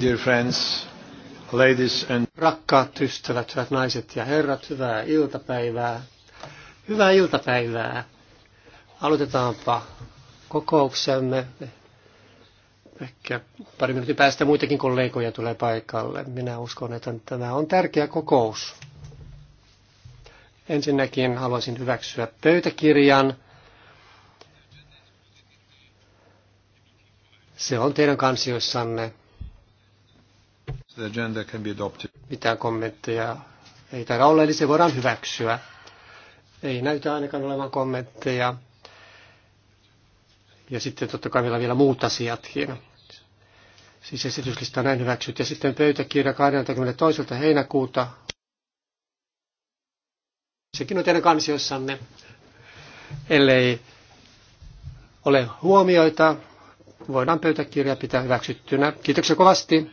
Dear friends, ladies and... Rakkaat ystävät, hyvät naiset ja herrat, hyvää iltapäivää. Hyvää iltapäivää. Aloitetaanpa kokouksemme. Ehkä pari minuutin päästä muitakin kollegoja tulee paikalle. Minä uskon, että tämä on tärkeä kokous. Ensinnäkin haluaisin hyväksyä pöytäkirjan. Se on teidän kansioissanne The agenda can be adopted. Mitään kommentteja ei taida olla, eli se voidaan hyväksyä. Ei näytä ainakaan olevan kommentteja. Ja sitten totta kai meillä on vielä muut asiatkin. Siis esityslista on näin hyväksytty. Ja sitten pöytäkirja 22. heinäkuuta. Sekin on teidän kansiossanne. Ellei ole huomioita, voidaan pöytäkirja pitää hyväksyttynä. Kiitoksia kovasti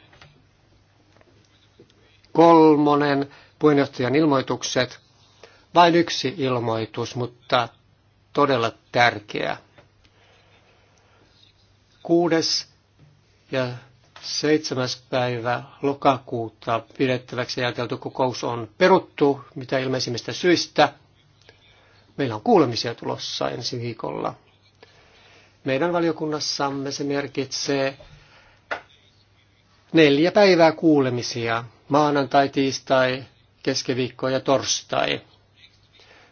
kolmonen, puheenjohtajan ilmoitukset. Vain yksi ilmoitus, mutta todella tärkeä. Kuudes ja seitsemäs päivä lokakuuta pidettäväksi ajateltu kokous on peruttu, mitä ilmeisimmistä syistä. Meillä on kuulemisia tulossa ensi viikolla. Meidän valiokunnassamme se merkitsee neljä päivää kuulemisia, maanantai, tiistai, keskiviikko ja torstai.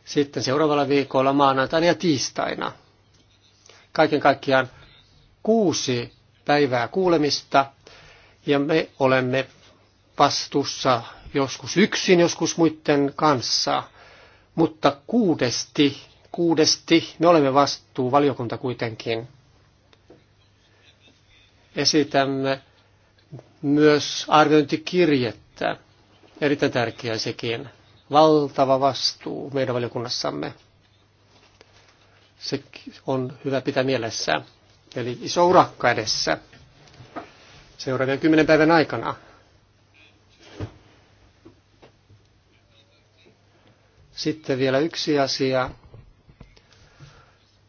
Sitten seuraavalla viikolla maanantaina ja tiistaina. Kaiken kaikkiaan kuusi päivää kuulemista ja me olemme vastuussa joskus yksin, joskus muiden kanssa, mutta kuudesti, kuudesti me olemme vastuu valiokunta kuitenkin. Esitämme myös arviointikirjettä. Erittäin tärkeä sekin. Valtava vastuu meidän valiokunnassamme. Se on hyvä pitää mielessä. Eli iso urakka edessä seuraavien kymmenen päivän aikana. Sitten vielä yksi asia.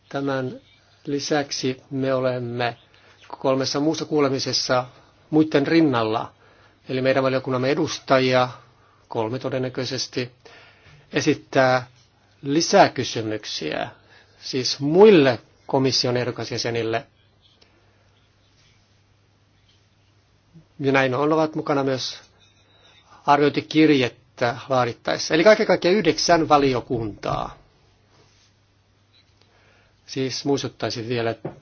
Tämän lisäksi me olemme kolmessa muussa kuulemisessa muiden rinnalla. Eli meidän valiokunnamme edustajia, kolme todennäköisesti, esittää lisäkysymyksiä, siis muille komission ehdokasjäsenille. Ja näin on, ovat mukana myös arviointikirjettä laadittaessa. Eli kaiken kaikkiaan yhdeksän valiokuntaa. Siis muistuttaisin vielä, että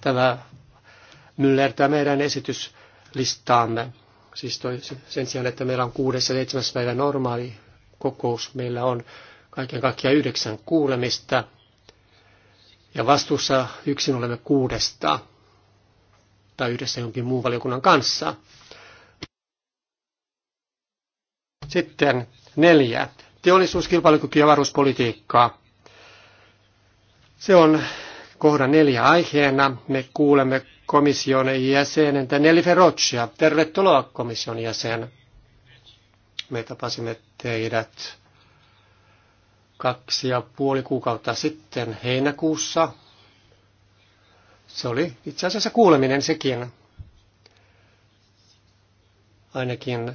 tämä myllertää meidän esityslistaamme. Siis toi, sen sijaan, että meillä on kuudes ja seitsemäs päivä normaali kokous, meillä on kaiken kaikkiaan yhdeksän kuulemista. Ja vastuussa yksin olemme kuudesta tai yhdessä jonkin muun valiokunnan kanssa. Sitten neljä. Teollisuuskilpailukyky ja varuspolitiikkaa. Se on kohdan neljä aiheena. Me kuulemme komission jäsenentä Nelly Ferroccia. Tervetuloa komission jäsen. Me tapasimme teidät kaksi ja puoli kuukautta sitten heinäkuussa. Se oli itse asiassa kuuleminen sekin. Ainakin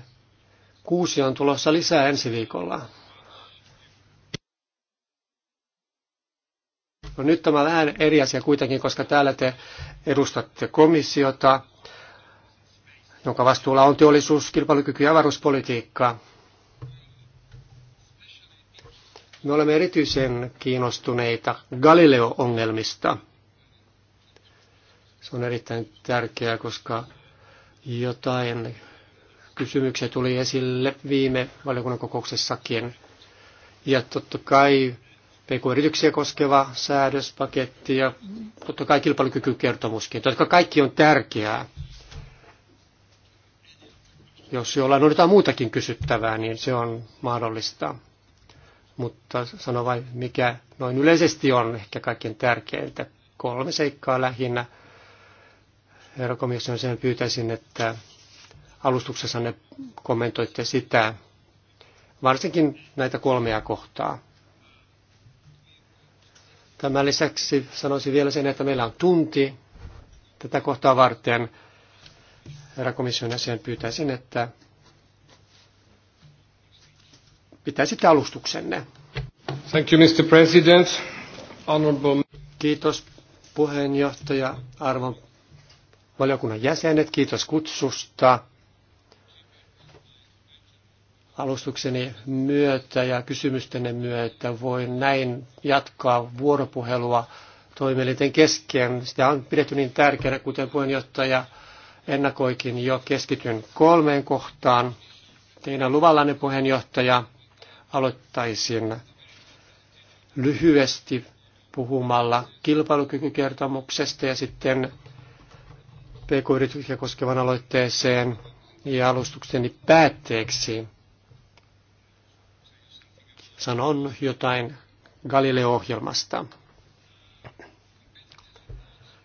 kuusi on tulossa lisää ensi viikolla. No nyt tämä on vähän eri asia kuitenkin, koska täällä te edustatte komissiota, jonka vastuulla on teollisuus, kilpailukyky ja avaruuspolitiikka. Me olemme erityisen kiinnostuneita Galileo-ongelmista. Se on erittäin tärkeää, koska jotain kysymyksiä tuli esille viime valiokunnan kokouksessakin. Ja totta kai PK-yrityksiä koskeva säädöspaketti ja totta kai kilpailukykykertomuskin, jotka kaikki on tärkeää. Jos jollain on jotain muutakin kysyttävää, niin se on mahdollista. Mutta sano vain, mikä noin yleisesti on ehkä kaikkein tärkeintä. Kolme seikkaa lähinnä. Herra komission sen pyytäisin, että ne kommentoitte sitä, varsinkin näitä kolmea kohtaa. Tämän lisäksi sanoisin vielä sen, että meillä on tunti tätä kohtaa varten. Herra komission jäsen pyytäisin, että pitäisitte alustuksenne. Thank you, Mr. President. Honorable... Kiitos puheenjohtaja, arvon valiokunnan jäsenet, kiitos kutsusta alustukseni myötä ja kysymystenne myötä voin näin jatkaa vuoropuhelua toimielinten kesken. Sitä on pidetty niin tärkeänä, kuten puheenjohtaja ennakoikin jo keskityn kolmeen kohtaan. Teidän luvallanne puheenjohtaja aloittaisin lyhyesti puhumalla kilpailukykykertomuksesta ja sitten pk-yrityksiä koskevan aloitteeseen ja alustukseni päätteeksi sanon jotain Galileo-ohjelmasta.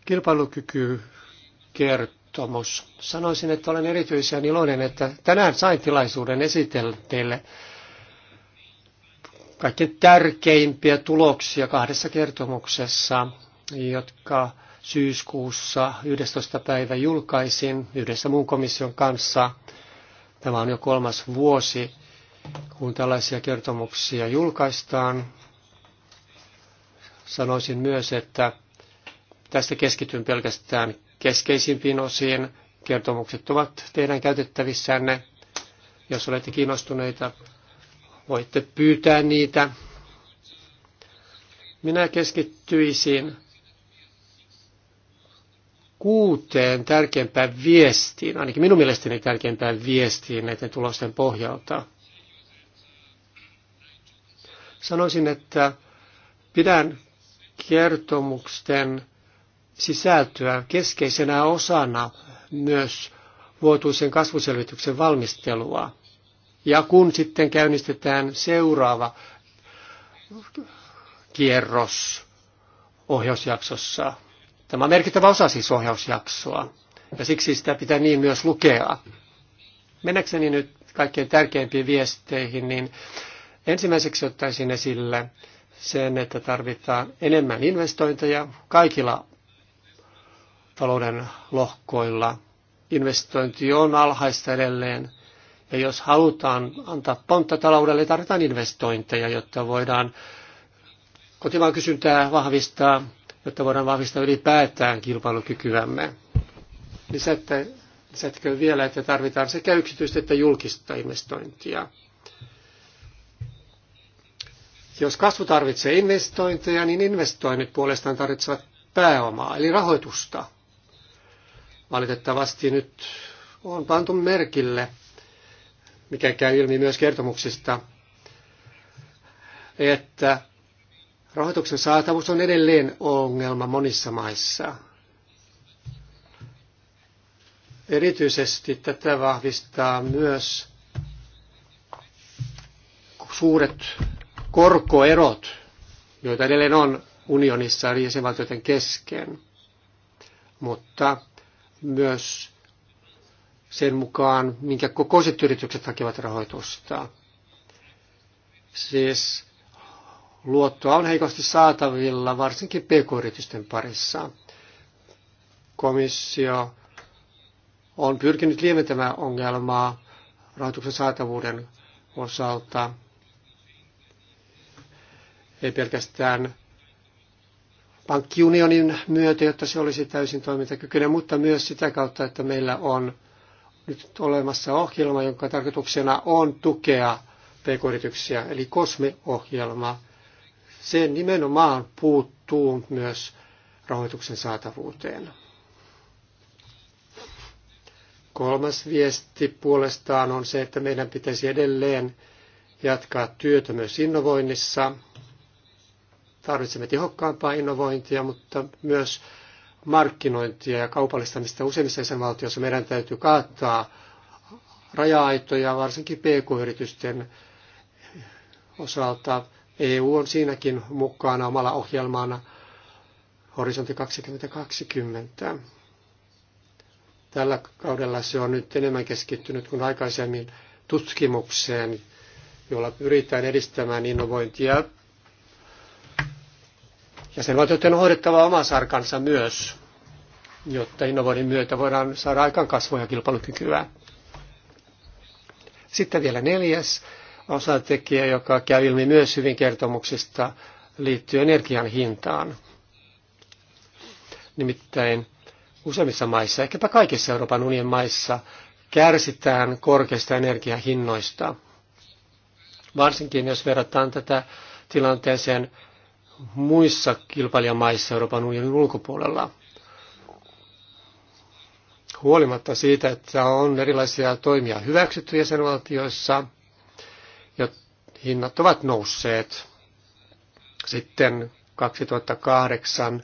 Kilpailukyky kertomus. Sanoisin, että olen erityisen iloinen, että tänään sain tilaisuuden esitellä teille kaikkein tärkeimpiä tuloksia kahdessa kertomuksessa, jotka syyskuussa 11. päivä julkaisin yhdessä muun komission kanssa. Tämä on jo kolmas vuosi kun tällaisia kertomuksia julkaistaan. Sanoisin myös, että tästä keskityn pelkästään keskeisimpiin osiin. Kertomukset ovat teidän käytettävissänne. Jos olette kiinnostuneita, voitte pyytää niitä. Minä keskittyisin kuuteen tärkeimpään viestiin, ainakin minun mielestäni tärkeimpään viestiin näiden tulosten pohjalta – Sanoisin, että pidän kertomusten sisältöä keskeisenä osana myös vuotuisen kasvuselvityksen valmistelua. Ja kun sitten käynnistetään seuraava kierros ohjausjaksossa, tämä on merkittävä osa siis ohjausjaksoa, ja siksi sitä pitää niin myös lukea. Mennäkseni nyt kaikkein tärkeimpiin viesteihin, niin Ensimmäiseksi ottaisin esille sen, että tarvitaan enemmän investointeja kaikilla talouden lohkoilla. Investointi on alhaista edelleen, ja jos halutaan antaa pontta taloudelle, tarvitaan investointeja, jotta voidaan kotimaan kysyntää vahvistaa, jotta voidaan vahvistaa ylipäätään kilpailukykyämme. Lisätkö vielä, että tarvitaan sekä yksityistä että julkista investointia. Jos kasvu tarvitsee investointeja, niin investoinnit puolestaan tarvitsevat pääomaa, eli rahoitusta. Valitettavasti nyt on pantu merkille, mikä käy ilmi myös kertomuksista, että rahoituksen saatavuus on edelleen ongelma monissa maissa. Erityisesti tätä vahvistaa myös suuret korkoerot, joita edelleen on unionissa eri jäsenvaltioiden kesken, mutta myös sen mukaan, minkä kokoiset yritykset hakevat rahoitusta. Siis luottoa on heikosti saatavilla, varsinkin pk-yritysten parissa. Komissio on pyrkinyt lieventämään ongelmaa rahoituksen saatavuuden osalta ei pelkästään pankkiunionin myötä, jotta se olisi täysin toimintakykyinen, mutta myös sitä kautta, että meillä on nyt olemassa ohjelma, jonka tarkoituksena on tukea pk-yrityksiä, eli COSME-ohjelma. Se nimenomaan puuttuu myös rahoituksen saatavuuteen. Kolmas viesti puolestaan on se, että meidän pitäisi edelleen jatkaa työtä myös innovoinnissa – Tarvitsemme tehokkaampaa innovointia, mutta myös markkinointia ja kaupallistamista useimmissa jäsenvaltioissa. Meidän täytyy kaattaa raja-aitoja varsinkin pk-yritysten osalta. EU on siinäkin mukana omalla ohjelmana Horisontti 2020. Tällä kaudella se on nyt enemmän keskittynyt kuin aikaisemmin tutkimukseen, jolla pyritään edistämään innovointia Jäsenvaltioiden on hoidettava oma sarkansa myös, jotta innovoinnin myötä voidaan saada aikaan kasvua ja kilpailukykyä. Sitten vielä neljäs osatekijä, joka käy ilmi myös hyvin kertomuksista, liittyy energian hintaan. Nimittäin useimmissa maissa, ehkäpä kaikissa Euroopan unionin maissa, kärsitään korkeista energiahinnoista. Varsinkin jos verrataan tätä tilanteeseen muissa kilpailijamaissa Euroopan unionin ulkopuolella. Huolimatta siitä, että on erilaisia toimia hyväksytty jäsenvaltioissa, ja hinnat ovat nousseet. Sitten 2008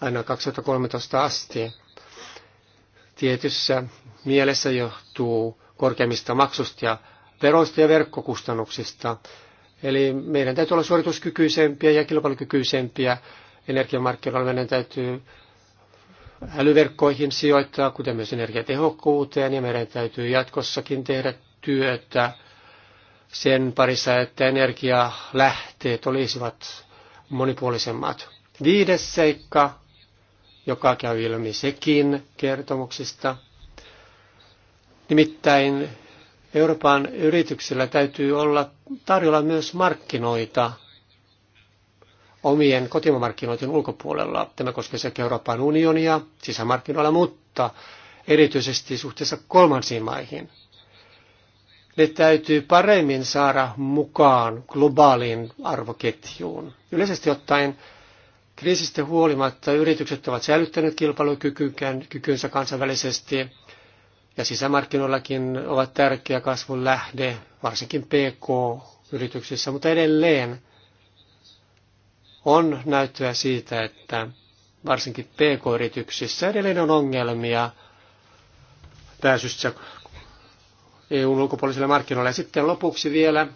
aina 2013 asti. Tietyssä mielessä johtuu korkeimmista maksusta ja veroista ja verkkokustannuksista, Eli meidän täytyy olla suorituskykyisempiä ja kilpailukykyisempiä energiamarkkinoilla. Meidän täytyy älyverkkoihin sijoittaa, kuten myös energiatehokkuuteen, ja meidän täytyy jatkossakin tehdä työtä sen parissa, että energialähteet olisivat monipuolisemmat. Viides seikka, joka käy ilmi sekin kertomuksista, nimittäin Euroopan yrityksillä täytyy olla tarjolla myös markkinoita omien kotimamarkkinoiden ulkopuolella. Tämä koskee sekä Euroopan unionia sisämarkkinoilla, mutta erityisesti suhteessa kolmansiin maihin. Ne täytyy paremmin saada mukaan globaaliin arvoketjuun. Yleisesti ottaen kriisistä huolimatta yritykset ovat säilyttäneet kilpailukykynsä kansainvälisesti ja sisämarkkinoillakin ovat tärkeä kasvun lähde, varsinkin PK-yrityksissä, mutta edelleen on näyttöä siitä, että varsinkin PK-yrityksissä edelleen on ongelmia pääsystä EUn ulkopuolisille markkinoille. Ja sitten lopuksi vielä,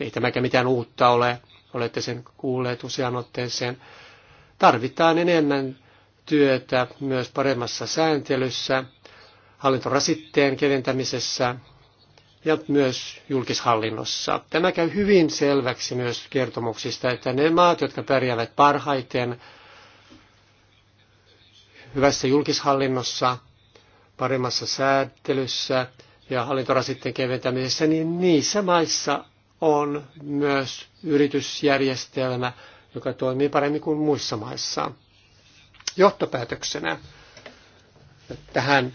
ei tämäkään mitään uutta ole, olette sen kuulleet usean otteeseen, tarvitaan enemmän työtä myös paremmassa sääntelyssä – hallintorasitteen keventämisessä ja myös julkishallinnossa. Tämä käy hyvin selväksi myös kertomuksista, että ne maat, jotka pärjäävät parhaiten hyvässä julkishallinnossa, paremmassa säätelyssä ja hallintorasitteen keventämisessä, niin niissä maissa on myös yritysjärjestelmä, joka toimii paremmin kuin muissa maissa. Johtopäätöksenä tähän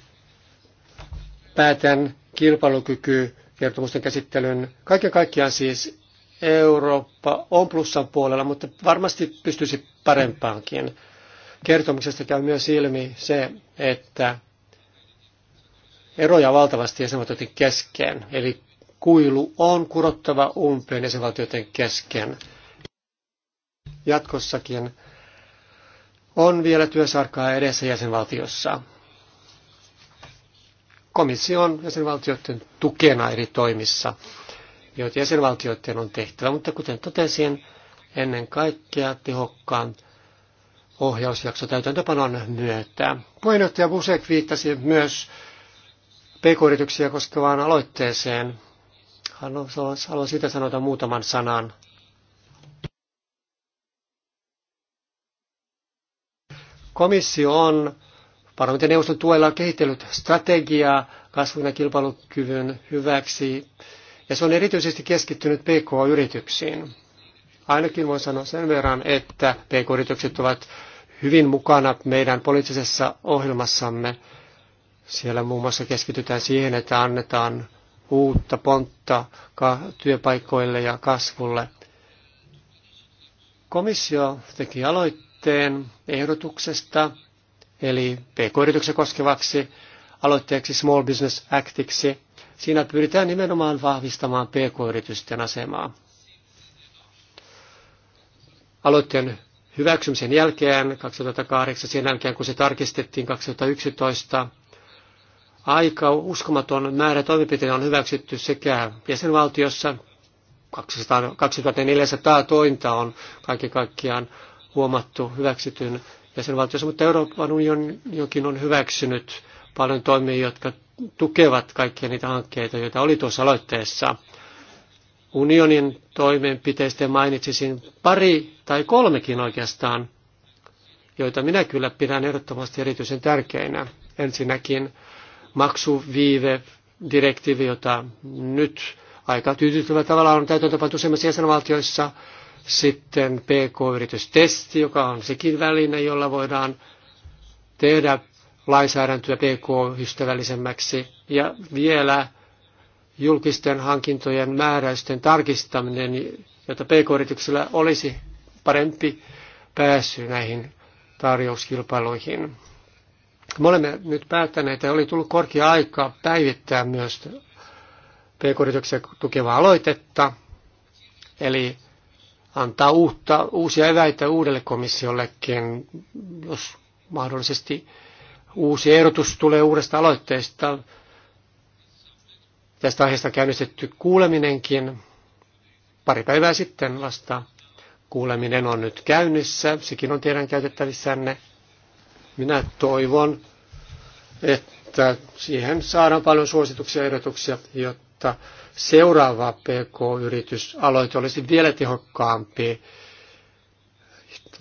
päätän kilpailukyky kertomusten käsittelyn. Kaiken kaikkiaan siis Eurooppa on plussan puolella, mutta varmasti pystyisi parempaankin. Kertomuksesta käy myös ilmi se, että eroja valtavasti jäsenvaltioiden kesken, eli kuilu on kurottava umpeen jäsenvaltioiden kesken. Jatkossakin on vielä työsarkaa edessä jäsenvaltiossa komission jäsenvaltioiden tukena eri toimissa, joita jäsenvaltioiden on tehtävä. Mutta kuten totesin, ennen kaikkea tehokkaan ohjausjakso täytäntöpanon myötä. Puheenjohtaja Busek viittasi myös pk-yrityksiä koskevaan aloitteeseen. Haluan siitä sanoa muutaman sanan. Komissio on Parlamentin neuvoston tuella on kehitellyt strategiaa kasvun ja kilpailukyvyn hyväksi, ja se on erityisesti keskittynyt PK-yrityksiin. Ainakin voin sanoa sen verran, että PK-yritykset ovat hyvin mukana meidän poliittisessa ohjelmassamme. Siellä muun muassa keskitytään siihen, että annetaan uutta pontta työpaikoille ja kasvulle. Komissio teki aloitteen ehdotuksesta – eli PK-yrityksen koskevaksi aloitteeksi Small Business Actiksi. Siinä pyritään nimenomaan vahvistamaan PK-yritysten asemaa. Aloitteen hyväksymisen jälkeen 2008, sen jälkeen kun se tarkistettiin 2011, aika uskomaton määrä toimenpiteitä on hyväksytty sekä jäsenvaltiossa 2400 tointa on kaiken kaikkiaan huomattu hyväksytyn jäsenvaltioissa, mutta Euroopan unionikin on hyväksynyt paljon toimia, jotka tukevat kaikkia niitä hankkeita, joita oli tuossa aloitteessa. Unionin toimenpiteistä mainitsisin pari tai kolmekin oikeastaan, joita minä kyllä pidän ehdottomasti erityisen tärkeinä. Ensinnäkin maksuviive direktiivi, jota nyt aika tyydyttävällä tavalla on täytäntöpantu useimmissa jäsenvaltioissa, sitten PK-yritystesti, joka on sekin väline, jolla voidaan tehdä lainsäädäntöä PK-ystävällisemmäksi. Ja vielä julkisten hankintojen määräysten tarkistaminen, jotta PK-yrityksillä olisi parempi pääsy näihin tarjouskilpailuihin. Me olemme nyt päättäneet, että oli tullut korkea aika päivittää myös pk yrityksen tukevaa aloitetta, eli antaa uutta, uusia eväitä uudelle komissiollekin, jos mahdollisesti uusi ehdotus tulee uudesta aloitteesta. Tästä aiheesta käynnistetty kuuleminenkin pari päivää sitten vasta. Kuuleminen on nyt käynnissä, sekin on teidän käytettävissänne. Minä toivon, että siihen saadaan paljon suosituksia ja ehdotuksia, jotta seuraava pk aloite olisi vielä tehokkaampi,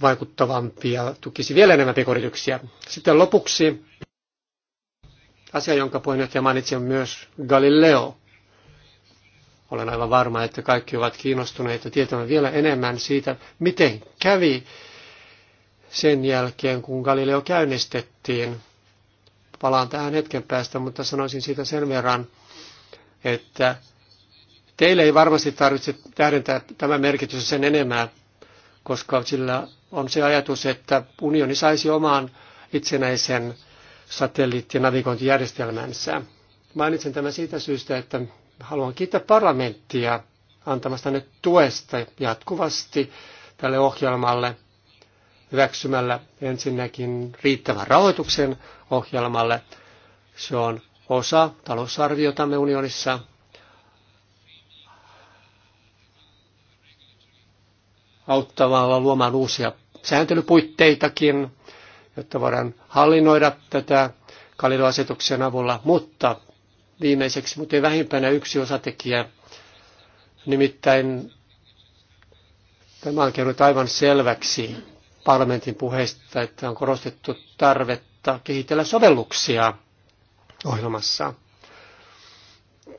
vaikuttavampi ja tukisi vielä enemmän pk-yrityksiä. Sitten lopuksi asia, jonka puheenjohtaja mainitsi, on myös Galileo. Olen aivan varma, että kaikki ovat kiinnostuneita tietämään vielä enemmän siitä, miten kävi sen jälkeen, kun Galileo käynnistettiin. Palaan tähän hetken päästä, mutta sanoisin siitä sen verran, että Teille ei varmasti tarvitse tähdentää tämä merkitys sen enemmän, koska sillä on se ajatus, että unioni saisi omaan itsenäisen satelliitti- ja navigointijärjestelmänsä. Mainitsen tämän siitä syystä, että haluan kiittää parlamenttia antamasta nyt tuesta jatkuvasti tälle ohjelmalle hyväksymällä ensinnäkin riittävän rahoituksen ohjelmalle. Se on osa talousarviotamme unionissa auttamalla luomaan uusia sääntelypuitteitakin, jotta voidaan hallinnoida tätä Kalilo-asetuksen avulla, mutta viimeiseksi, mutta ei vähimpänä yksi osatekijä, nimittäin tämä on käynyt aivan selväksi parlamentin puheista, että on korostettu tarvetta kehitellä sovelluksia ohjelmassa.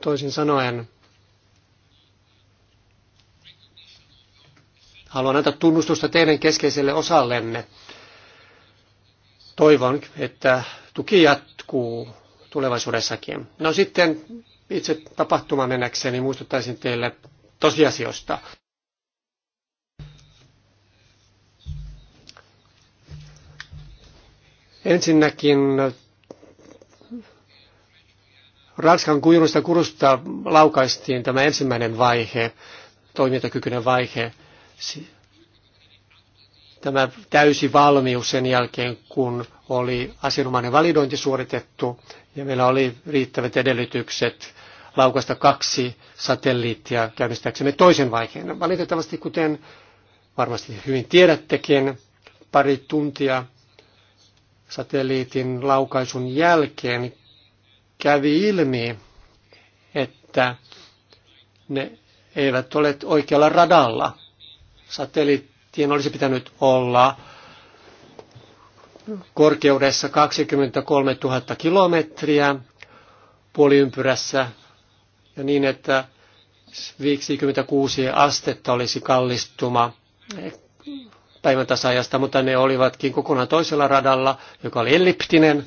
Toisin sanoen, Haluan antaa tunnustusta teidän keskeiselle osallenne. Toivon, että tuki jatkuu tulevaisuudessakin. No sitten itse tapahtuman mennäkseni muistuttaisin teille tosiasioista. Ensinnäkin Ranskan kuilusta kurusta laukaistiin tämä ensimmäinen vaihe, toimintakykyinen vaihe – tämä täysi valmius sen jälkeen, kun oli asianomainen validointi suoritettu ja meillä oli riittävät edellytykset laukasta kaksi satelliittia käynnistääksemme toisen vaiheen. Valitettavasti, kuten varmasti hyvin tiedättekin, pari tuntia satelliitin laukaisun jälkeen kävi ilmi, että ne eivät ole oikealla radalla – satelliittien olisi pitänyt olla korkeudessa 23 000 kilometriä puoliympyrässä ja niin, että 56 astetta olisi kallistuma päivän tasajasta, mutta ne olivatkin kokonaan toisella radalla, joka oli elliptinen.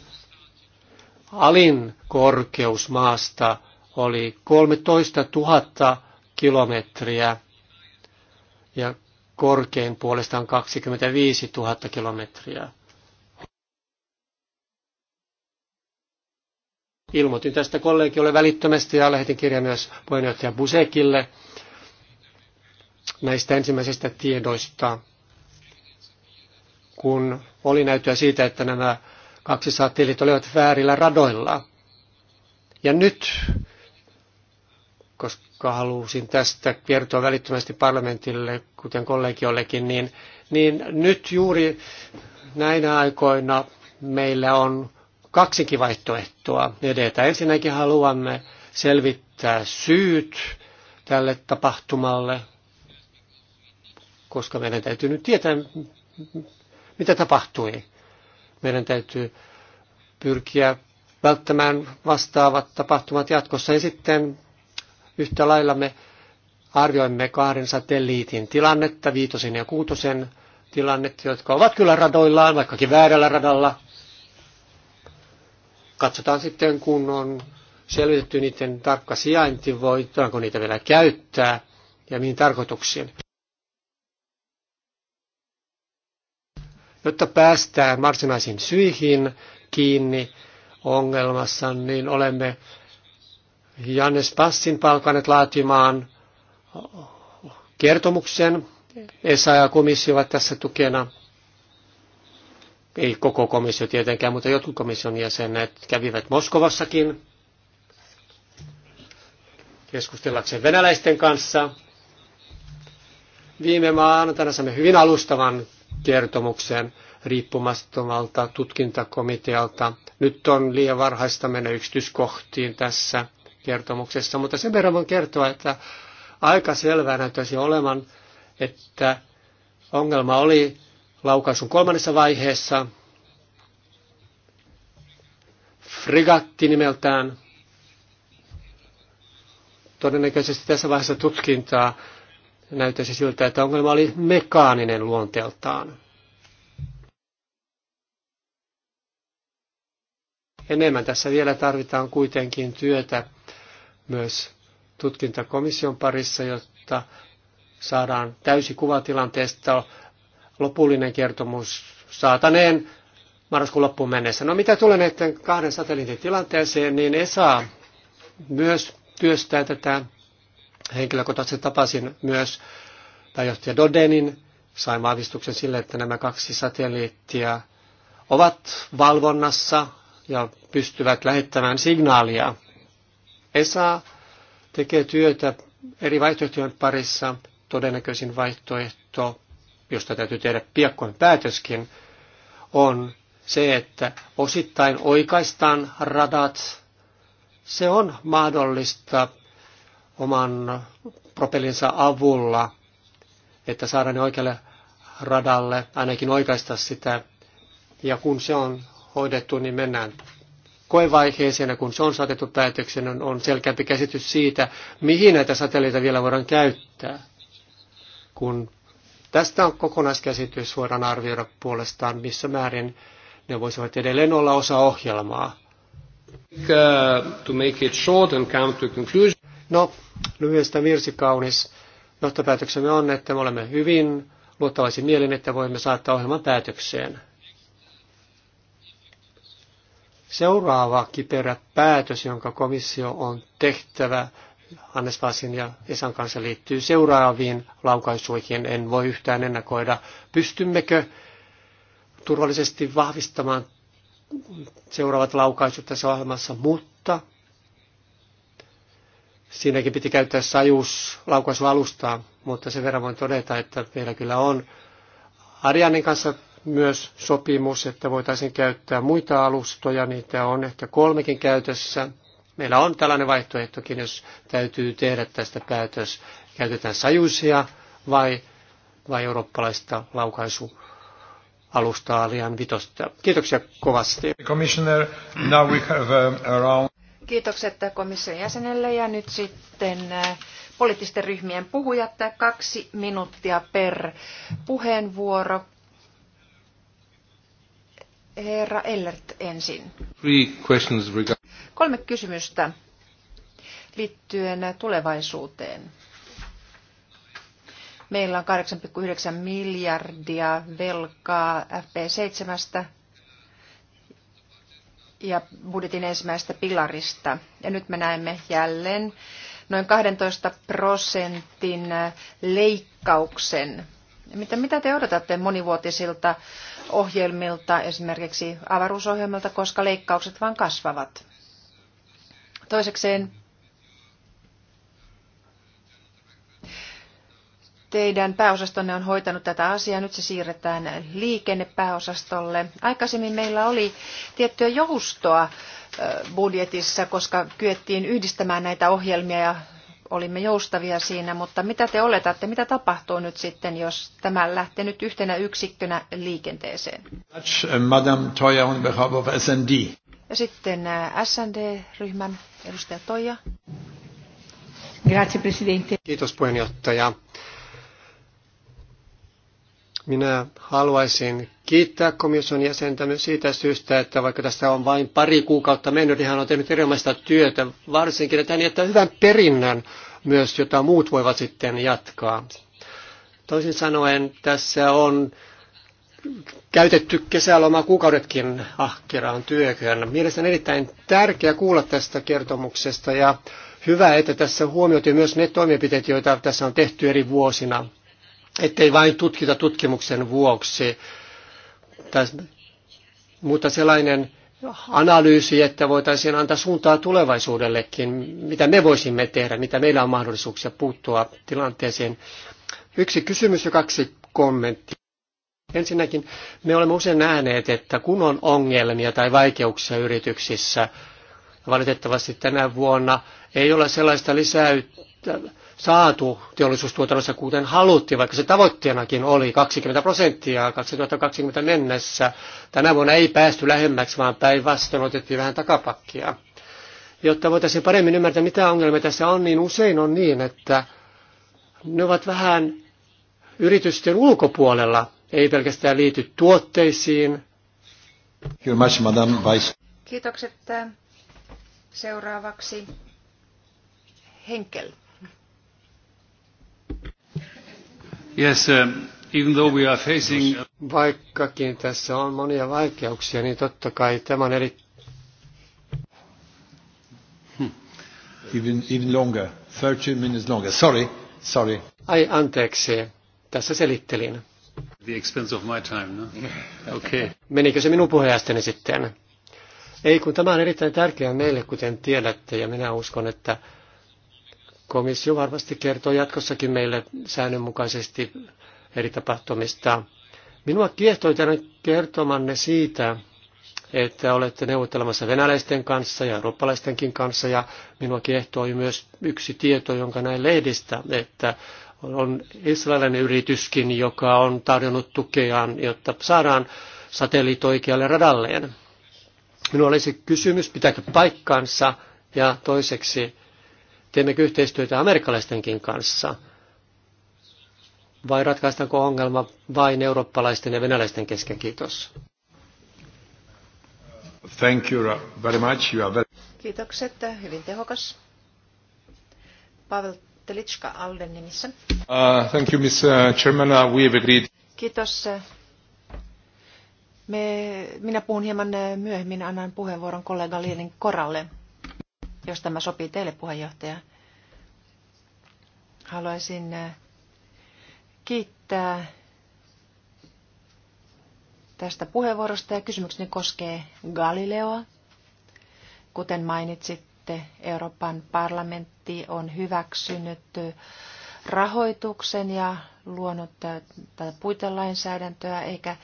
Alin korkeus maasta oli 13 000 kilometriä ja korkein puolestaan 25 000 kilometriä. Ilmoitin tästä kollegiolle välittömästi ja lähetin kirjan myös puheenjohtaja Busekille näistä ensimmäisistä tiedoista, kun oli näyttöä siitä, että nämä kaksi satelliit olivat väärillä radoilla. Ja nyt vaikka halusin tästä kertoa välittömästi parlamentille, kuten kollegiollekin, niin, niin nyt juuri näinä aikoina meillä on kaksikin vaihtoehtoa edetä. Ensinnäkin haluamme selvittää syyt tälle tapahtumalle, koska meidän täytyy nyt tietää, mitä tapahtui. Meidän täytyy pyrkiä välttämään vastaavat tapahtumat jatkossa ja sitten Yhtä lailla me arvioimme kahden satelliitin tilannetta, viitosen ja kuutosen tilannetta, jotka ovat kyllä radoillaan, vaikkakin väärällä radalla. Katsotaan sitten, kun on selvitetty niiden tarkka sijainti, voidaanko niitä vielä käyttää ja mihin tarkoituksiin. Jotta päästään varsinaisiin syihin kiinni ongelmassa, niin olemme Jannes Passin palkanet laatimaan kertomuksen. ESA ja komissio ovat tässä tukena. Ei koko komissio tietenkään, mutta jotkut komission jäsenet kävivät Moskovassakin keskustellakseen venäläisten kanssa. Viime maanantaina saimme hyvin alustavan kertomuksen riippumattomalta tutkintakomitealta. Nyt on liian varhaista mennä yksityiskohtiin tässä kertomuksessa, mutta sen verran voin kertoa, että aika selvää näyttäisi olevan, että ongelma oli laukaisun kolmannessa vaiheessa. Frigatti nimeltään todennäköisesti tässä vaiheessa tutkintaa näyttäisi siltä, että ongelma oli mekaaninen luonteeltaan. Enemmän tässä vielä tarvitaan kuitenkin työtä myös tutkintakomission parissa, jotta saadaan täysi kuvatilanteesta Lopullinen kertomus saataneen marraskuun loppuun mennessä. No mitä tulee näiden kahden satelliitin tilanteeseen, niin ESA myös työstää tätä henkilökohtaisesti tapasin myös pääjohtaja Dodenin, sain vahvistuksen sille, että nämä kaksi satelliittia ovat valvonnassa ja pystyvät lähettämään signaalia ESA tekee työtä eri vaihtoehtojen parissa. Todennäköisin vaihtoehto, josta täytyy tehdä piakkoin päätöskin, on se, että osittain oikaistaan radat. Se on mahdollista oman propellinsa avulla, että saadaan ne oikealle radalle, ainakin oikaista sitä. Ja kun se on hoidettu, niin mennään koevaiheeseen, ja kun se on saatettu päätöksen, on, on selkeämpi käsitys siitä, mihin näitä satelliita vielä voidaan käyttää. Kun tästä on kokonaiskäsitys, voidaan arvioida puolestaan, missä määrin ne voisivat edelleen olla osa ohjelmaa. Uh, to make it short and come to conclusion. No, lyhyestä virsi kaunis. Johtopäätöksemme on, että me olemme hyvin luottavaisin mielin, että voimme saattaa ohjelman päätökseen seuraava kiperä päätös, jonka komissio on tehtävä Hannes Vasin ja Esan kanssa liittyy seuraaviin laukaisuihin. En voi yhtään ennakoida, pystymmekö turvallisesti vahvistamaan seuraavat laukaisut tässä ohjelmassa, mutta siinäkin piti käyttää sajuus laukaisualustaa, mutta sen verran voin todeta, että meillä kyllä on Arianin kanssa myös sopimus, että voitaisiin käyttää muita alustoja, niitä on ehkä kolmekin käytössä. Meillä on tällainen vaihtoehtokin, jos täytyy tehdä tästä päätös, käytetään sajuisia vai, vai eurooppalaista laukaisua alustaa liian vitosta. Kiitoksia kovasti. Commissioner, now we have uh, around... Kiitokset komission jäsenelle ja nyt sitten uh, poliittisten ryhmien puhujat, kaksi minuuttia per puheenvuoro. Herra Ellert ensin. Kolme kysymystä liittyen tulevaisuuteen. Meillä on 8,9 miljardia velkaa FP7 ja budjetin ensimmäisestä pilarista. Ja nyt me näemme jälleen noin 12 prosentin leikkauksen mitä, mitä te odotatte monivuotisilta ohjelmilta, esimerkiksi avaruusohjelmilta, koska leikkaukset vain kasvavat? Toisekseen teidän pääosastonne on hoitanut tätä asiaa, nyt se siirretään liikennepääosastolle. Aikaisemmin meillä oli tiettyä joustoa budjetissa, koska kyettiin yhdistämään näitä ohjelmia ja olimme joustavia siinä, mutta mitä te oletatte, mitä tapahtuu nyt sitten, jos tämä lähtee nyt yhtenä yksikkönä liikenteeseen? on SND. Ja sitten äh, SND-ryhmän edustaja Toija. Grazie, Presidente. Kiitos puheenjohtaja. Minä haluaisin kiittää komission jäsentä myös siitä syystä, että vaikka tässä on vain pari kuukautta mennyt, niin hän on tehnyt erilaista työtä, varsinkin, että hän jättää hyvän perinnän myös, jota muut voivat sitten jatkaa. Toisin sanoen tässä on käytetty kesäloma kuukaudetkin ahkeraan työhön. Mielestäni erittäin tärkeää kuulla tästä kertomuksesta ja hyvä, että tässä huomioitiin myös ne toimenpiteet, joita tässä on tehty eri vuosina, ettei vain tutkita tutkimuksen vuoksi että, mutta sellainen analyysi, että voitaisiin antaa suuntaa tulevaisuudellekin, mitä me voisimme tehdä, mitä meillä on mahdollisuuksia puuttua tilanteeseen. Yksi kysymys ja kaksi kommenttia. Ensinnäkin me olemme usein nähneet, että kun on ongelmia tai vaikeuksia yrityksissä, valitettavasti tänä vuonna ei ole sellaista lisäyttä, saatu teollisuustuotannossa kuten haluttiin, vaikka se tavoitteenakin oli 20 prosenttia 2020 mennessä. Tänä vuonna ei päästy lähemmäksi, vaan päinvastoin otettiin vähän takapakkia. Jotta voitaisiin paremmin ymmärtää, mitä ongelmia tässä on, niin usein on niin, että ne ovat vähän yritysten ulkopuolella, ei pelkästään liity tuotteisiin. Kiitokset. Seuraavaksi Henkel. Yes, um, even though we are facing... Vaikkakin tässä on monia vaikeuksia, niin totta kai tämä on eri... Hmm. Even, even longer, 30 minutes longer. Sorry, sorry. Ai anteeksi, tässä selittelin. The expense of my time, no? Okay. Menikö se minun puheenjohtajani sitten? Ei, kun tämä on erittäin tärkeää meille, kuten tiedätte, ja minä uskon, että Komissio varmasti kertoo jatkossakin meille säännönmukaisesti eri tapahtumista. Minua kiehtoi teidän kertomanne siitä, että olette neuvottelemassa venäläisten kanssa ja eurooppalaistenkin kanssa, ja minua kiehtoi myös yksi tieto, jonka näin lehdistä, että on israelilainen yrityskin, joka on tarjonnut tukeaan, jotta saadaan satelliit oikealle radalleen. Minulla olisi kysymys, pitääkö paikkansa, ja toiseksi, Teemmekö yhteistyötä amerikkalaistenkin kanssa? Vai ratkaistaanko ongelma vain eurooppalaisten ja venäläisten kesken? Kiitos. Thank you very much. You are very... Kiitokset. Hyvin tehokas. Pavel Telitska Alden nimissä. Uh, thank you, Ms. Uh, Chairman. Uh, we have agreed. Kiitos. Me, minä puhun hieman uh, myöhemmin, annan puheenvuoron kollega Lienin Koralle jos tämä sopii teille puheenjohtaja. Haluaisin kiittää tästä puheenvuorosta ja kysymykseni koskee Galileoa. Kuten mainitsitte, Euroopan parlamentti on hyväksynyt rahoituksen ja luonut tätä puitelainsäädäntöä, eikä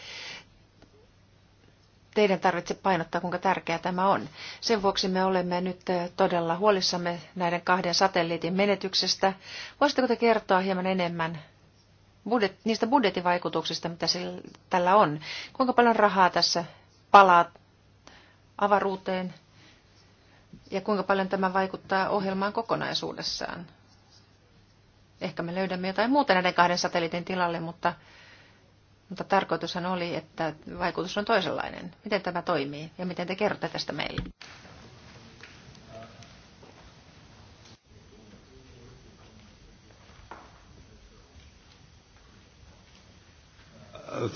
teidän tarvitse painottaa, kuinka tärkeää tämä on. Sen vuoksi me olemme nyt eh, todella huolissamme näiden kahden satelliitin menetyksestä. Voisitteko te kertoa hieman enemmän budjet, niistä budjetivaikutuksista, mitä sillä, tällä on? Kuinka paljon rahaa tässä palaa avaruuteen ja kuinka paljon tämä vaikuttaa ohjelmaan kokonaisuudessaan? Ehkä me löydämme jotain muuta näiden kahden satelliitin tilalle, mutta mutta tarkoitushan oli, että vaikutus on toisenlainen. Miten tämä toimii ja miten te kerrotte tästä meille?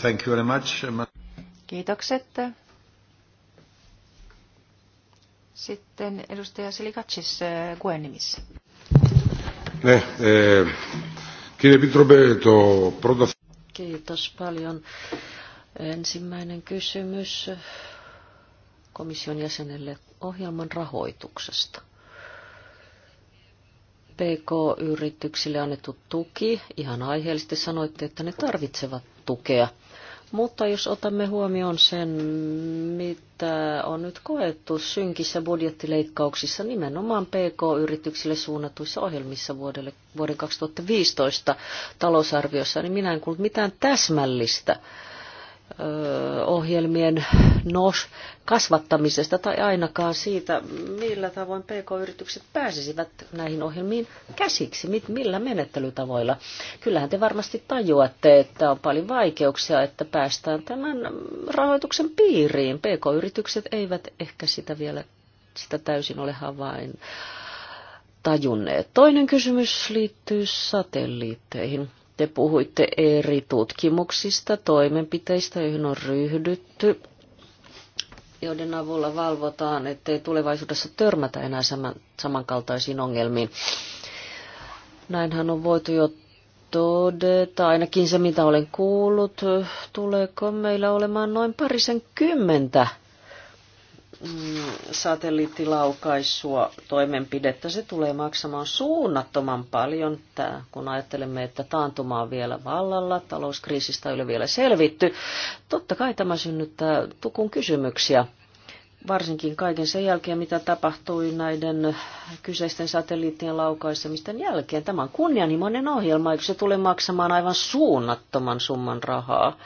Thank you very much. Kiitokset. Sitten edustaja Silikatsis eh, Guen nimissä. Ne, eh, eh Kiitos paljon. Ensimmäinen kysymys komission jäsenelle ohjelman rahoituksesta. PK-yrityksille annettu tuki, ihan aiheellisesti sanoitte, että ne tarvitsevat tukea mutta jos otamme huomioon sen, mitä on nyt koettu synkissä budjettileikkauksissa nimenomaan PK-yrityksille suunnatuissa ohjelmissa vuodelle, vuoden 2015 talousarviossa, niin minä en kuullut mitään täsmällistä ohjelmien nos kasvattamisesta tai ainakaan siitä, millä tavoin PK-yritykset pääsisivät näihin ohjelmiin käsiksi, millä menettelytavoilla. Kyllähän te varmasti tajuatte, että on paljon vaikeuksia, että päästään tämän rahoituksen piiriin. PK-yritykset eivät ehkä sitä vielä sitä täysin ole havain tajunneet. Toinen kysymys liittyy satelliitteihin. Te puhuitte eri tutkimuksista, toimenpiteistä, joihin on ryhdytty, joiden avulla valvotaan, ettei tulevaisuudessa törmätä enää samankaltaisiin ongelmiin. Näinhän on voitu jo todeta, ainakin se mitä olen kuullut, tuleeko meillä olemaan noin parisen kymmentä Mm, satelliittilaukaisua toimenpidettä. Se tulee maksamaan suunnattoman paljon, tämä, kun ajattelemme, että taantuma on vielä vallalla, talouskriisistä ei ole vielä selvitty. Totta kai tämä synnyttää tukun kysymyksiä, varsinkin kaiken sen jälkeen, mitä tapahtui näiden kyseisten satelliittien laukaisemisten jälkeen. Tämä on kunnianhimoinen ohjelma, eikö se tule maksamaan aivan suunnattoman summan rahaa?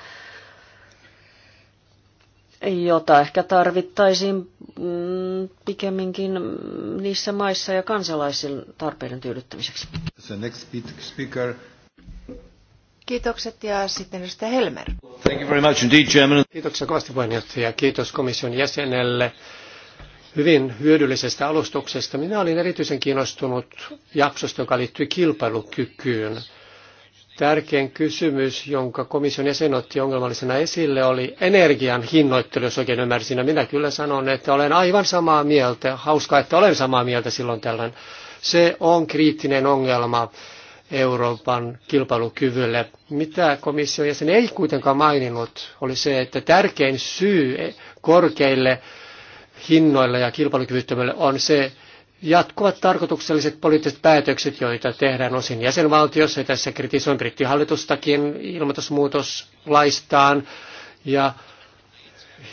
jota ehkä tarvittaisiin mm, pikemminkin niissä maissa ja kansalaisten tarpeiden tyydyttämiseksi. The next speaker. Kiitokset ja sitten edustaja Helmer. Thank you very much indeed, Chairman. Kiitoksia kovasti puheenjohtaja. Kiitos komission jäsenelle hyvin hyödyllisestä alustuksesta. Minä olin erityisen kiinnostunut jaksosta, joka liittyy kilpailukykyyn. Tärkein kysymys, jonka komission jäsen otti ongelmallisena esille, oli energian hinnoittelu, jos oikein ymmärsin. Ja minä kyllä sanon, että olen aivan samaa mieltä. Hauskaa, että olen samaa mieltä silloin tällöin. Se on kriittinen ongelma Euroopan kilpailukyvylle. Mitä komission jäsen ei kuitenkaan maininnut, oli se, että tärkein syy korkeille hinnoille ja kilpailukyvyttömyydelle on se, jatkuvat tarkoitukselliset poliittiset päätökset, joita tehdään osin jäsenvaltiossa, ja tässä kritisoin brittihallitustakin ilmoitusmuutoslaistaan ja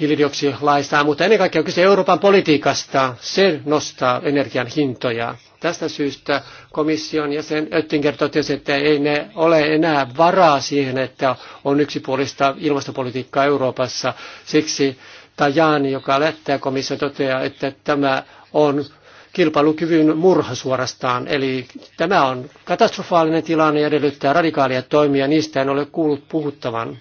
hiilidioksilaistaan, mutta ennen kaikkea on kyse Euroopan politiikasta. Se nostaa energian hintoja. Tästä syystä komission jäsen Oettinger totesi, että ei ne ole enää varaa siihen, että on yksipuolista ilmastopolitiikkaa Euroopassa. Siksi Tajani, joka lähtee komissio, toteaa, että tämä on kilpailukyvyn murha suorastaan. Eli tämä on katastrofaalinen tilanne ja edellyttää radikaalia toimia, niistä en ole kuullut puhuttavan.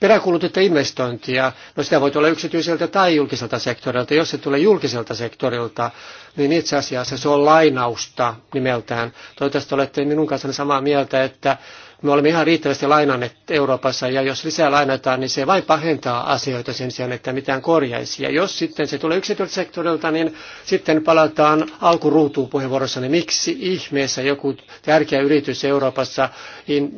Peräkuulutetta investointia, no sitä voi tulla yksityiseltä tai julkiselta sektorilta. Jos se tulee julkiselta sektorilta, niin itse asiassa se on lainausta nimeltään. Toivottavasti olette minun kanssani samaa mieltä, että me olemme ihan riittävästi lainanneet Euroopassa ja jos lisää lainataan, niin se vain pahentaa asioita sen sijaan, että mitään korjaisi. Ja jos sitten se tulee yksityiseltä sektorilta, niin sitten palataan alkuruutuun puheenvuorossa, niin miksi ihmeessä joku tärkeä yritys Euroopassa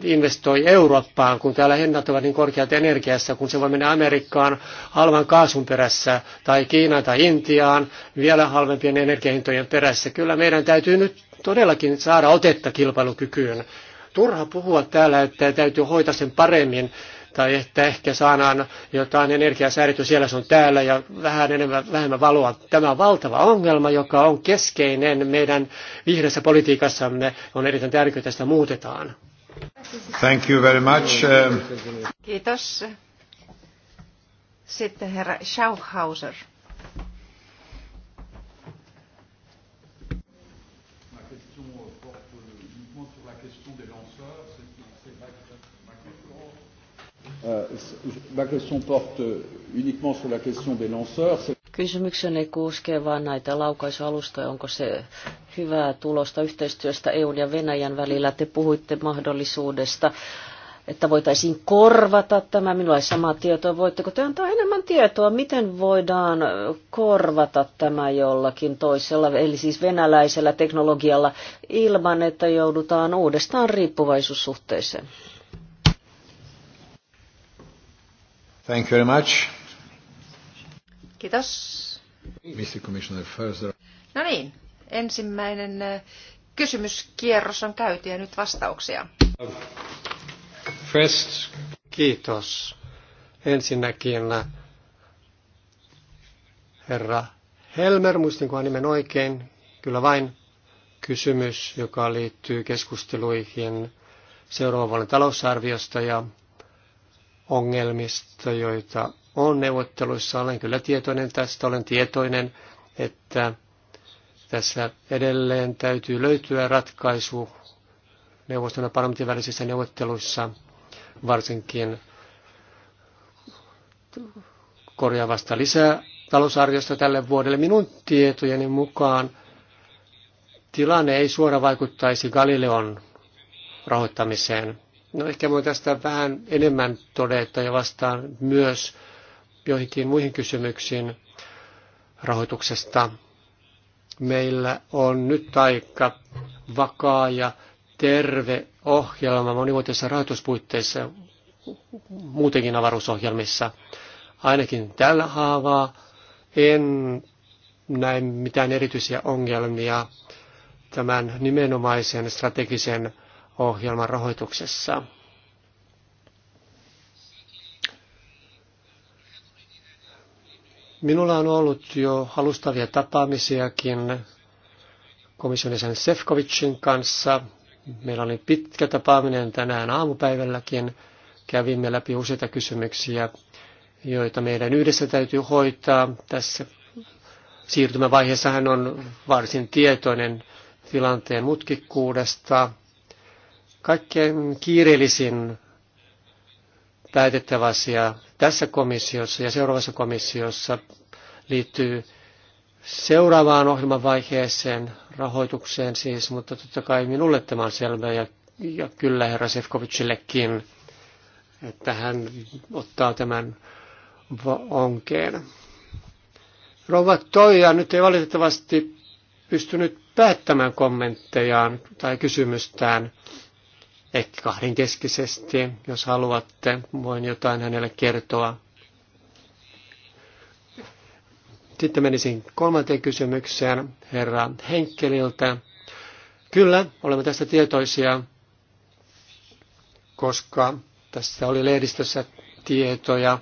investoi Eurooppaan, kun täällä hinnat ovat niin korkeat energiassa, kun se voi mennä Amerikkaan halvan kaasun perässä tai Kiinaan tai Intiaan vielä halvempien energiahintojen perässä. Kyllä meidän täytyy nyt todellakin saada otetta kilpailukykyyn turha puhua täällä, että täytyy hoitaa sen paremmin tai että ehkä saadaan jotain energiasäädetty siellä sun täällä ja vähän enemmän, vähemmän valoa. Tämä on valtava ongelma, joka on keskeinen meidän vihreässä politiikassamme. On erittäin tärkeää, että sitä muutetaan. Thank you very much. Kiitos. Sitten herra Schauhauser. Kysymykseni koskee vain näitä laukaisualustoja. Onko se hyvää tulosta yhteistyöstä EUn ja Venäjän välillä? Te puhuitte mahdollisuudesta että voitaisiin korvata tämä. Minulla ei samaa tietoa. Voitteko te antaa enemmän tietoa, miten voidaan korvata tämä jollakin toisella, eli siis venäläisellä teknologialla, ilman että joudutaan uudestaan riippuvaisuussuhteeseen? Thank you very much. Kiitos. Mr. Commissioner, No niin, ensimmäinen äh, kysymyskierros on käyty ja nyt vastauksia. First, kiitos. Ensinnäkin äh, herra Helmer, muistinkohan nimen oikein, kyllä vain kysymys, joka liittyy keskusteluihin seuraavan vuoden talousarviosta ja ongelmista, joita on neuvotteluissa. Olen kyllä tietoinen tästä, olen tietoinen, että tässä edelleen täytyy löytyä ratkaisu neuvoston ja parlamentin välisissä neuvotteluissa, varsinkin korjaavasta lisää talousarviosta tälle vuodelle. Minun tietojeni mukaan tilanne ei suora vaikuttaisi Galileon rahoittamiseen. No ehkä voin tästä vähän enemmän todeta ja vastaan myös joihinkin muihin kysymyksiin rahoituksesta. Meillä on nyt aika vakaa ja terve ohjelma monivuotisissa rahoituspuitteissa muutenkin avaruusohjelmissa. Ainakin tällä haavaa en näe mitään erityisiä ongelmia tämän nimenomaisen strategisen ohjelman rahoituksessa. Minulla on ollut jo halustavia tapaamisiakin komission jäsen Sefcovicin kanssa. Meillä oli pitkä tapaaminen tänään aamupäivälläkin. Kävimme läpi useita kysymyksiä, joita meidän yhdessä täytyy hoitaa. Tässä siirtymävaiheessa hän on varsin tietoinen tilanteen mutkikkuudesta kaikkein kiireellisin päätettävä asia tässä komissiossa ja seuraavassa komissiossa liittyy seuraavaan ohjelman vaiheeseen, rahoitukseen siis, mutta totta kai minulle tämä on selvä ja, ja kyllä herra Sefkovicillekin, että hän ottaa tämän onkeen. Rouva Toija nyt ei valitettavasti pystynyt päättämään kommenttejaan tai kysymystään ehkä kahdenkeskisesti, jos haluatte, voin jotain hänelle kertoa. Sitten menisin kolmanteen kysymykseen herra Henkeliltä. Kyllä, olemme tästä tietoisia, koska tässä oli lehdistössä tietoja,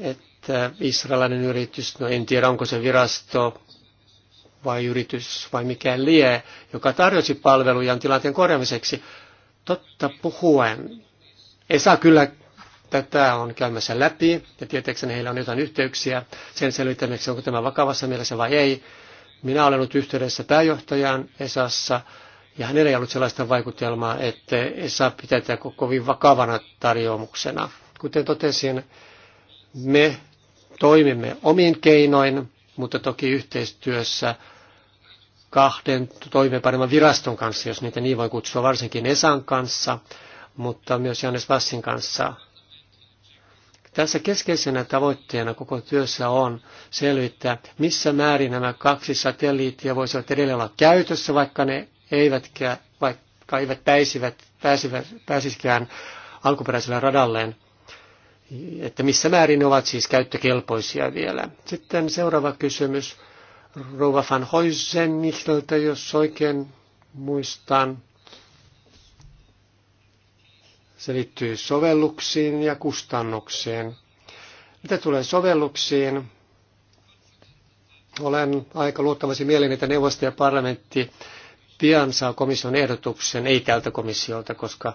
että israelilainen yritys, no en tiedä onko se virasto vai yritys vai mikään lie, joka tarjosi palvelujaan tilanteen korjaamiseksi. Totta puhuen, ei saa kyllä tätä on käymässä läpi, ja tietääkseni heillä on jotain yhteyksiä sen selvittämiseksi, onko tämä vakavassa mielessä vai ei. Minä olen ollut yhteydessä pääjohtajaan Esassa, ja hänellä ei ollut sellaista vaikutelmaa, että Esa pitää tätä kovin vakavana tarjoamuksena. Kuten totesin, me toimimme omiin keinoin, mutta toki yhteistyössä kahden toimeenpanevan viraston kanssa, jos niitä niin voi kutsua, varsinkin Esan kanssa, mutta myös Johannes Vassin kanssa. Tässä keskeisenä tavoitteena koko työssä on selvittää, missä määrin nämä kaksi satelliittia voisivat edelleen olla käytössä, vaikka ne eivätkä, vaikka eivät pääsivät, pääsivät, pääsisikään alkuperäisellä radalleen, että missä määrin ne ovat siis käyttökelpoisia vielä. Sitten seuraava kysymys Rouva van Hoiseniltä, jos oikein muistan. Se liittyy sovelluksiin ja kustannuksiin. Mitä tulee sovelluksiin, olen aika luottavasti mielin, että neuvosto ja parlamentti pian saa komission ehdotuksen, ei tältä komissiolta, koska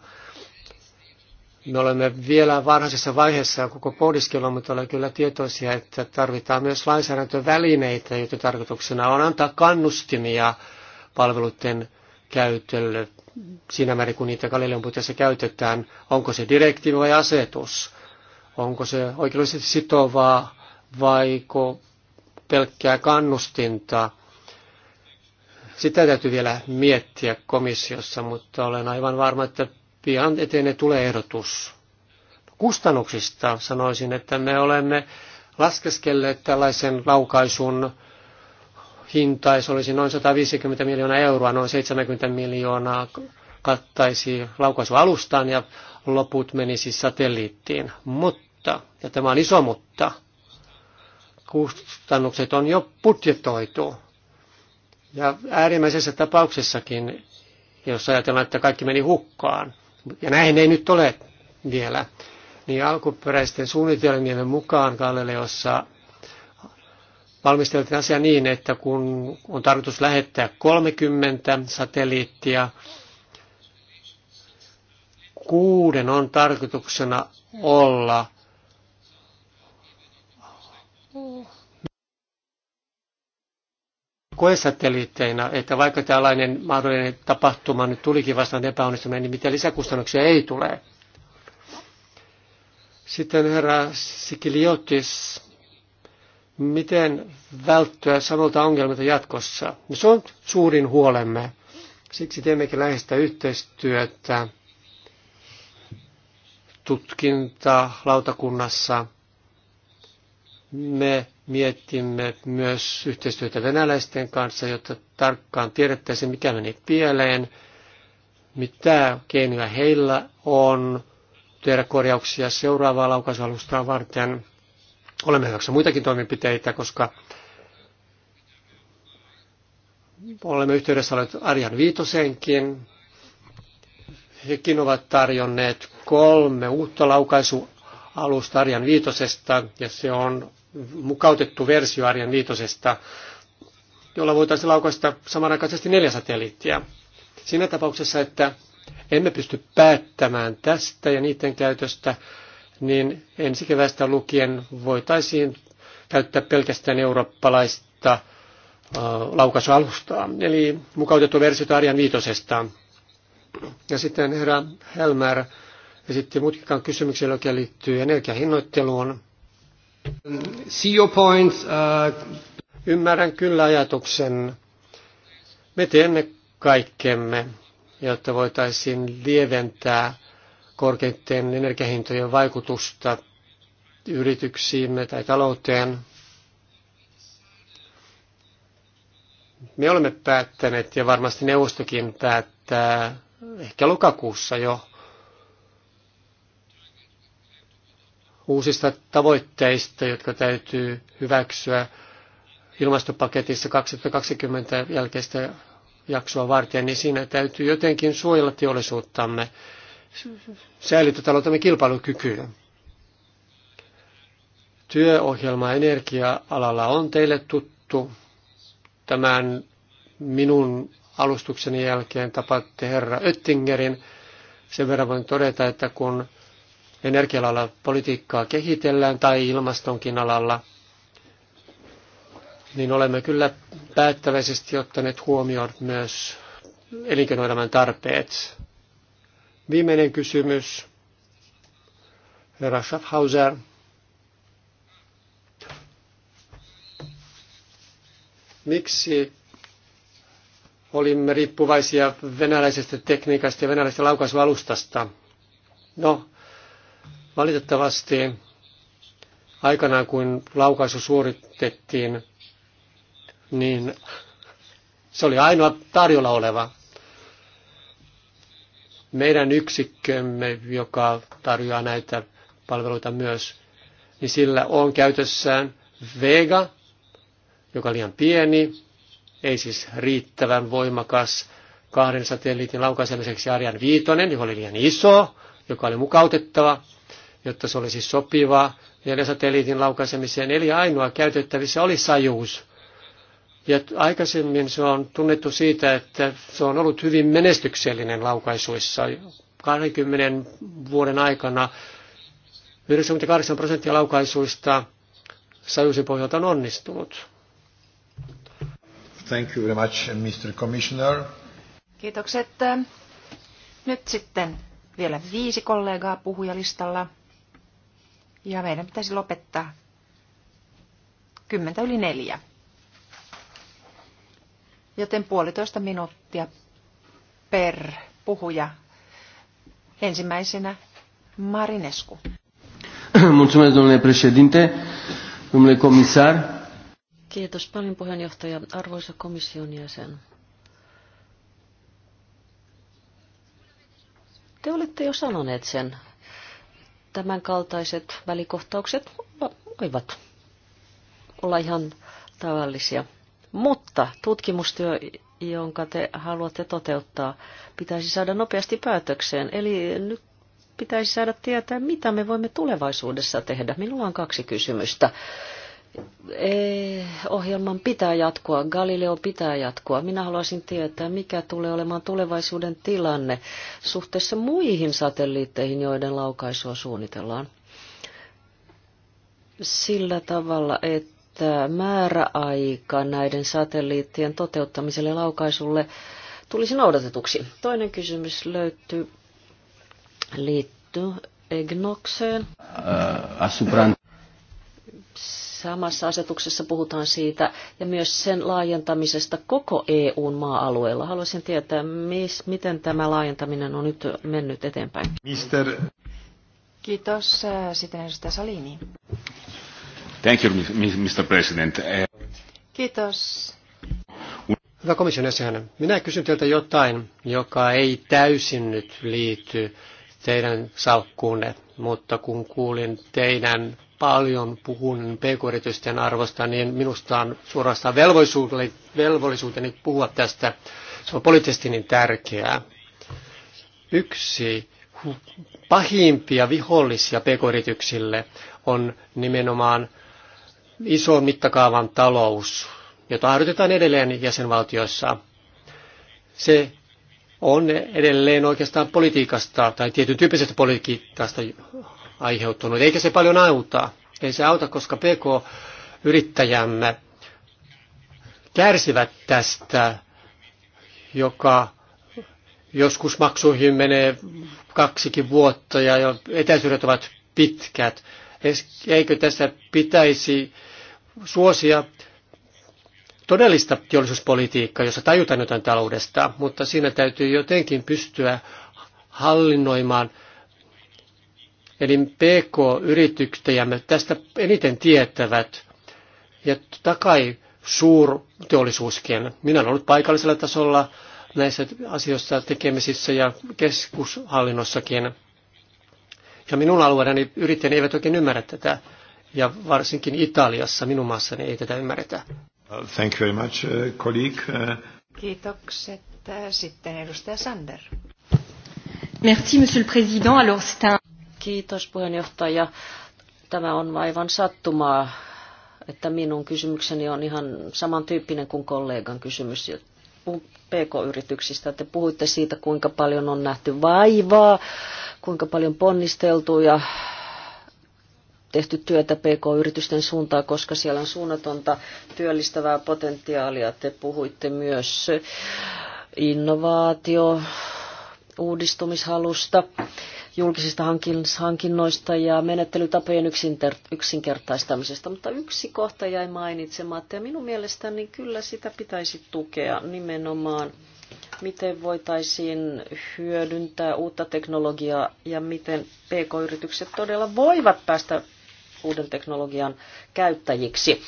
me olemme vielä varhaisessa vaiheessa koko pohdiskelua, mutta olen kyllä tietoisia, että tarvitaan myös lainsäädäntövälineitä, joita tarkoituksena on antaa kannustimia palveluiden käytölle siinä määrin, kun niitä Galileon puitteissa käytetään. Onko se direktiivi vai asetus? Onko se oikeudellisesti sitovaa vaiko pelkkää kannustinta? Sitä täytyy vielä miettiä komissiossa, mutta olen aivan varma, että pian eteenne tulee ehdotus. Kustannuksista sanoisin, että me olemme laskeskelleet tällaisen laukaisun hinta, se olisi noin 150 miljoonaa euroa, noin 70 miljoonaa kattaisi laukaisualustaan ja loput menisi satelliittiin. Mutta, ja tämä on iso mutta, kustannukset on jo budjetoitu. Ja äärimmäisessä tapauksessakin, jos ajatellaan, että kaikki meni hukkaan, ja näin ei nyt ole vielä, niin alkuperäisten suunnitelmien mukaan Galileossa valmisteltiin asia niin, että kun on tarkoitus lähettää 30 satelliittia, kuuden on tarkoituksena olla – koesatelliitteina, että vaikka tällainen mahdollinen tapahtuma nyt tulikin vastaan epäonnistuneen, niin mitä lisäkustannuksia ei tule. Sitten herra Sikiliotis, miten välttyä samalta ongelmilta jatkossa? No se on suurin huolemme. Siksi teemmekin läheistä yhteistyötä tutkinta lautakunnassa – me miettimme myös yhteistyötä venäläisten kanssa, jotta tarkkaan tiedettäisiin, mikä meni pieleen, mitä keinoja heillä on tehdä korjauksia seuraavaa laukaisualustaa varten. Olemme hyväksy muitakin toimenpiteitä, koska olemme yhteydessä olleet Arjan Viitosenkin. Hekin ovat tarjonneet kolme uutta laukaisualusta Arjan Viitosesta, ja se on mukautettu versio Arjan viitosesta, jolla voitaisiin laukaista samanaikaisesti neljä satelliittia. Siinä tapauksessa, että emme pysty päättämään tästä ja niiden käytöstä, niin ensi keväästä lukien voitaisiin käyttää pelkästään eurooppalaista laukaisualustaa, eli mukautettu versio Arjan viitosesta. Ja sitten herra Helmer esitti mutkikkaan kysymyksen, joka liittyy energiahinnoitteluun. See your point. Uh... Ymmärrän kyllä ajatuksen. Me teemme kaikkemme, jotta voitaisiin lieventää korkeiden energiahintojen vaikutusta yrityksiimme tai talouteen. Me olemme päättäneet ja varmasti neuvostokin päättää ehkä lokakuussa jo uusista tavoitteista, jotka täytyy hyväksyä ilmastopaketissa 2020 jälkeistä jaksoa varten, niin siinä täytyy jotenkin suojella teollisuuttamme, säilytötaloutamme kilpailukykyä. Työohjelma energia-alalla on teille tuttu. Tämän minun alustukseni jälkeen tapaatte herra Öttingerin. Sen verran voin todeta, että kun energialalla politiikkaa kehitellään tai ilmastonkin alalla, niin olemme kyllä päättäväisesti ottaneet huomioon myös elinkeinoelämän tarpeet. Viimeinen kysymys, herra Schaffhauser. Miksi olimme riippuvaisia venäläisestä tekniikasta ja venäläisestä laukaisualustasta? No, Valitettavasti aikanaan, kun laukaisu suoritettiin, niin se oli ainoa tarjolla oleva meidän yksikkömme, joka tarjoaa näitä palveluita myös, niin sillä on käytössään Vega, joka on liian pieni, ei siis riittävän voimakas kahden satelliitin laukaisemiseksi Arjan viitonen, joka oli liian iso, joka oli mukautettava, jotta se olisi sopiva. Neljä satelliitin laukaisemiseen neljä ainoa käytettävissä oli sajuus. Ja aikaisemmin se on tunnettu siitä, että se on ollut hyvin menestyksellinen laukaisuissa. 20 vuoden aikana 98 prosenttia laukaisuista sajuusin pohjalta on onnistunut. Thank you very much, Mr. Commissioner. Kiitokset. Nyt sitten vielä viisi kollegaa puhujalistalla. Ja meidän pitäisi lopettaa kymmentä yli neljä. Joten puolitoista minuuttia per puhuja. Ensimmäisenä Marinescu. Mulțumesc, domnule președinte, domnule comisar. Kiitos paljon puheenjohtaja, arvoisa komission jäsen. Te olette jo sanoneet sen tämän kaltaiset välikohtaukset voivat olla ihan tavallisia. Mutta tutkimustyö, jonka te haluatte toteuttaa, pitäisi saada nopeasti päätökseen. Eli nyt pitäisi saada tietää, mitä me voimme tulevaisuudessa tehdä. Minulla on kaksi kysymystä ohjelman pitää jatkua, Galileo pitää jatkua. Minä haluaisin tietää, mikä tulee olemaan tulevaisuuden tilanne suhteessa muihin satelliitteihin, joiden laukaisua suunnitellaan. Sillä tavalla, että määräaika näiden satelliittien toteuttamiselle laukaisulle tulisi noudatetuksi. Toinen kysymys löytyy, liittyy Egnokseen. Uh, Samassa asetuksessa puhutaan siitä ja myös sen laajentamisesta koko EUn maa-alueella. Haluaisin tietää, mis, miten tämä laajentaminen on nyt mennyt eteenpäin. Mister. Kiitos. Äh, sitten edustaja Salini. Thank you, Mr. President. Kiitos. Hyvä komission jäsen, minä kysyn teiltä jotain, joka ei täysin nyt liity teidän salkkuunne, mutta kun kuulin teidän paljon puhun pk-yritysten arvosta, niin minusta on suorastaan velvollisuuteni puhua tästä. Se on poliittisesti niin tärkeää. Yksi pahimpia vihollisia pk-yrityksille on nimenomaan ison mittakaavan talous, jota harjoitetaan edelleen jäsenvaltioissa. Se on edelleen oikeastaan politiikasta tai tietyn tyyppisestä politiikasta aiheutunut. Eikä se paljon auta. Ei se auta, koska PK-yrittäjämme kärsivät tästä, joka joskus maksuihin menee kaksikin vuotta ja etäisyydet ovat pitkät. Eikö tässä pitäisi suosia todellista teollisuuspolitiikkaa, jossa tajutaan jotain taloudesta, mutta siinä täytyy jotenkin pystyä hallinnoimaan – Eli pk yrityksemme tästä eniten tietävät ja totta kai suurteollisuuskin. Minä olen ollut paikallisella tasolla näissä asioissa tekemisissä ja keskushallinnossakin. Ja minun alueellani yrittäjät eivät oikein ymmärrä tätä. Ja varsinkin Italiassa, minun maassani, ei tätä ymmärretä. Thank you very much, uh, colleague. Kiitokset. Sitten edustaja Sander. Merci, monsieur le président. Alors, c'est un... Kiitos puheenjohtaja. Tämä on aivan sattumaa, että minun kysymykseni on ihan samantyyppinen kuin kollegan kysymys. PK-yrityksistä. Te puhuitte siitä, kuinka paljon on nähty vaivaa, kuinka paljon ponnisteltu ja tehty työtä PK-yritysten suuntaan, koska siellä on suunnatonta työllistävää potentiaalia. Te puhuitte myös innovaatio, uudistumishalusta julkisista hankinnoista ja menettelytapojen yksinkertaistamisesta, mutta yksi kohta jäi mainitsematta ja minun mielestäni kyllä sitä pitäisi tukea nimenomaan miten voitaisiin hyödyntää uutta teknologiaa ja miten pk-yritykset todella voivat päästä uuden teknologian käyttäjiksi.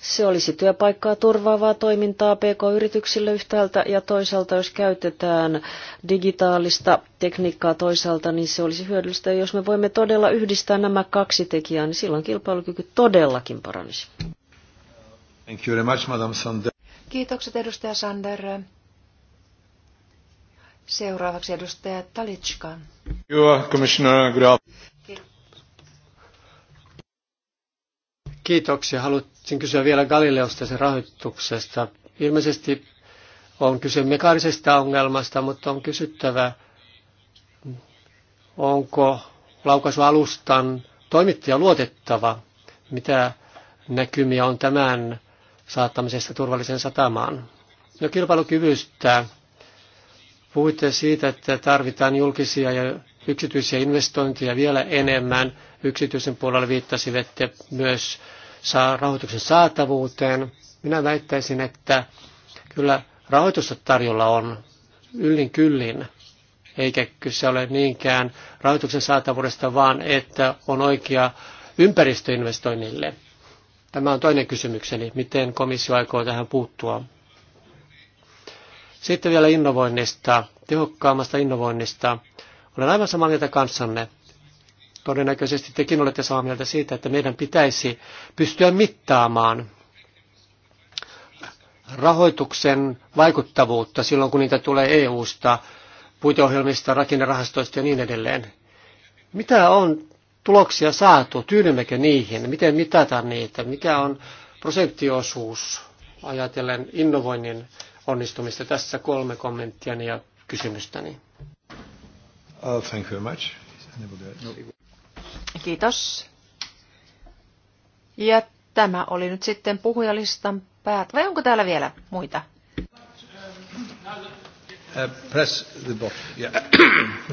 Se olisi työpaikkaa turvaavaa toimintaa PK-yrityksille yhtäältä ja toisaalta, jos käytetään digitaalista tekniikkaa toisaalta, niin se olisi hyödyllistä. Ja jos me voimme todella yhdistää nämä kaksi tekijää, niin silloin kilpailukyky todellakin paranisi. Thank you very much, Madam Sander. Kiitokset edustaja Sander. Seuraavaksi edustaja Talitska. Joo, commissioner, good Kiitoksia. Haluaisin kysyä vielä Galileosta sen rahoituksesta. Ilmeisesti on kyse mekaanisesta ongelmasta, mutta on kysyttävä, onko laukaisualustan toimittaja luotettava? Mitä näkymiä on tämän saattamisesta turvalliseen satamaan? No kilpailukyvystä. Puhuitte siitä, että tarvitaan julkisia ja yksityisiä investointeja vielä enemmän yksityisen puolella viittasivat myös saa rahoituksen saatavuuteen. Minä väittäisin, että kyllä rahoitusta tarjolla on yllin kyllin, eikä kyse ole niinkään rahoituksen saatavuudesta, vaan että on oikea ympäristöinvestoinnille. Tämä on toinen kysymykseni, miten komissio aikoo tähän puuttua. Sitten vielä innovoinnista, tehokkaammasta innovoinnista. Olen aivan samaa mieltä kanssanne. Todennäköisesti tekin olette samaa mieltä siitä, että meidän pitäisi pystyä mittaamaan rahoituksen vaikuttavuutta silloin, kun niitä tulee EU-sta, puiteohjelmista, rakennerahastoista ja niin edelleen. Mitä on tuloksia saatu? Tyydymmekö niihin? Miten mitataan niitä? Mikä on prosenttiosuus ajatellen innovoinnin onnistumista? Tässä kolme kommenttia ja kysymystäni. Oh, thank you very much. Kiitos. Ja tämä oli nyt sitten puhujalistan päät. Vai onko täällä vielä muita? Uh, press the button. Yeah.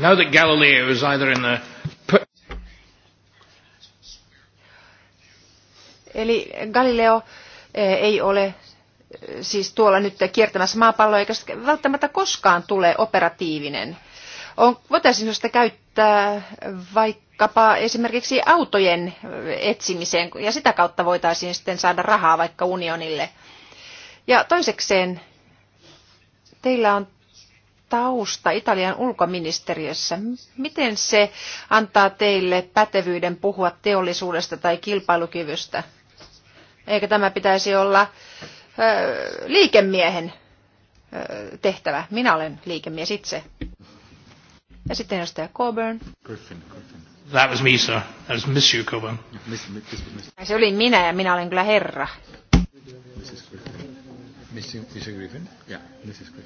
Now that Galileo is either in the Eli Galileo eh, ei ole eh, siis tuolla nyt kiertämässä maapalloa, eikä välttämättä koskaan tule operatiivinen. On, voitaisiin sitä käyttää vaikka vaikkapa esimerkiksi autojen etsimiseen, ja sitä kautta voitaisiin sitten saada rahaa vaikka unionille. Ja toisekseen, teillä on tausta Italian ulkoministeriössä. Miten se antaa teille pätevyyden puhua teollisuudesta tai kilpailukyvystä? Eikö tämä pitäisi olla ö, liikemiehen ö, tehtävä? Minä olen liikemies itse. Ja sitten edustaja Coburn. Griffin, Griffin. That was me, sir. That was Monsieur Coburn. Se oli minä ja minä olen kyllä herra. Griffin. Yeah, Mrs. Griffin.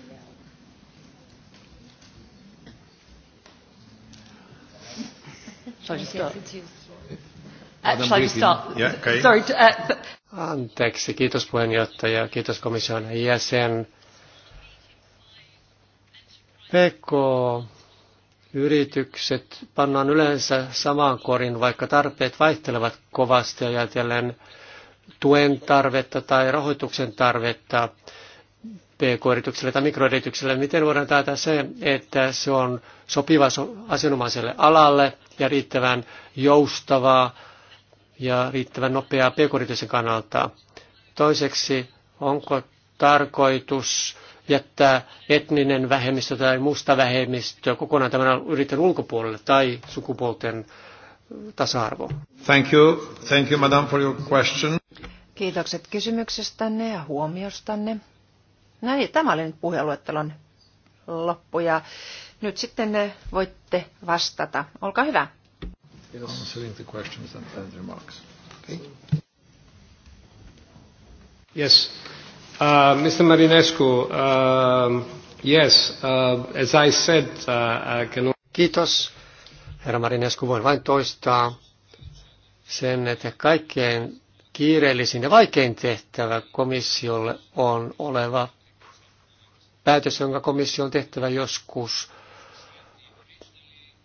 Uh, uh, Anteeksi, kiitos puheenjohtaja, kiitos komission jäsen. Pekko yritykset pannaan yleensä samaan korin, vaikka tarpeet vaihtelevat kovasti ajatellen tuen tarvetta tai rahoituksen tarvetta pk-yritykselle tai mikroyritykselle. Miten voidaan taata se, että se on sopiva asianomaiselle alalle ja riittävän joustavaa ja riittävän nopeaa pk yrityksen kannalta? Toiseksi, onko tarkoitus jättää etninen vähemmistö tai musta vähemmistö kokonaan tämän yritän ulkopuolelle tai sukupuolten tasa-arvo. Thank you. Thank you, madam, for your question. Kiitokset kysymyksestänne ja huomiostanne. No niin, tämä oli nyt puheenluettelon loppu ja nyt sitten voitte vastata. Olkaa hyvä. Yes. Uh, Mr. Marinescu, uh, yes, uh, as I said, uh, I can... Kiitos, herra Marinescu. Voin vain toistaa sen, että kaikkein kiireellisin ja vaikein tehtävä komissiolle on oleva päätös, jonka komissio on tehtävä joskus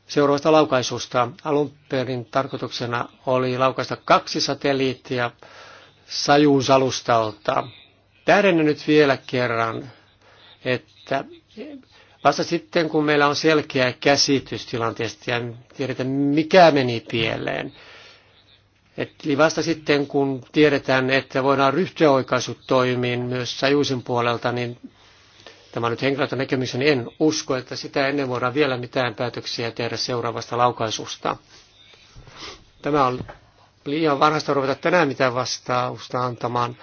seuraavasta laukaisusta. Alun perin tarkoituksena oli laukaista kaksi satelliittia sajuusalustalta. Tähdennän nyt vielä kerran, että vasta sitten kun meillä on selkeä käsitys tilanteesta ja tiedetään mikä meni pieleen, Eli vasta sitten, kun tiedetään, että voidaan ryhtyä oikaisutoimiin myös sajuisin puolelta, niin tämä on nyt henkilöitä näkemyksen, niin en usko, että sitä ennen voidaan vielä mitään päätöksiä tehdä seuraavasta laukaisusta. Tämä on liian varhaista ruveta tänään mitään vastausta antamaan,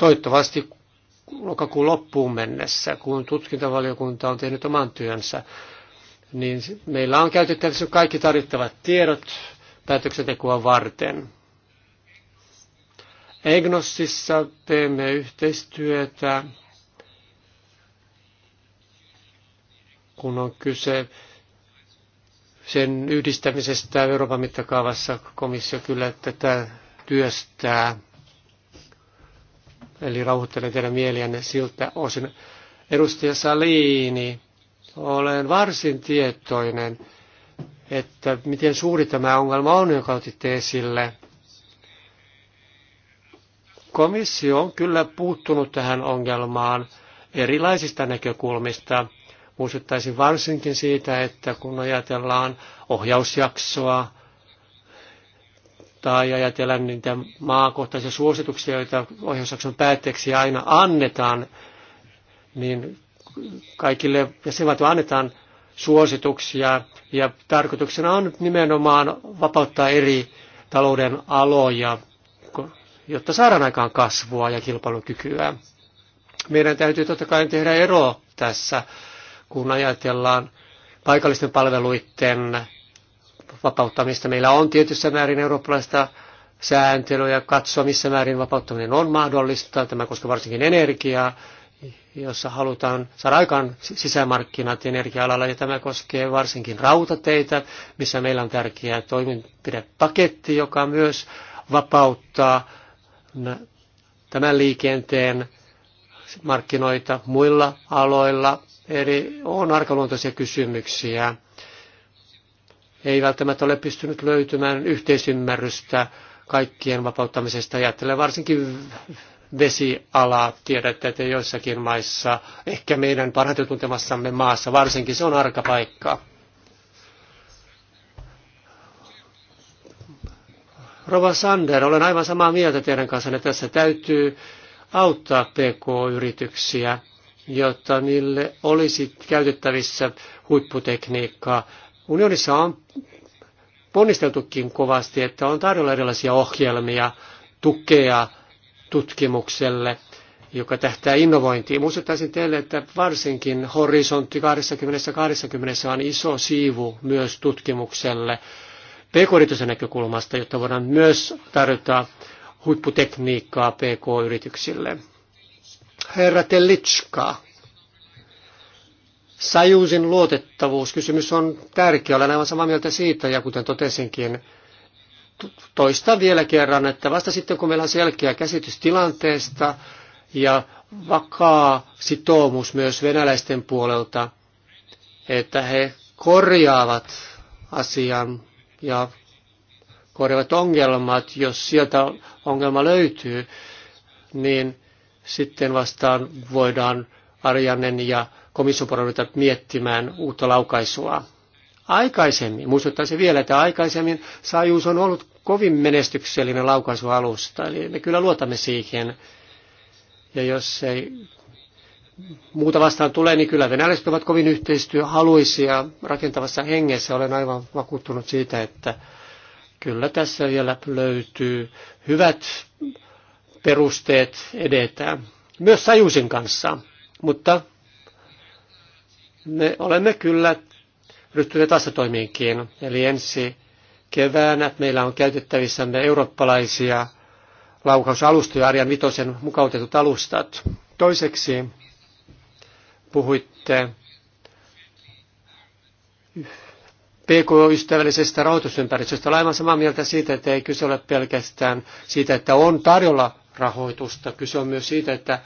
Toivottavasti lokakuun loppuun mennessä, kun tutkintavaliokunta on tehnyt oman työnsä, niin meillä on käytettävissä kaikki tarvittavat tiedot päätöksentekoa varten. Egnossissa teemme yhteistyötä, kun on kyse sen yhdistämisestä Euroopan mittakaavassa komissio kyllä tätä työstää. Eli rauhoittelen teidän mieliänne siltä osin. Edustaja Saliini, olen varsin tietoinen, että miten suuri tämä ongelma on, jonka otitte esille. Komissio on kyllä puuttunut tähän ongelmaan erilaisista näkökulmista. Muistuttaisin varsinkin siitä, että kun ajatellaan ohjausjaksoa, tai ajatella niitä maakohtaisia suosituksia, joita ohjausjakson päätteeksi aina annetaan, niin kaikille jäsenvaltioille annetaan suosituksia ja tarkoituksena on nimenomaan vapauttaa eri talouden aloja, jotta saadaan aikaan kasvua ja kilpailukykyä. Meidän täytyy totta kai tehdä ero tässä, kun ajatellaan paikallisten palveluiden vapauttamista. Meillä on tietyssä määrin eurooppalaista sääntelyä ja katsoa, missä määrin vapauttaminen on mahdollista. Tämä koskee varsinkin energiaa, jossa halutaan saada aikaan sisämarkkinat energia-alalla, ja tämä koskee varsinkin rautateitä, missä meillä on tärkeä toimenpidepaketti, joka myös vapauttaa tämän liikenteen markkinoita muilla aloilla. Eli on arkaluontoisia kysymyksiä ei välttämättä ole pystynyt löytymään yhteisymmärrystä kaikkien vapauttamisesta. Ajattelen varsinkin vesialaa. Tiedätte, että joissakin maissa, ehkä meidän parhaiten tuntemassamme maassa, varsinkin se on arka paikka. Rova Sander, olen aivan samaa mieltä teidän että Tässä täytyy auttaa PK-yrityksiä, jotta niille olisi käytettävissä huipputekniikkaa. Unionissa on ponnisteltukin kovasti, että on tarjolla erilaisia ohjelmia, tukea tutkimukselle, joka tähtää innovointiin. Muistuttaisin teille, että varsinkin horisontti 2020 on iso siivu myös tutkimukselle pk näkökulmasta, jotta voidaan myös tarjota huipputekniikkaa pk-yrityksille. Herra Telitska Sajuusin luotettavuuskysymys on tärkeä, olen aivan samaa mieltä siitä, ja kuten totesinkin, toista vielä kerran, että vasta sitten kun meillä on selkeä käsitys tilanteesta ja vakaa sitoumus myös venäläisten puolelta, että he korjaavat asian ja korjaavat ongelmat, jos sieltä ongelma löytyy, niin sitten vastaan voidaan Arjanen ja komission miettimään uutta laukaisua. Aikaisemmin, muistuttaisin vielä, että aikaisemmin saajuus on ollut kovin menestyksellinen laukaisualusta, eli me kyllä luotamme siihen. Ja jos ei muuta vastaan tulee, niin kyllä venäläiset ovat kovin yhteistyöhaluisia rakentavassa hengessä. Olen aivan vakuuttunut siitä, että kyllä tässä vielä löytyy hyvät perusteet edetä. Myös Sajusin kanssa, mutta me olemme kyllä ryhtyneet vastatoimiinkin. Eli ensi keväänä meillä on käytettävissämme eurooppalaisia laukausalustoja, Arjan Vitosen mukautetut alustat. Toiseksi puhuitte PK-ystävällisestä rahoitusympäristöstä. Olen aivan samaa mieltä siitä, että ei kyse ole pelkästään siitä, että on tarjolla rahoitusta. Kyse on myös siitä, että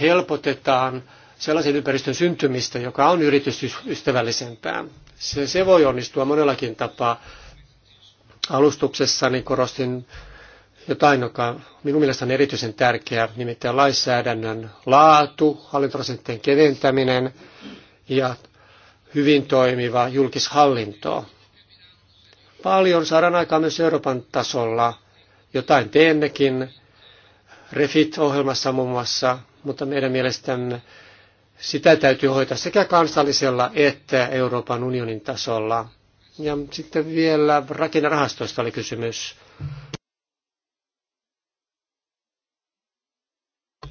helpotetaan sellaisen ympäristön syntymistä, joka on yritysystävällisempää. Se, se voi onnistua monellakin tapaa. Alustuksessani korostin jotain, joka minun mielestäni on erityisen tärkeää, nimittäin lainsäädännön laatu, hallintorasenteen keventäminen ja hyvin toimiva julkishallinto. Paljon saadaan aikaa myös Euroopan tasolla. Jotain teemmekin, Refit-ohjelmassa muun muassa, mutta meidän mielestämme sitä täytyy hoitaa sekä kansallisella että Euroopan unionin tasolla. Ja sitten vielä rakennerahastoista oli kysymys.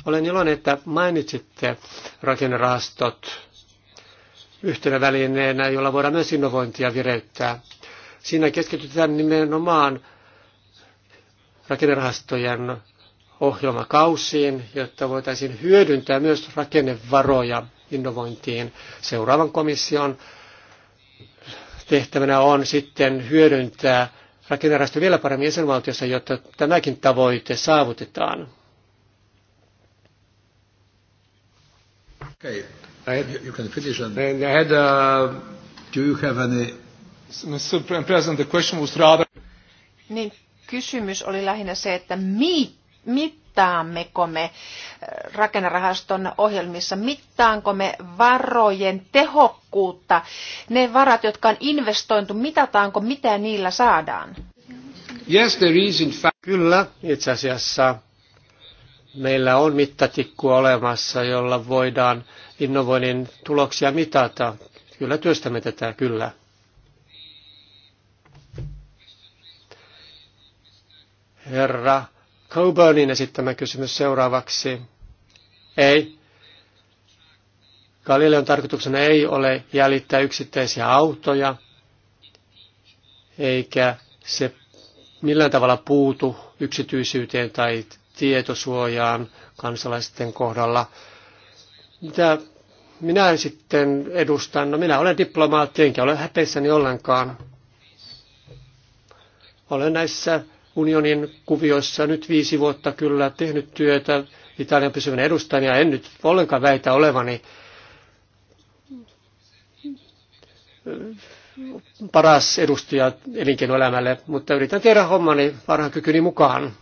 Olen iloinen, että mainitsitte rakennerahastot yhtenä välineenä, jolla voidaan myös innovointia vireyttää. Siinä keskitytään nimenomaan rakennerahastojen ohjelmakausiin, jotta voitaisiin hyödyntää myös rakennevaroja innovointiin. Seuraavan komission tehtävänä on sitten hyödyntää rakennerahasto vielä paremmin jäsenvaltiossa, jotta tämäkin tavoite saavutetaan. Okay. I had, you can finish and I had, uh, do you have any... Mr. President, the question was rather... Niin, kysymys oli lähinnä se, että miit mittaammeko me eh, rakennerahaston ohjelmissa, mittaanko me varojen tehokkuutta, ne varat, jotka on investointu, mitataanko, mitä niillä saadaan? Yes, there is in fact. Kyllä, itse asiassa meillä on mittatikku olemassa, jolla voidaan innovoinnin tuloksia mitata. Kyllä työstämme tätä, kyllä. Herra Coburnin esittämä kysymys seuraavaksi. Ei. Galileon tarkoituksena ei ole jäljittää yksittäisiä autoja, eikä se millään tavalla puutu yksityisyyteen tai tietosuojaan kansalaisten kohdalla. Mitä minä sitten edustan? No minä olen diplomaatti, enkä ole häpeissäni ollenkaan. Olen näissä unionin kuvioissa nyt viisi vuotta kyllä tehnyt työtä Italian pysyvänä edustajana. En nyt ollenkaan väitä olevani paras edustaja elinkeinoelämälle, mutta yritän tehdä hommani parhaan kykyni mukaan.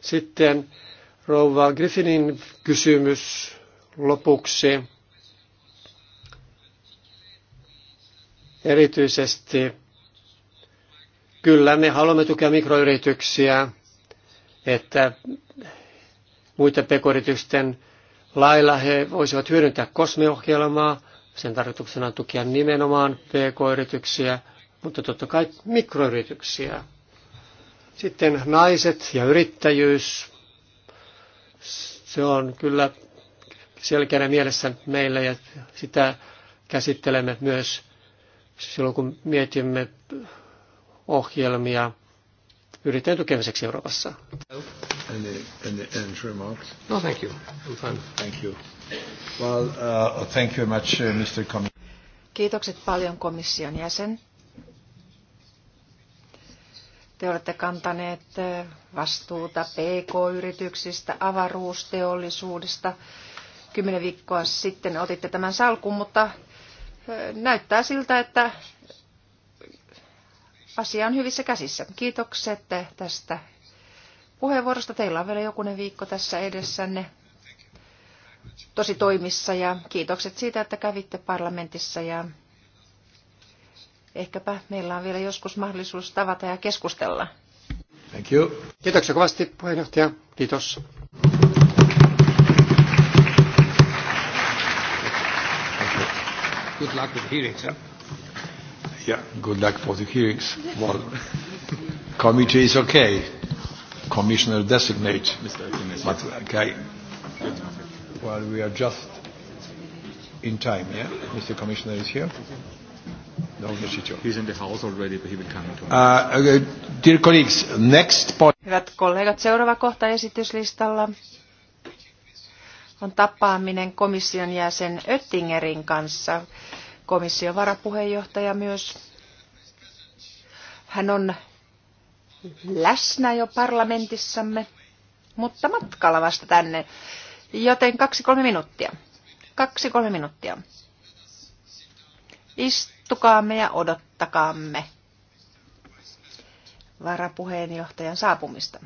Sitten rouva Griffinin kysymys lopuksi. Erityisesti Kyllä, me haluamme tukea mikroyrityksiä, että muiden pekoyritysten lailla he voisivat hyödyntää kosmeohjelmaa. Sen tarkoituksena on tukea nimenomaan pk-yrityksiä, mutta totta kai mikroyrityksiä. Sitten naiset ja yrittäjyys. Se on kyllä selkeänä mielessä meillä ja sitä käsittelemme myös silloin, kun mietimme ohjelmia yrittäjän tukemiseksi Euroopassa. remarks? No, thank you. I'm fine. Thank you. Well, uh, thank you much, uh, Mr. Kiitokset paljon komission jäsen. Te olette kantaneet uh, vastuuta PK-yrityksistä, avaruusteollisuudesta. Kymmenen viikkoa sitten otitte tämän salkun, mutta uh, näyttää siltä, että asia on hyvissä käsissä. Kiitokset tästä puheenvuorosta. Teillä on vielä jokunen viikko tässä edessänne tosi toimissa ja kiitokset siitä, että kävitte parlamentissa ja ehkäpä meillä on vielä joskus mahdollisuus tavata ja keskustella. Thank you. Kiitoksia kovasti puheenjohtaja. Kiitos. Good luck with hearings, huh? Yeah, good luck for the hearings. Well, committee is okay. Commissioner designate. But okay. Well, we are just in time, yeah? Mr. Commissioner is here. No, He's in the house already, but he will come uh, Dear colleagues, next point. Hyvät kollegat, seuraava kohta esityslistalla on tapaaminen komission jäsen Öttingerin kanssa komission varapuheenjohtaja myös. Hän on läsnä jo parlamentissamme, mutta matkalla vasta tänne. Joten kaksi-kolme minuuttia. Kaksi-kolme minuuttia. Istukaamme ja odottakaamme varapuheenjohtajan saapumista.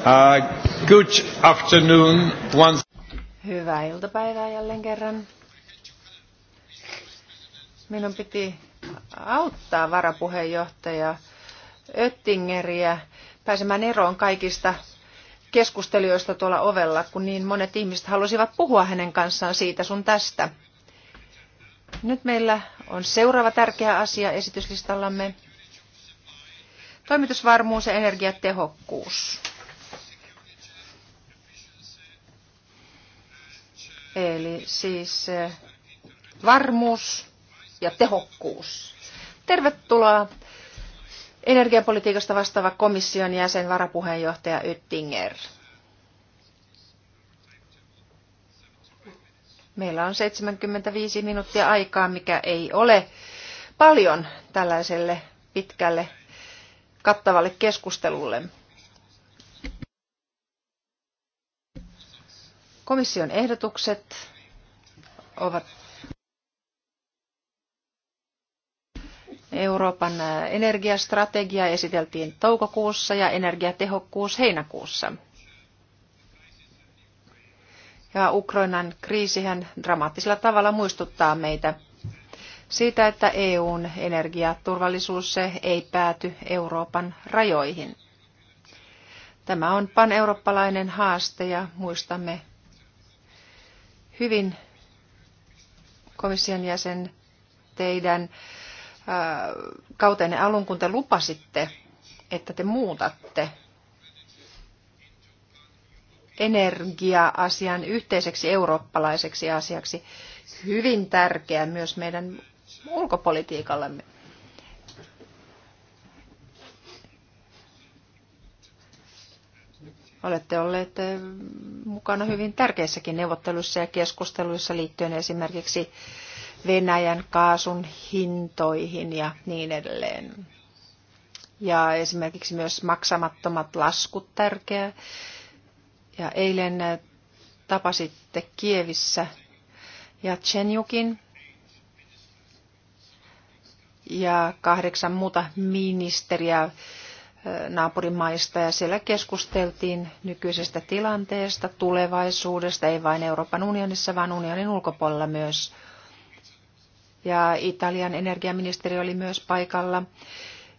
Uh, good afternoon once. Hyvää iltapäivää jälleen kerran. Minun piti auttaa varapuheenjohtaja Öttingeriä pääsemään eroon kaikista keskustelijoista tuolla ovella, kun niin monet ihmiset halusivat puhua hänen kanssaan siitä sun tästä. Nyt meillä on seuraava tärkeä asia esityslistallamme. Toimitusvarmuus ja energiatehokkuus. Eli siis eh, varmuus ja tehokkuus. Tervetuloa energiapolitiikasta vastaava komission jäsen varapuheenjohtaja Yttinger. Meillä on 75 minuuttia aikaa, mikä ei ole paljon tällaiselle pitkälle kattavalle keskustelulle. Komission ehdotukset ovat Euroopan energiastrategia esiteltiin toukokuussa ja energiatehokkuus heinäkuussa. Ja Ukrainan kriisihän dramaattisella tavalla muistuttaa meitä siitä, että EUn energiaturvallisuus ei pääty Euroopan rajoihin. Tämä on paneurooppalainen haaste ja muistamme hyvin komission jäsen teidän kautenne alun, kun te lupasitte, että te muutatte energia-asian yhteiseksi eurooppalaiseksi asiaksi. Hyvin tärkeä myös meidän ulkopolitiikallemme. Olette olleet eh, mukana hyvin tärkeissäkin neuvotteluissa ja keskusteluissa liittyen esimerkiksi Venäjän kaasun hintoihin ja niin edelleen. Ja esimerkiksi myös maksamattomat laskut tärkeää. Ja eilen eh, tapasitte Kievissä ja Chenjukin ja kahdeksan muuta ministeriä naapurimaista ja siellä keskusteltiin nykyisestä tilanteesta, tulevaisuudesta, ei vain Euroopan unionissa, vaan unionin ulkopuolella myös. Ja Italian energiaministeri oli myös paikalla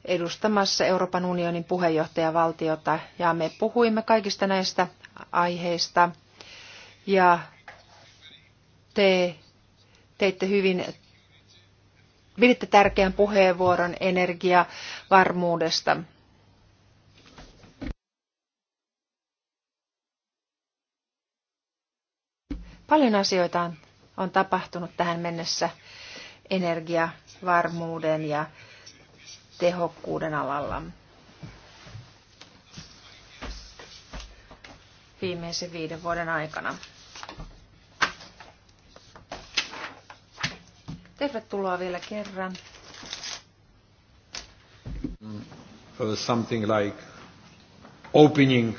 edustamassa Euroopan unionin puheenjohtajavaltiota ja me puhuimme kaikista näistä aiheista ja te teitte hyvin piditte tärkeän puheenvuoron energiavarmuudesta Paljon asioita on, on tapahtunut tähän mennessä energiavarmuuden ja tehokkuuden alalla. viimeisen viiden vuoden aikana. Tervetuloa vielä kerran. Something like opening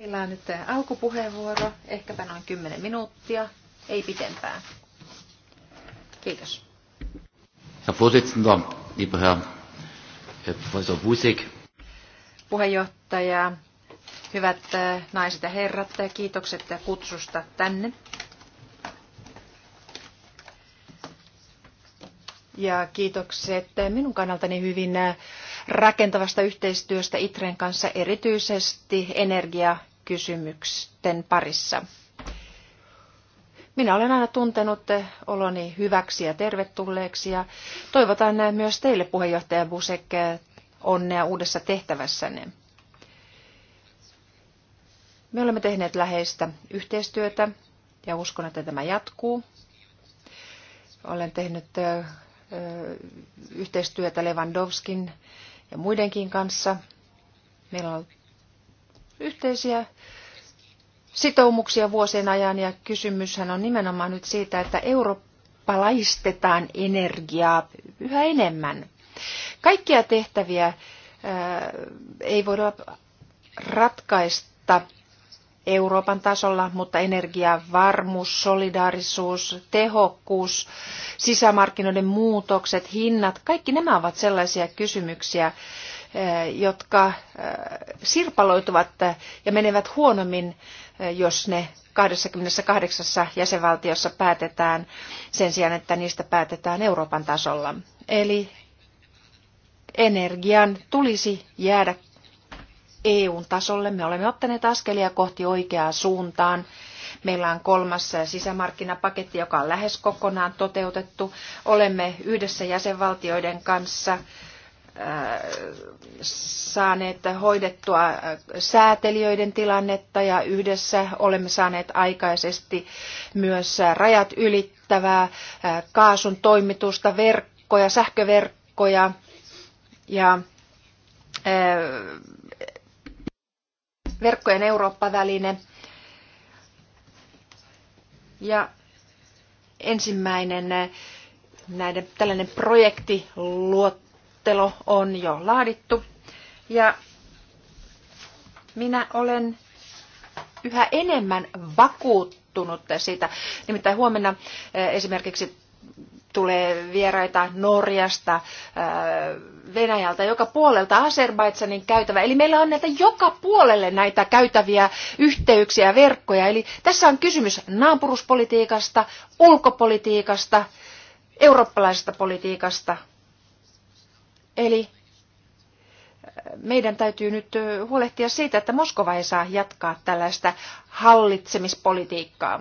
Meillä on nyt alkupuheenvuoro, ehkäpä noin 10 minuuttia, ei pitempään. Kiitos. Herr Vorsitzender, lieber Herr Professor Busig. Puheenjohtaja, hyvät äh, naiset ja herrat, kiitokset ja kutsusta tänne. ja kiitokset minun kannaltani hyvin rakentavasta yhteistyöstä Itren kanssa erityisesti energiakysymysten parissa. Minä olen aina tuntenut oloni hyväksi ja tervetulleeksi ja toivotan myös teille puheenjohtaja Busek onnea uudessa tehtävässänne. Me olemme tehneet läheistä yhteistyötä ja uskon, että tämä jatkuu. Olen tehnyt yhteistyötä Lewandowskin ja muidenkin kanssa. Meillä on yhteisiä sitoumuksia vuosien ajan ja kysymyshän on nimenomaan nyt siitä, että eurooppalaistetaan energiaa yhä enemmän. Kaikkia tehtäviä ää, ei voida ratkaista Euroopan tasolla, mutta energiavarmuus, solidaarisuus, tehokkuus, sisämarkkinoiden muutokset, hinnat, kaikki nämä ovat sellaisia kysymyksiä, eh, jotka eh, sirpaloituvat ja menevät huonommin, eh, jos ne 28 jäsenvaltiossa päätetään sen sijaan, että niistä päätetään Euroopan tasolla. Eli energian tulisi jäädä EUn tasolle. Me olemme ottaneet askelia kohti oikeaa suuntaan. Meillä on kolmas sisämarkkinapaketti, joka on lähes kokonaan toteutettu. Olemme yhdessä jäsenvaltioiden kanssa äh, saaneet hoidettua äh, säätelijöiden tilannetta ja yhdessä olemme saaneet aikaisesti myös rajat ylittävää äh, kaasun toimitusta, verkkoja, sähköverkkoja ja verkkojen Eurooppa-väline. Ja ensimmäinen näiden, tällainen projektiluottelo on jo laadittu. Ja minä olen yhä enemmän vakuuttunut siitä. Nimittäin huomenna eh, esimerkiksi tulee vieraita Norjasta, äh, Venäjältä, joka puolelta Azerbaidsanin käytävä. Eli meillä on näitä joka puolelle näitä käytäviä yhteyksiä ja verkkoja. Eli tässä on kysymys naapuruspolitiikasta, ulkopolitiikasta, eurooppalaisesta politiikasta. Eli äh, meidän täytyy nyt äh, huolehtia siitä, että Moskova ei saa jatkaa tällaista hallitsemispolitiikkaa.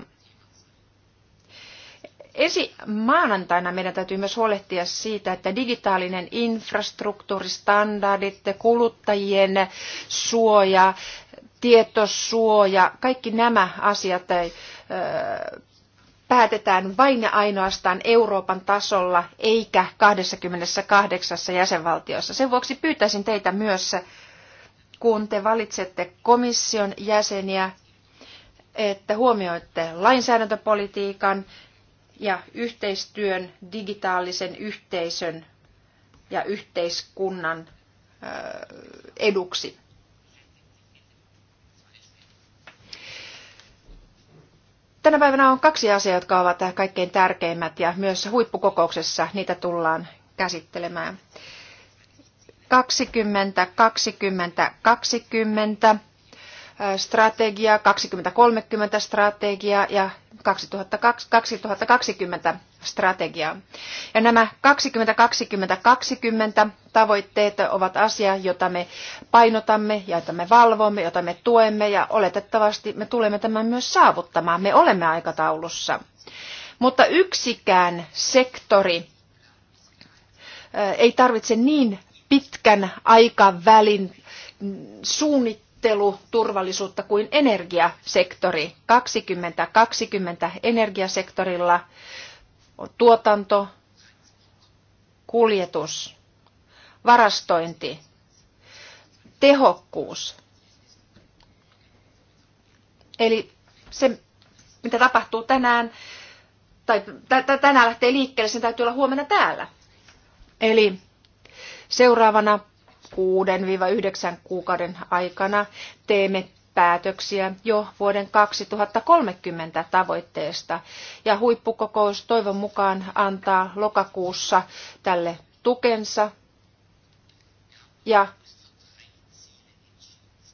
Ensi maanantaina meidän täytyy myös huolehtia siitä, että digitaalinen infrastruktuuri, standardit, kuluttajien suoja, tietosuoja, kaikki nämä asiat päätetään vain ja ainoastaan Euroopan tasolla eikä 28 jäsenvaltiossa. Sen vuoksi pyytäisin teitä myös, kun te valitsette komission jäseniä, että huomioitte lainsäädäntöpolitiikan ja yhteistyön digitaalisen yhteisön ja yhteiskunnan eduksi. Tänä päivänä on kaksi asiaa, jotka ovat kaikkein tärkeimmät ja myös huippukokouksessa niitä tullaan käsittelemään. 20, 20, 20 strategia, 2030 strategia ja 2020 strategia. Ja nämä 2020-2020 tavoitteet ovat asia, jota me painotamme ja jota me valvomme, jota me tuemme ja oletettavasti me tulemme tämän myös saavuttamaan. Me olemme aikataulussa. Mutta yksikään sektori ei tarvitse niin pitkän aikavälin suunnittelua, turvallisuutta kuin energiasektori. 2020 energiasektorilla on tuotanto, kuljetus, varastointi, tehokkuus. Eli se, mitä tapahtuu tänään, tai tänään lähtee liikkeelle, sen täytyy olla huomenna täällä. Eli seuraavana 6-9 kuukauden aikana teemme päätöksiä jo vuoden 2030 tavoitteesta ja huippukokous toivon mukaan antaa lokakuussa tälle tukensa ja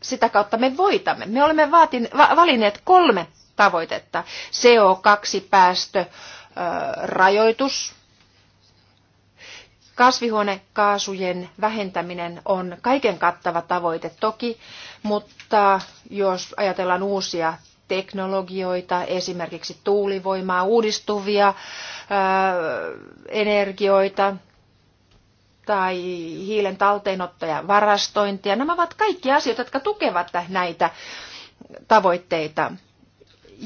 sitä kautta me voitamme. Me olemme vaatin, va, valinneet kolme tavoitetta. CO2-päästörajoitus, Kasvihuonekaasujen vähentäminen on kaiken kattava tavoite toki, mutta jos ajatellaan uusia teknologioita, esimerkiksi tuulivoimaa, uudistuvia ää, energioita tai hiilen ja varastointia. Nämä ovat kaikki asioita, jotka tukevat näitä tavoitteita.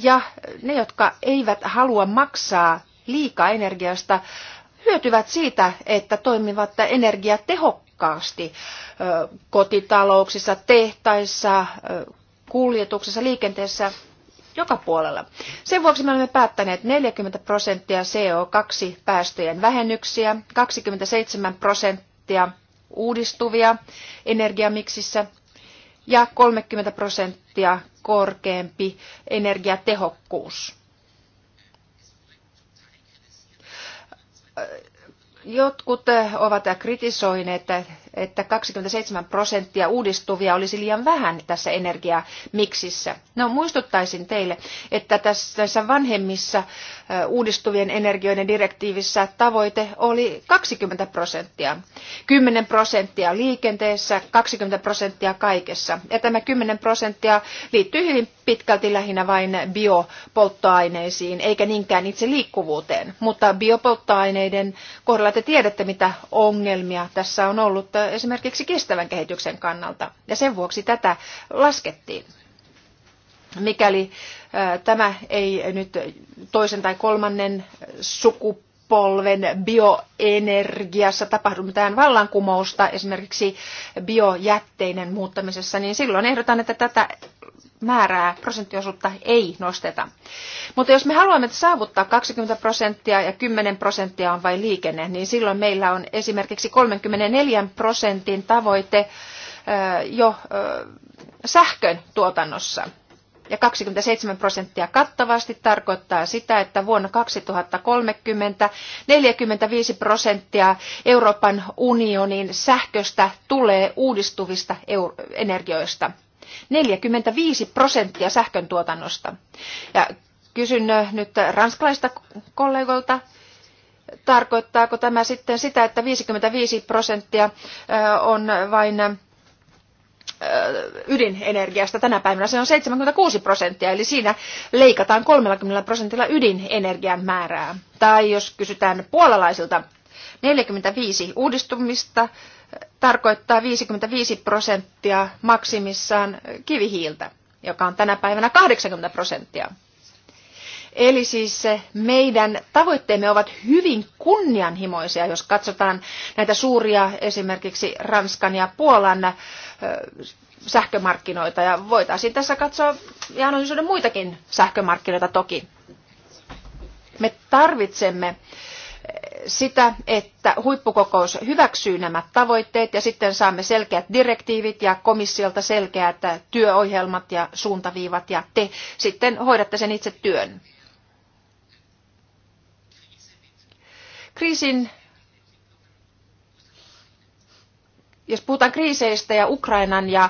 Ja ne, jotka eivät halua maksaa liikaa energiasta, hyötyvät siitä, että toimivat energiatehokkaasti kotitalouksissa, tehtaissa, kuljetuksessa, liikenteessä, joka puolella. Sen vuoksi me olemme päättäneet 40 prosenttia CO2-päästöjen vähennyksiä, 27 prosenttia uudistuvia energiamiksissä ja 30 prosenttia korkeampi energiatehokkuus. Jotkut ovat kritisoineet että 27 prosenttia uudistuvia olisi liian vähän tässä energiamiksissä. No muistuttaisin teille, että tässä vanhemmissa uudistuvien energioiden direktiivissä tavoite oli 20 prosenttia. 10 prosenttia liikenteessä, 20 prosenttia kaikessa. Ja tämä 10 prosenttia liittyy hyvin pitkälti lähinnä vain biopolttoaineisiin, eikä niinkään itse liikkuvuuteen. Mutta biopolttoaineiden kohdalla te tiedätte, mitä ongelmia tässä on ollut esimerkiksi kestävän kehityksen kannalta. Ja sen vuoksi tätä laskettiin. Mikäli tämä ei nyt toisen tai kolmannen sukupuolen polven bioenergiassa tapahdu mitään vallankumousta esimerkiksi biojätteiden muuttamisessa, niin silloin ehdotan, että tätä määrää, prosenttiosuutta ei nosteta. Mutta jos me haluamme saavuttaa 20 prosenttia ja 10 prosenttia on vain liikenne, niin silloin meillä on esimerkiksi 34 prosentin tavoite jo sähkön tuotannossa ja 27 prosenttia kattavasti tarkoittaa sitä, että vuonna kolmekymmentä 45 prosenttia Euroopan unionin sähköstä tulee uudistuvista energioista. 45 prosenttia sähkön tuotannosta. Ja kysyn äh, nyt ranskalaista kollegoilta, tarkoittaako tämä sitten sitä, että 55 prosenttia äh, on vain ydinenergiasta tänä päivänä se on 76 prosenttia, eli siinä leikataan 30 prosentilla ydinenergian määrää. Tai jos kysytään puolalaisilta, 45 uudistumista tarkoittaa 55 prosenttia maksimissaan kivihiiltä, joka on tänä päivänä 80 prosenttia. Eli siis meidän tavoitteemme ovat hyvin kunnianhimoisia, jos katsotaan näitä suuria esimerkiksi Ranskan ja Puolan sähkömarkkinoita. Ja voitaisiin tässä katsoa ja analysoida muitakin sähkömarkkinoita toki. Me tarvitsemme sitä, että huippukokous hyväksyy nämä tavoitteet ja sitten saamme selkeät direktiivit ja komissiolta selkeät työohjelmat ja suuntaviivat ja te sitten hoidatte sen itse työn. Kriisin, jos puhutaan kriiseistä ja Ukrainan ja,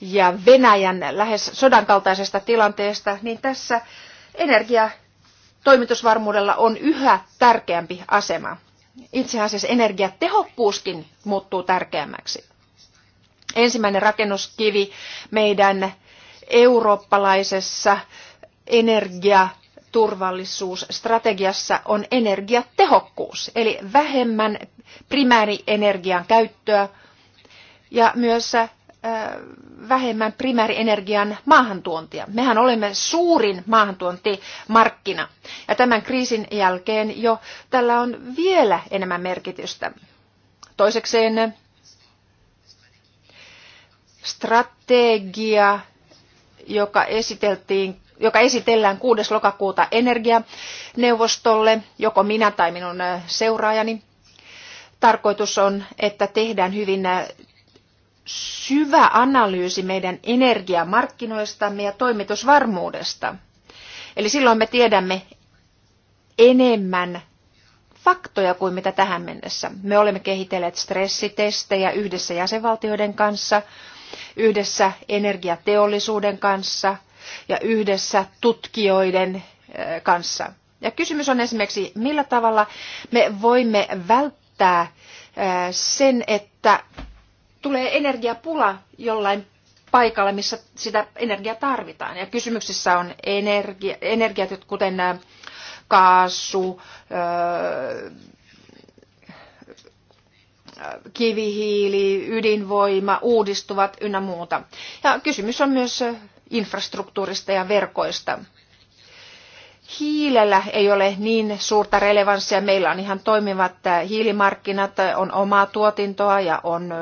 ja Venäjän lähes sodan kaltaisesta tilanteesta, niin tässä energia toimitusvarmuudella on yhä tärkeämpi asema. Itse asiassa energiatehokkuuskin muuttuu tärkeämmäksi. Ensimmäinen rakennuskivi meidän eurooppalaisessa energia turvallisuusstrategiassa on energiatehokkuus, eli vähemmän primäärienergian käyttöä ja myös äh, vähemmän primäärienergian maahantuontia. Mehän olemme suurin maahantuontimarkkina ja tämän kriisin jälkeen jo tällä on vielä enemmän merkitystä. Toisekseen strategia, joka esiteltiin joka esitellään 6. lokakuuta energianeuvostolle, joko minä tai minun äh, seuraajani. Tarkoitus on, että tehdään hyvin äh, syvä analyysi meidän energiamarkkinoistamme ja toimitusvarmuudesta. Eli silloin me tiedämme enemmän faktoja kuin mitä tähän mennessä. Me olemme kehitelleet stressitestejä yhdessä jäsenvaltioiden kanssa, yhdessä energiateollisuuden kanssa, ja yhdessä tutkijoiden eh, kanssa. Ja kysymys on esimerkiksi, millä tavalla me voimme välttää eh, sen, että tulee energiapula jollain paikalla, missä sitä energiaa tarvitaan. Ja kysymyksessä on energia, energiat, kuten eh, kaasu, kivihiili, ydinvoima, uudistuvat ynnä muuta. Ja kysymys on myös infrastruktuurista ja verkoista. Hiilellä ei ole niin suurta relevanssia. Meillä on ihan toimivat äh, hiilimarkkinat, äh, on omaa tuotintoa ja on äh,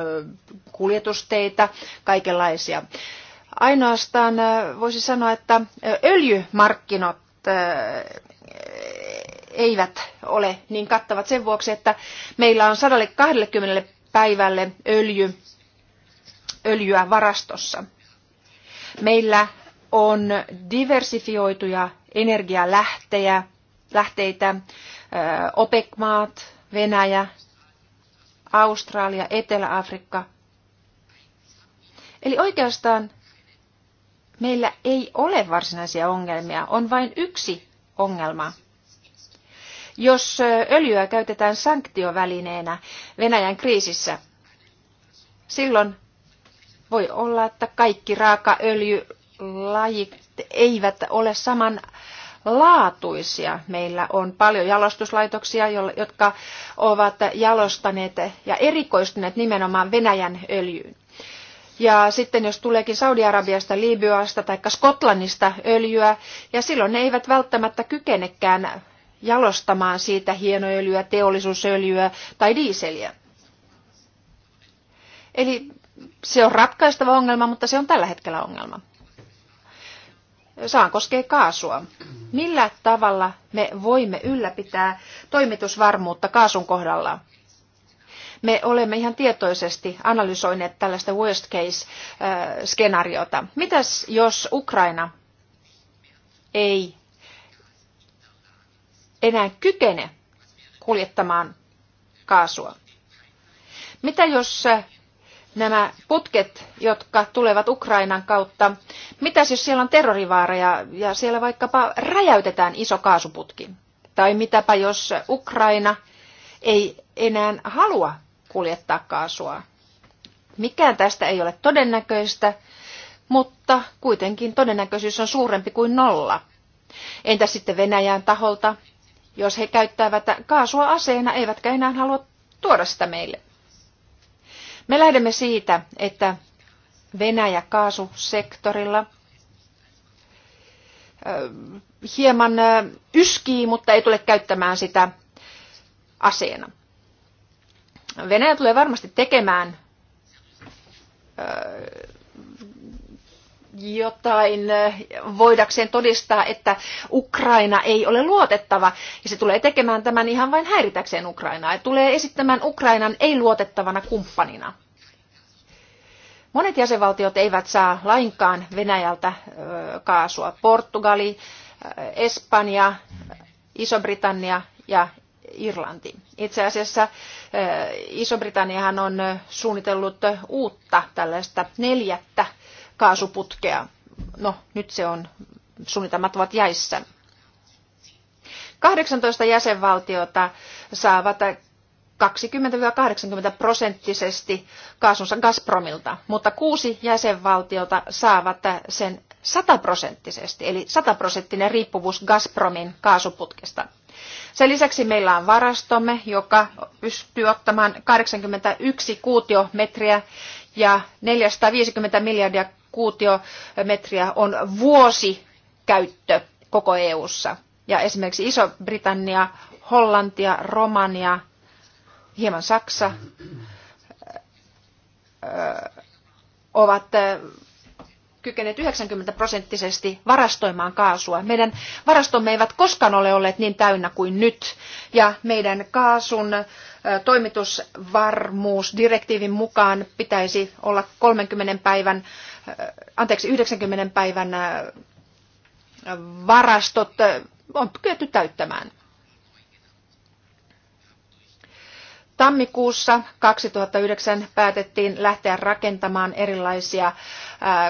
kuljetusteita, kaikenlaisia. Ainoastaan voisi sanoa, että öljymarkkinat eivät ole niin kattavat sen vuoksi, että meillä on 120 päivälle öljy, öljyä varastossa. Meillä on diversifioituja energialähteitä, lähteitä, OPEC-maat, Venäjä, Australia, Etelä-Afrikka. Eli oikeastaan meillä ei ole varsinaisia ongelmia, on vain yksi ongelma. Jos öljyä käytetään sanktiovälineenä Venäjän kriisissä, silloin voi olla, että kaikki raakaöljylajit eivät ole saman laatuisia. Meillä on paljon jalostuslaitoksia, jotka ovat jalostaneet ja erikoistuneet nimenomaan Venäjän öljyyn. Ja sitten jos tuleekin Saudi-Arabiasta, Libyasta tai Skotlannista öljyä, ja silloin ne eivät välttämättä kykenekään jalostamaan siitä hienoöljyä, teollisuusöljyä tai diiseliä. Eli se on ratkaistava ongelma, mutta se on tällä hetkellä ongelma. Saan koskee kaasua. Millä tavalla me voimme ylläpitää toimitusvarmuutta kaasun kohdalla? Me olemme ihan tietoisesti analysoineet tällaista worst case-skenaariota. Äh, Mitäs jos Ukraina ei enää kykene kuljettamaan kaasua? Mitä jos äh, nämä putket, jotka tulevat Ukrainan kautta. Mitäs jos siellä on terrorivaareja ja siellä vaikkapa räjäytetään iso kaasuputki? Tai mitäpä jos Ukraina ei enää halua kuljettaa kaasua? Mikään tästä ei ole todennäköistä, mutta kuitenkin todennäköisyys on suurempi kuin nolla. Entä sitten Venäjän taholta, jos he käyttävät kaasua aseena eivätkä enää halua tuoda sitä meille? Me lähdemme siitä, että Venäjä kaasusektorilla hieman yskii, mutta ei tule käyttämään sitä aseena. Venäjä tulee varmasti tekemään jotain eh, voidakseen todistaa, että Ukraina ei ole luotettava. Ja se tulee tekemään tämän ihan vain häiritäkseen Ukrainaa. Ja tulee esittämään Ukrainan ei-luotettavana kumppanina. Monet jäsenvaltiot eivät saa lainkaan Venäjältä eh, kaasua. Portugali, eh, Espanja, Iso-Britannia ja Irlanti. Itse asiassa Iso-Britanniahan on suunnitellut uutta tällaista neljättä kaasuputkea. No, nyt se on, suunnitelmat ovat jäissä. 18 jäsenvaltiota saavat 20-80 prosenttisesti kaasunsa Gazpromilta, mutta kuusi jäsenvaltiota saavat sen 100 prosenttisesti, eli 100 prosenttinen riippuvuus Gazpromin kaasuputkesta. Sen lisäksi meillä on varastomme, joka pystyy ottamaan 81 kuutiometriä ja 450 miljardia kuutiometriä on vuosikäyttö koko EU:ssa. Ja esimerkiksi Iso-Britannia, Hollantia, Romania, hieman Saksa ovat kykeneet 90 prosenttisesti varastoimaan kaasua. Meidän varastomme eivät koskaan ole olleet niin täynnä kuin nyt. Ja meidän kaasun toimitusvarmuusdirektiivin mukaan pitäisi olla 30 päivän, anteeksi, 90 päivän varastot on kyetty täyttämään. Tammikuussa 2009 päätettiin lähteä rakentamaan erilaisia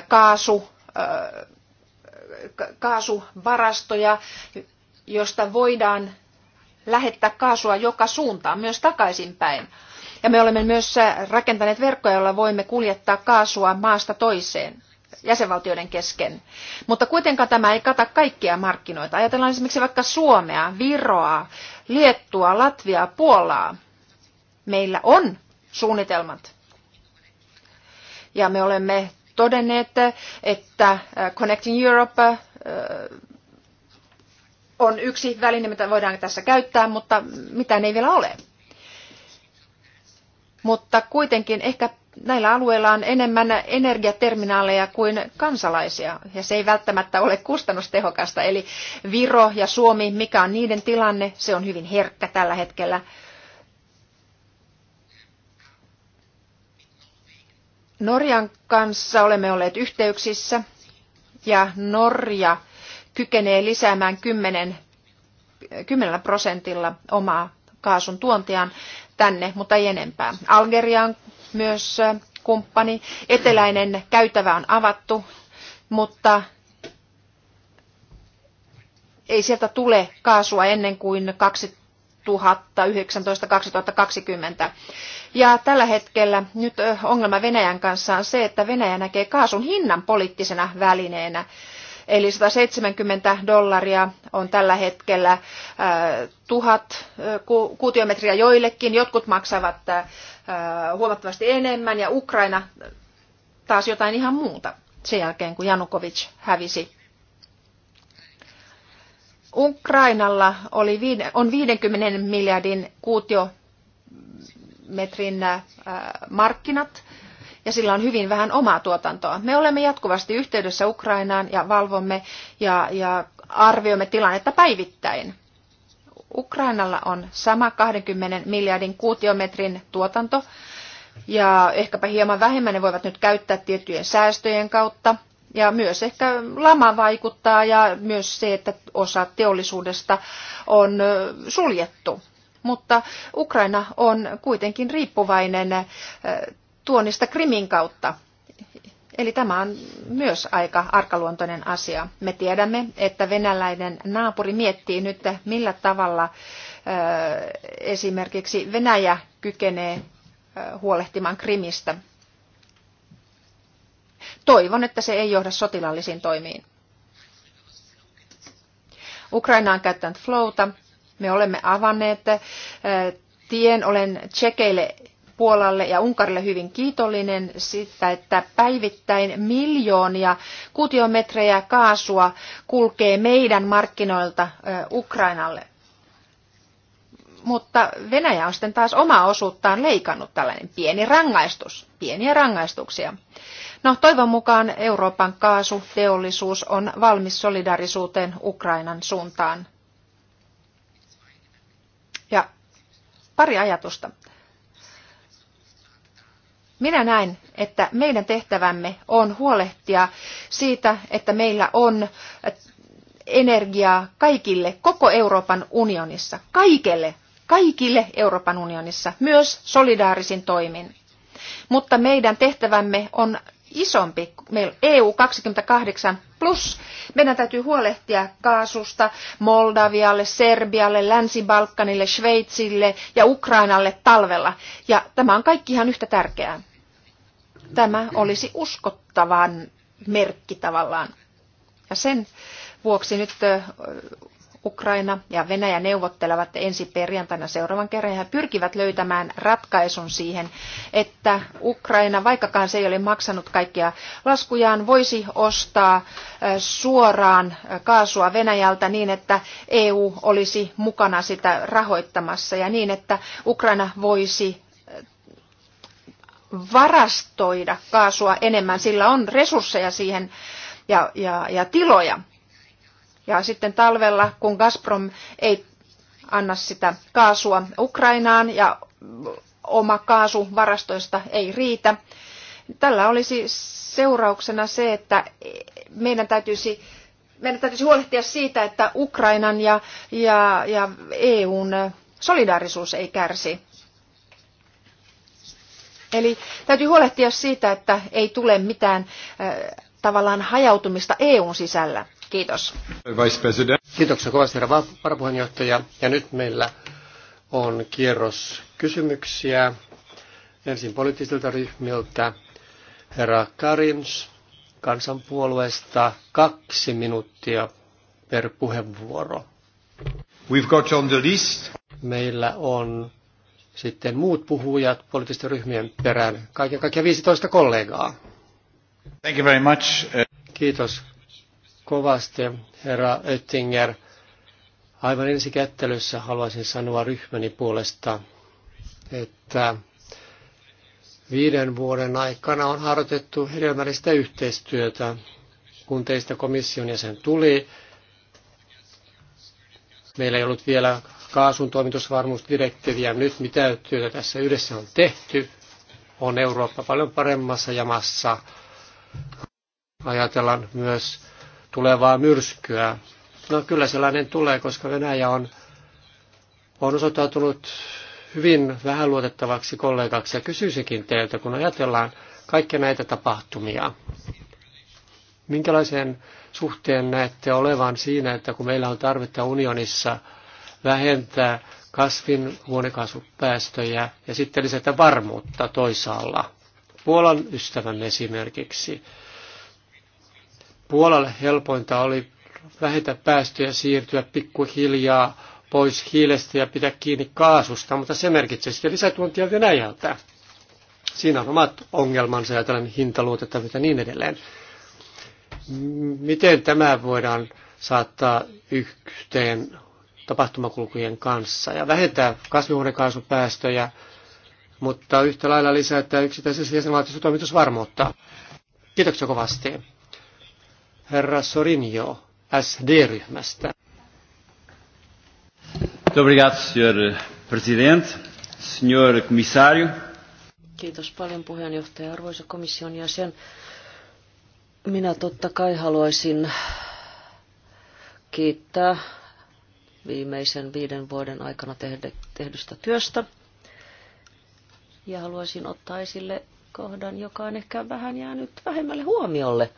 kaasu, kaasuvarastoja, josta voidaan lähettää kaasua joka suuntaan, myös takaisinpäin. Ja me olemme myös rakentaneet verkkoja, joilla voimme kuljettaa kaasua maasta toiseen jäsenvaltioiden kesken. Mutta kuitenkaan tämä ei kata kaikkia markkinoita. Ajatellaan esimerkiksi vaikka Suomea, Viroa, Liettua, Latviaa, Puolaa meillä on suunnitelmat. Ja me olemme todenneet, että äh, Connecting Europe äh, on yksi väline, mitä voidaan tässä käyttää, mutta mitä ei vielä ole. Mutta kuitenkin ehkä näillä alueilla on enemmän energiaterminaaleja kuin kansalaisia, ja se ei välttämättä ole kustannustehokasta. Eli Viro ja Suomi, mikä on niiden tilanne, se on hyvin herkkä tällä hetkellä. Norjan kanssa olemme olleet yhteyksissä ja Norja kykenee lisäämään 10, 10 prosentilla omaa kaasun tuontiaan tänne, mutta ei enempää. Algeria on myös kumppani. Eteläinen käytävä on avattu, mutta ei sieltä tule kaasua ennen kuin 2000 2019-2020. Ja tällä hetkellä nyt ongelma Venäjän kanssa on se, että Venäjä näkee kaasun hinnan poliittisena välineenä. Eli 170 dollaria on tällä hetkellä tuhat kuutiometriä joillekin. Jotkut maksavat huomattavasti enemmän ja Ukraina taas jotain ihan muuta sen jälkeen, kun Janukovic hävisi Ukrainalla oli, on 50 miljardin kuutiometrin äh, markkinat ja sillä on hyvin vähän omaa tuotantoa. Me olemme jatkuvasti yhteydessä Ukrainaan ja valvomme ja, ja arvioimme tilannetta päivittäin. Ukrainalla on sama 20 miljardin kuutiometrin tuotanto ja ehkäpä hieman vähemmän ne voivat nyt käyttää tiettyjen säästöjen kautta – ja myös ehkä lama vaikuttaa ja myös se, että osa teollisuudesta on suljettu. Mutta Ukraina on kuitenkin riippuvainen tuonnista Krimin kautta. Eli tämä on myös aika arkaluontoinen asia. Me tiedämme, että venäläinen naapuri miettii nyt, millä tavalla esimerkiksi Venäjä kykenee huolehtimaan Krimistä. Toivon, että se ei johda sotilallisiin toimiin. Ukraina on käyttänyt flouta. Me olemme avanneet eh, tien. Olen tsekeille Puolalle ja Unkarille hyvin kiitollinen siitä, että päivittäin miljoonia kuutiometrejä kaasua kulkee meidän markkinoilta eh, Ukrainalle. Mutta Venäjä on sitten taas omaa osuuttaan leikannut tällainen pieni rangaistus, pieniä rangaistuksia. No, toivon mukaan Euroopan kaasuteollisuus on valmis solidarisuuteen Ukrainan suuntaan. Ja pari ajatusta. Minä näen, että meidän tehtävämme on huolehtia siitä, että meillä on energiaa kaikille, koko Euroopan unionissa, kaikille, kaikille Euroopan unionissa, myös solidaarisin toimin. Mutta meidän tehtävämme on isompi. Meillä EU 28 plus. Meidän täytyy huolehtia kaasusta Moldavialle, Serbialle, Länsi-Balkanille, Sveitsille ja Ukrainalle talvella. Ja tämä on kaikki ihan yhtä tärkeää. Tämä olisi uskottavan merkki tavallaan. Ja sen vuoksi nyt Ukraina ja Venäjä neuvottelevat ensi perjantaina seuraavan kerran ja pyrkivät löytämään ratkaisun siihen, että Ukraina, vaikkakaan se ei ole maksanut kaikkia laskujaan, voisi ostaa suoraan kaasua Venäjältä niin, että EU olisi mukana sitä rahoittamassa ja niin, että Ukraina voisi varastoida kaasua enemmän. Sillä on resursseja siihen ja, ja, ja tiloja. Ja sitten talvella, kun Gazprom ei anna sitä kaasua Ukrainaan ja oma kaasu varastoista ei riitä, tällä olisi seurauksena se, että meidän täytyisi meidän täytyisi huolehtia siitä, että Ukrainan ja, ja, ja EUn solidaarisuus ei kärsi. Eli täytyy huolehtia siitä, että ei tule mitään äh, tavallaan hajautumista EUn sisällä. Kiitos. Vice President. Kiitoksia kovasti herra varapuheenjohtaja. Ja nyt meillä on kierros kysymyksiä ensin poliittisilta ryhmiltä. Herra Karims kansanpuolueesta kaksi minuuttia per puheenvuoro. We've got on the list. Meillä on sitten muut puhujat poliittisten ryhmien perään, kaiken kaikkiaan 15 kollegaa. Thank you very much. Kiitos kovasti, herra Oettinger. Aivan ensi kättelyssä haluaisin sanoa ryhmäni puolesta, että viiden vuoden aikana on harjoitettu hedelmällistä yhteistyötä. Kun teistä komission jäsen tuli, meillä ei ollut vielä kaasun toimitusvarmuusdirektiiviä. Nyt mitä työtä tässä yhdessä on tehty, on Eurooppa paljon paremmassa jamassa. Ajatellaan myös tulevaa myrskyä. No kyllä sellainen tulee, koska Venäjä on, on osoittautunut hyvin vähän luotettavaksi kollegaksi ja kysyisikin teiltä, kun ajatellaan kaikkia näitä tapahtumia. Minkälaisen suhteen näette olevan siinä, että kun meillä on tarvetta unionissa vähentää kasvin huonekasvupäästöjä ja sitten lisätä varmuutta toisaalla? Puolan ystävän esimerkiksi Puolalle helpointa oli vähentää päästöjä, siirtyä pikkuhiljaa pois hiilestä ja pitää kiinni kaasusta, mutta se merkitsee sitten lisätuontia Venäjältä. Siinä on omat ongelmansa ja tällainen hintaluotettavuus ja niin edelleen. Miten tämä voidaan saattaa yhteen tapahtumakulkujen kanssa ja vähentää kasvihuonekaasupäästöjä, mutta yhtä lailla lisätä yksittäisessä jäsenvaltiossa toimitusvarmuutta. Kiitoksia kovasti herra Sorinjo SD-ryhmästä. Kiitos paljon puheenjohtaja, arvoisa komission jäsen. Minä totta kai haluaisin kiittää viimeisen viiden vuoden aikana tehdystä työstä. Ja haluaisin ottaa esille kohdan, joka on ehkä vähän jäänyt vähemmälle huomiolle.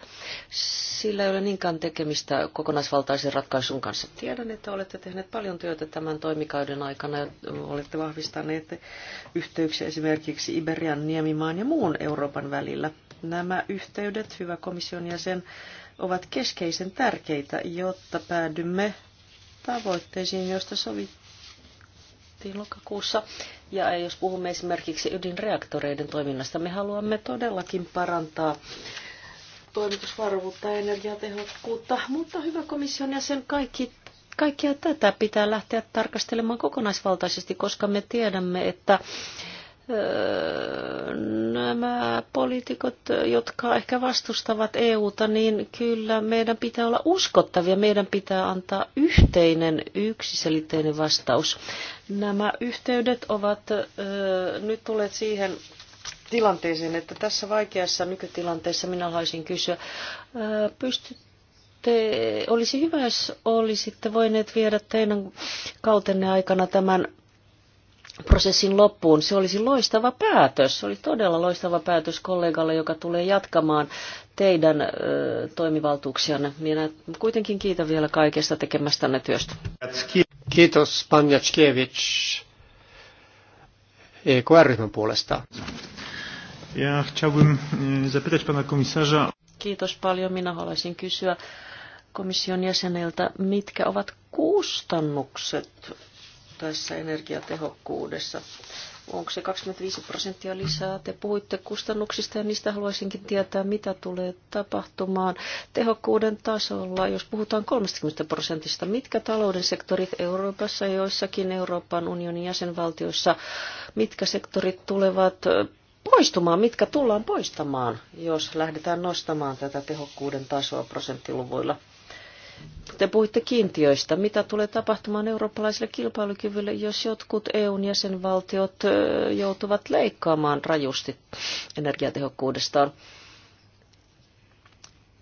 Sillä ei ole niinkään tekemistä kokonaisvaltaisen ratkaisun kanssa. Tiedän, että olette tehneet paljon työtä tämän toimikauden aikana ja olette vahvistaneet yhteyksiä esimerkiksi Iberian, Niemimaan ja muun Euroopan välillä. Nämä yhteydet, hyvä komission jäsen, ovat keskeisen tärkeitä, jotta päädymme tavoitteisiin, joista sovittiin päätettiin lokakuussa. Ja jos puhumme esimerkiksi ydinreaktoreiden toiminnasta, me haluamme todellakin parantaa toimitusvarmuutta ja energiatehokkuutta, mutta hyvä komission jäsen, kaikki, kaikkia tätä pitää lähteä tarkastelemaan kokonaisvaltaisesti, koska me tiedämme, että nämä poliitikot, jotka ehkä vastustavat EUta, niin kyllä meidän pitää olla uskottavia. Meidän pitää antaa yhteinen, yksiselitteinen vastaus. Nämä yhteydet ovat nyt tulleet siihen tilanteeseen, että tässä vaikeassa nykytilanteessa minä haluaisin kysyä, pystyt olisi hyvä, jos olisitte voineet viedä teidän kautenne aikana tämän prosessin loppuun. Se olisi loistava päätös. Se oli todella loistava päätös kollegalle, joka tulee jatkamaan teidän ö, toimivaltuuksianne. Minä kuitenkin kiitän vielä kaikesta tekemästänne työstä. Kiitos Panjatskiewicz EKR-ryhmän puolesta. Ja chciałbym mm, zapytać pana komisarza. Kiitos paljon. Minä haluaisin kysyä komission jäseneltä, mitkä ovat kustannukset tässä energiatehokkuudessa. Onko se 25 prosenttia lisää? Te puhuitte kustannuksista ja niistä haluaisinkin tietää, mitä tulee tapahtumaan tehokkuuden tasolla. Jos puhutaan 30 prosentista, mitkä talouden sektorit Euroopassa ja joissakin Euroopan unionin jäsenvaltioissa, mitkä sektorit tulevat poistumaan, mitkä tullaan poistamaan, jos lähdetään nostamaan tätä tehokkuuden tasoa prosenttiluvuilla? Te puhuitte kiintiöistä. Mitä tulee tapahtumaan eurooppalaiselle kilpailukyvylle, jos jotkut EUn jäsenvaltiot joutuvat leikkaamaan rajusti energiatehokkuudestaan?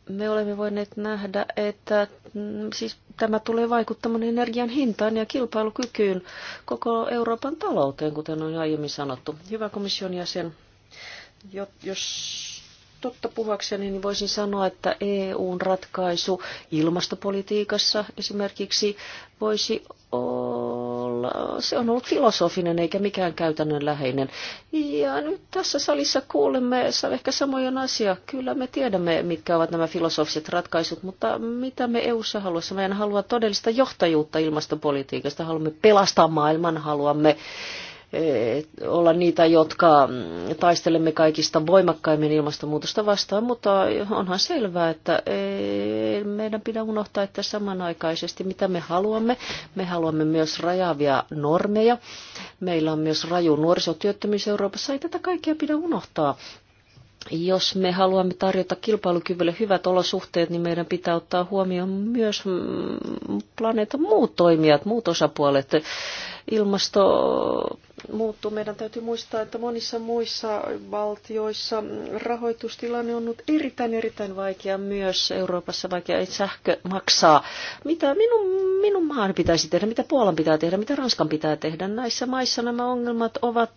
me olemme voineet nähdä, että mm, siis tämä tulee vaikuttamaan energian hintaan ja kilpailukykyyn koko Euroopan talouteen, kuten on aiemmin sanottu. Hyvä komission jäsen, jos totta puhakseni, niin voisin sanoa, että EUn ratkaisu ilmastopolitiikassa esimerkiksi voisi olla, se on ollut filosofinen eikä mikään käytännönläheinen. Ja nyt tässä salissa kuulemme ehkä samoja asia. Kyllä me tiedämme, mitkä ovat nämä filosofiset ratkaisut, mutta mitä me EU-ssa haluamme? Meidän halua todellista johtajuutta ilmastopolitiikasta, haluamme pelastaa maailman, haluamme Eh, olla niitä, jotka taistelemme kaikista voimakkaimmin ilmastonmuutosta vastaan, mutta onhan selvää, että eh, meidän pitää unohtaa, että samanaikaisesti mitä me haluamme, me haluamme myös rajaavia normeja. Meillä on myös raju nuorisotyöttömyys Euroopassa, ei tätä kaikkea pidä unohtaa jos me haluamme tarjota kilpailukyvylle hyvät olosuhteet, niin meidän pitää ottaa huomioon myös mm, planeetan muut toimijat, muut osapuolet. Ilmasto muuttuu. Meidän täytyy muistaa, että monissa muissa valtioissa rahoitustilanne on ollut erittäin, erittäin vaikea myös Euroopassa, vaikea ei sähkö maksaa. Mitä minun, minun maan pitäisi tehdä, mitä Puolan pitää tehdä, mitä Ranskan pitää tehdä? Näissä maissa nämä ongelmat ovat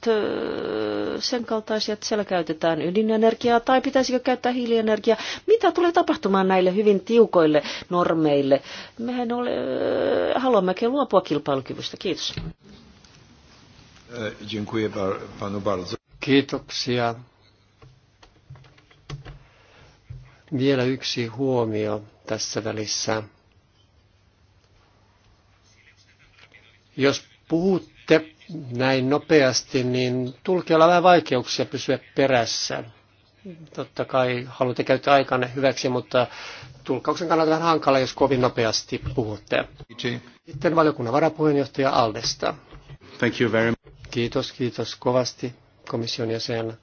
sen kaltaisia, että siellä käytetään ydinenergiaa tai pitäisikö käyttää hiilienergiaa. Mitä tulee tapahtumaan näille hyvin tiukoille normeille? Mehän ole, haluammekin luopua kilpailukyvystä. Kiitos. E, dziękuję panu bardzo. Kiitoksia. Vielä yksi huomio tässä välissä. Jos puhutte näin nopeasti, niin tulkijalla on vähän vaikeuksia pysyä perässä. Totta kai haluatte käyttää aikanne hyväksi, mutta tulkauksen kannalta vähän hankala, jos kovin nopeasti puhutte. Sitten valiokunnan varapuheenjohtaja Aldesta. Thank you very Kiitos, kiitos kovasti komission jäsen.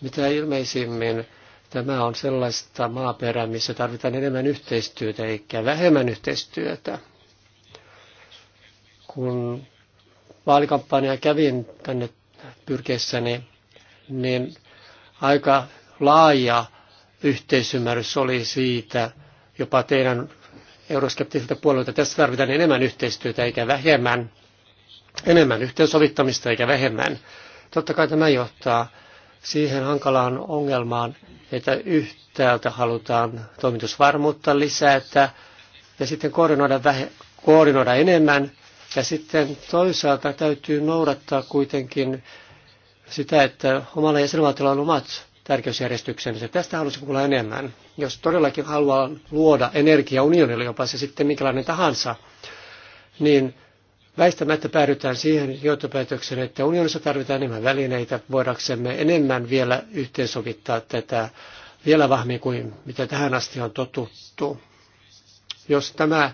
Mitä ilmeisimmin tämä on sellaista maaperää, missä tarvitaan enemmän yhteistyötä eikä vähemmän yhteistyötä. Kun vaalikampanja kävin tänne pyrkeessäni, niin aika laaja yhteisymmärrys oli siitä, jopa teidän euroskeptisiltä että tässä tarvitaan enemmän yhteistyötä eikä vähemmän enemmän yhteensovittamista eikä vähemmän. Totta kai tämä johtaa siihen hankalaan ongelmaan, että yhtäältä halutaan toimitusvarmuutta lisätä ja sitten koordinoida, vähe, koordinoida enemmän ja sitten toisaalta täytyy noudattaa kuitenkin sitä, että omalla jäsenvaltiolla on omat tärkeysjärjestyksensä. Tästä haluaisin kuulla enemmän. Jos todellakin haluaa luoda energiaunionille, jopa se sitten minkälainen tahansa, niin väistämättä päädytään siihen johtopäätökseen, että unionissa tarvitaan enemmän välineitä, voidaksemme enemmän vielä yhteensovittaa tätä vielä vahvemmin kuin mitä tähän asti on totuttu. Jos tämä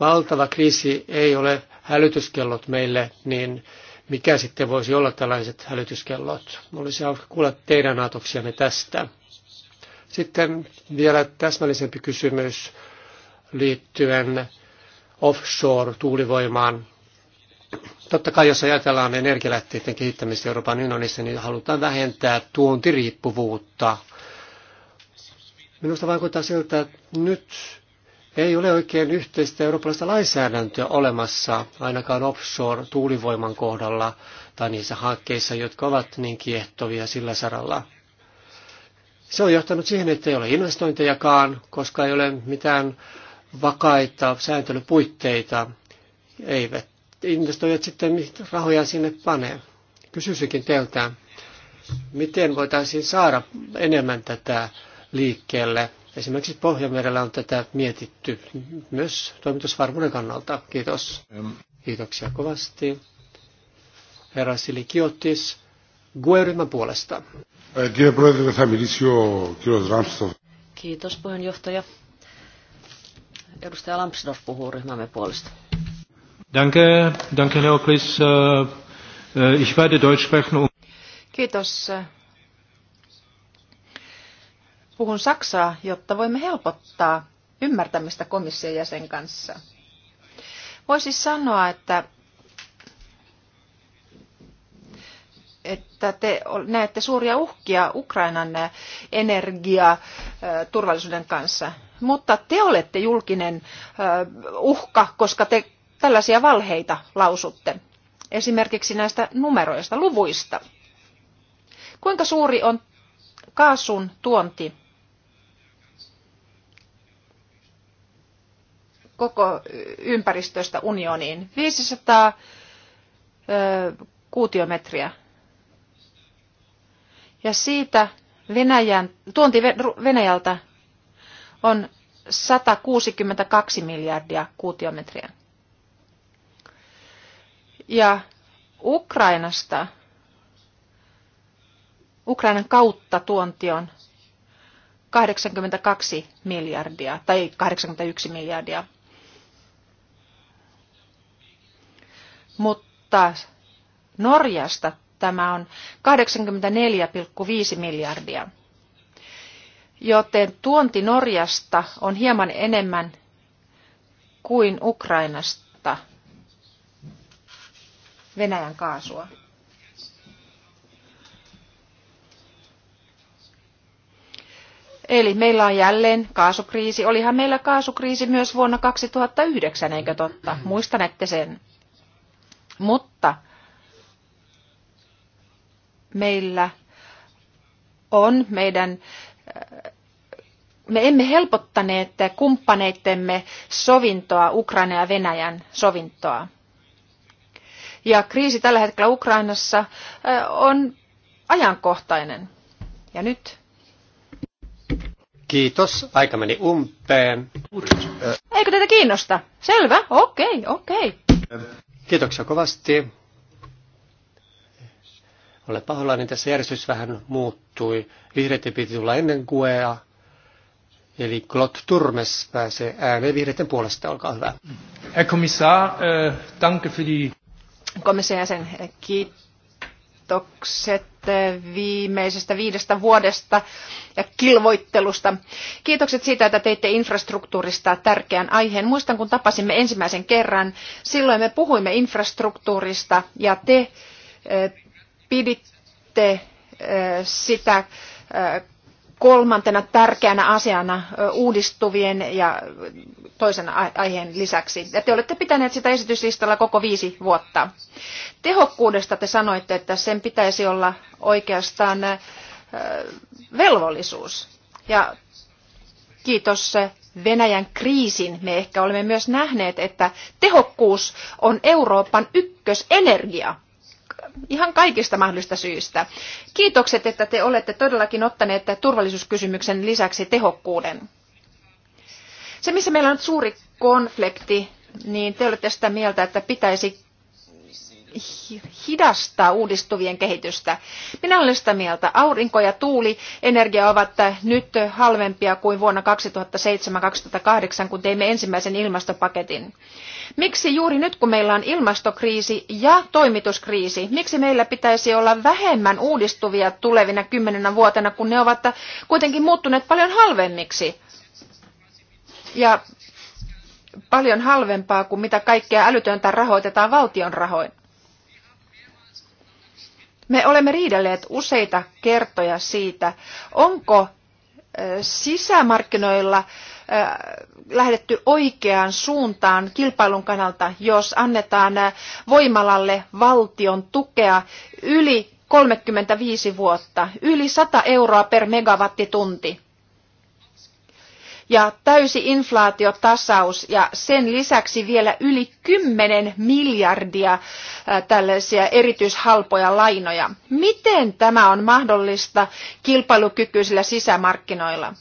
valtava kriisi ei ole hälytyskellot meille, niin mikä sitten voisi olla tällaiset hälytyskellot? Olisi hauska kuulla teidän ajatuksianne tästä. Sitten vielä täsmällisempi kysymys liittyen offshore-tuulivoimaan. Totta kai, jos ajatellaan energialähteiden kehittämistä Euroopan unionissa, niin halutaan vähentää tuontiriippuvuutta. Minusta vaikuttaa siltä, että nyt ei ole oikein yhteistä eurooppalaista lainsäädäntöä olemassa, ainakaan offshore-tuulivoiman kohdalla tai niissä hankkeissa, jotka ovat niin kiehtovia sillä saralla. Se on johtanut siihen, että ei ole investointejakaan, koska ei ole mitään vakaita sääntelypuitteita, eivät investoijat sitten rahoja sinne panee. Kysyisikin teiltä, miten voitaisiin saada enemmän tätä liikkeelle? Esimerkiksi Pohjanmerellä on tätä mietitty myös toimitusvarmuuden kannalta. Kiitos. Kiitoksia kovasti. Herra Kiotis, GUE-ryhmän puolesta. Eh, Kiitos puheenjohtaja. Edustaja Lampsdorf puhuu ryhmämme puolesta. Äh, äh, um Kiitos. Puhun saksaa, jotta voimme helpottaa ymmärtämistä komission jäsen kanssa. Voisi sanoa, että, että te näette suuria uhkia Ukrainan energia äh, turvallisuuden kanssa, mutta te olette julkinen uhka, koska te Tällaisia valheita lausutte, esimerkiksi näistä numeroista, luvuista. Kuinka suuri on kaasun tuonti koko ympäristöstä unioniin? 500 ö, kuutiometriä. Ja siitä Venäjän, tuonti Venäjältä on 162 miljardia kuutiometriä ja Ukrainasta, Ukrainan kautta tuonti on 82 miljardia tai 81 miljardia. Mutta Norjasta tämä on 84,5 miljardia. Joten tuonti Norjasta on hieman enemmän kuin Ukrainasta. Venäjän kaasua. Eli meillä on jälleen kaasukriisi. Olihan meillä kaasukriisi myös vuonna 2009, eikö totta? Muistanette sen. Mutta meillä on meidän, me emme helpottaneet kumppaneittemme sovintoa, Ukraina ja Venäjän sovintoa. Ja kriisi tällä hetkellä Ukrainassa on ajankohtainen. Ja nyt Kiitos. Aika meni umpeen. Eikö teitä kiinnosta? Selvä. Okei, okei. Kiitoksia kovasti. Ole pahoillani, tässä järjestys vähän muuttui. Vihreät piti tulla ennen kuea. Eli Klot Turmes pääsee ääneen vihreiden puolesta. Olkaa hyvä. Herr Kommissar, äh, danke für die komission jäsen, kiitokset viimeisestä viidestä vuodesta ja kilvoittelusta. Kiitokset siitä, että teitte infrastruktuurista tärkeän aiheen. Muistan, kun tapasimme ensimmäisen kerran, silloin me puhuimme infrastruktuurista ja te eh, piditte eh, sitä eh, kolmantena tärkeänä asiana uudistuvien ja toisen aiheen lisäksi. Ja te olette pitäneet sitä esityslistalla koko viisi vuotta. Tehokkuudesta te sanoitte, että sen pitäisi olla oikeastaan velvollisuus. Ja kiitos Venäjän kriisin me ehkä olemme myös nähneet, että tehokkuus on Euroopan ykkösenergia ihan kaikista mahdollisista syistä. Kiitokset, että te olette todellakin ottaneet turvallisuuskysymyksen lisäksi tehokkuuden. Se, missä meillä on suuri konflikti, niin te olette sitä mieltä, että pitäisi hidastaa uudistuvien kehitystä. Minä olen sitä mieltä, aurinko ja tuuli energia ovat nyt halvempia kuin vuonna 2007-2008, kun teimme ensimmäisen ilmastopaketin. Miksi juuri nyt, kun meillä on ilmastokriisi ja toimituskriisi, miksi meillä pitäisi olla vähemmän uudistuvia tulevina kymmenenä vuotena, kun ne ovat kuitenkin muuttuneet paljon halvemmiksi? Ja paljon halvempaa kuin mitä kaikkea älytöntä rahoitetaan valtion rahoin. Me olemme riidelleet useita kertoja siitä, onko sisämarkkinoilla lähdetty oikeaan suuntaan kilpailun kannalta, jos annetaan voimalalle valtion tukea yli 35 vuotta, yli 100 euroa per megawattitunti ja täysi inflaatiotasaus ja sen lisäksi vielä yli 10 miljardia äh, tällaisia erityishalpoja lainoja. Miten tämä on mahdollista kilpailukykyisillä sisämarkkinoilla?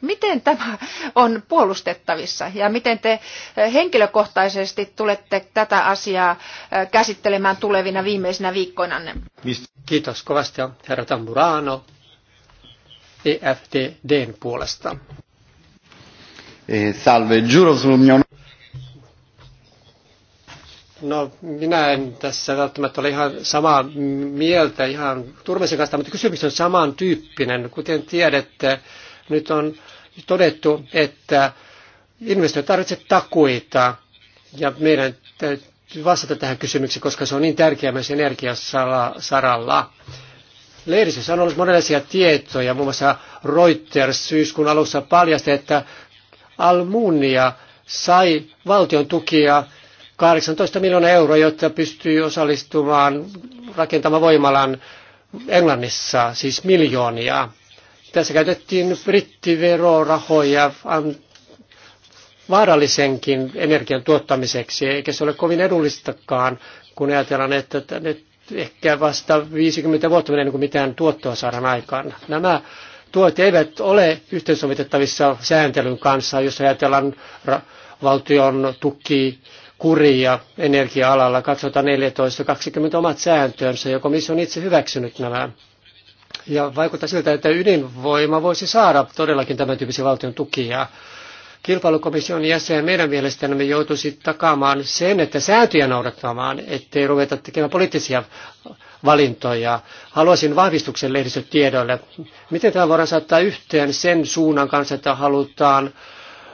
Miten tämä on puolustettavissa ja miten te äh, henkilökohtaisesti tulette tätä asiaa äh, käsittelemään tulevina viimeisinä viikkoinanne? Kiitos kovasti herra Tamburano EFTDn puolesta. Eh, salve, giuro sul mio... No-, no, minä en tässä välttämättä ole ihan samaa mieltä ihan Turmisen kanssa, mutta kysymys on samantyyppinen. Kuten tiedätte, nyt on todettu, että investoijat tarvitsevat takuita ja meidän täytyy vastata tähän kysymykseen, koska se on niin tärkeä myös energiasaralla. Leirissä on ollut monenlaisia tietoja, muun muassa Reuters syyskuun alussa paljasti, että Almunia sai valtion tukia 18 miljoonaa euroa, jotta pystyi osallistumaan rakentamaan voimalan Englannissa, siis miljoonia. Tässä käytettiin brittiverorahoja vaarallisenkin energian tuottamiseksi, eikä se ole kovin edullistakaan, kun ajatellaan, että nyt ehkä vasta 50 vuotta ennen kuin mitään tuottoa saadaan aikaan. Nämä tuot eivät ole yhteensovitettavissa sääntelyn kanssa, jos ajatellaan valtion tuki kuria energia-alalla 2014-2020 omat sääntöönsä, ja komissio on itse hyväksynyt nämä. Ja vaikuttaa siltä, että ydinvoima voisi saada todellakin tämän tyyppisiä valtion tukia. Kilpailukomission jäsen meidän mielestämme joutuisi takaamaan sen, että sääntöjä noudattamaan, ettei ruveta tekemään poliittisia valintoja. Haluaisin vahvistuksen lehdistötiedoille. Miten tämä voidaan saattaa yhteen sen suunnan kanssa, että halutaan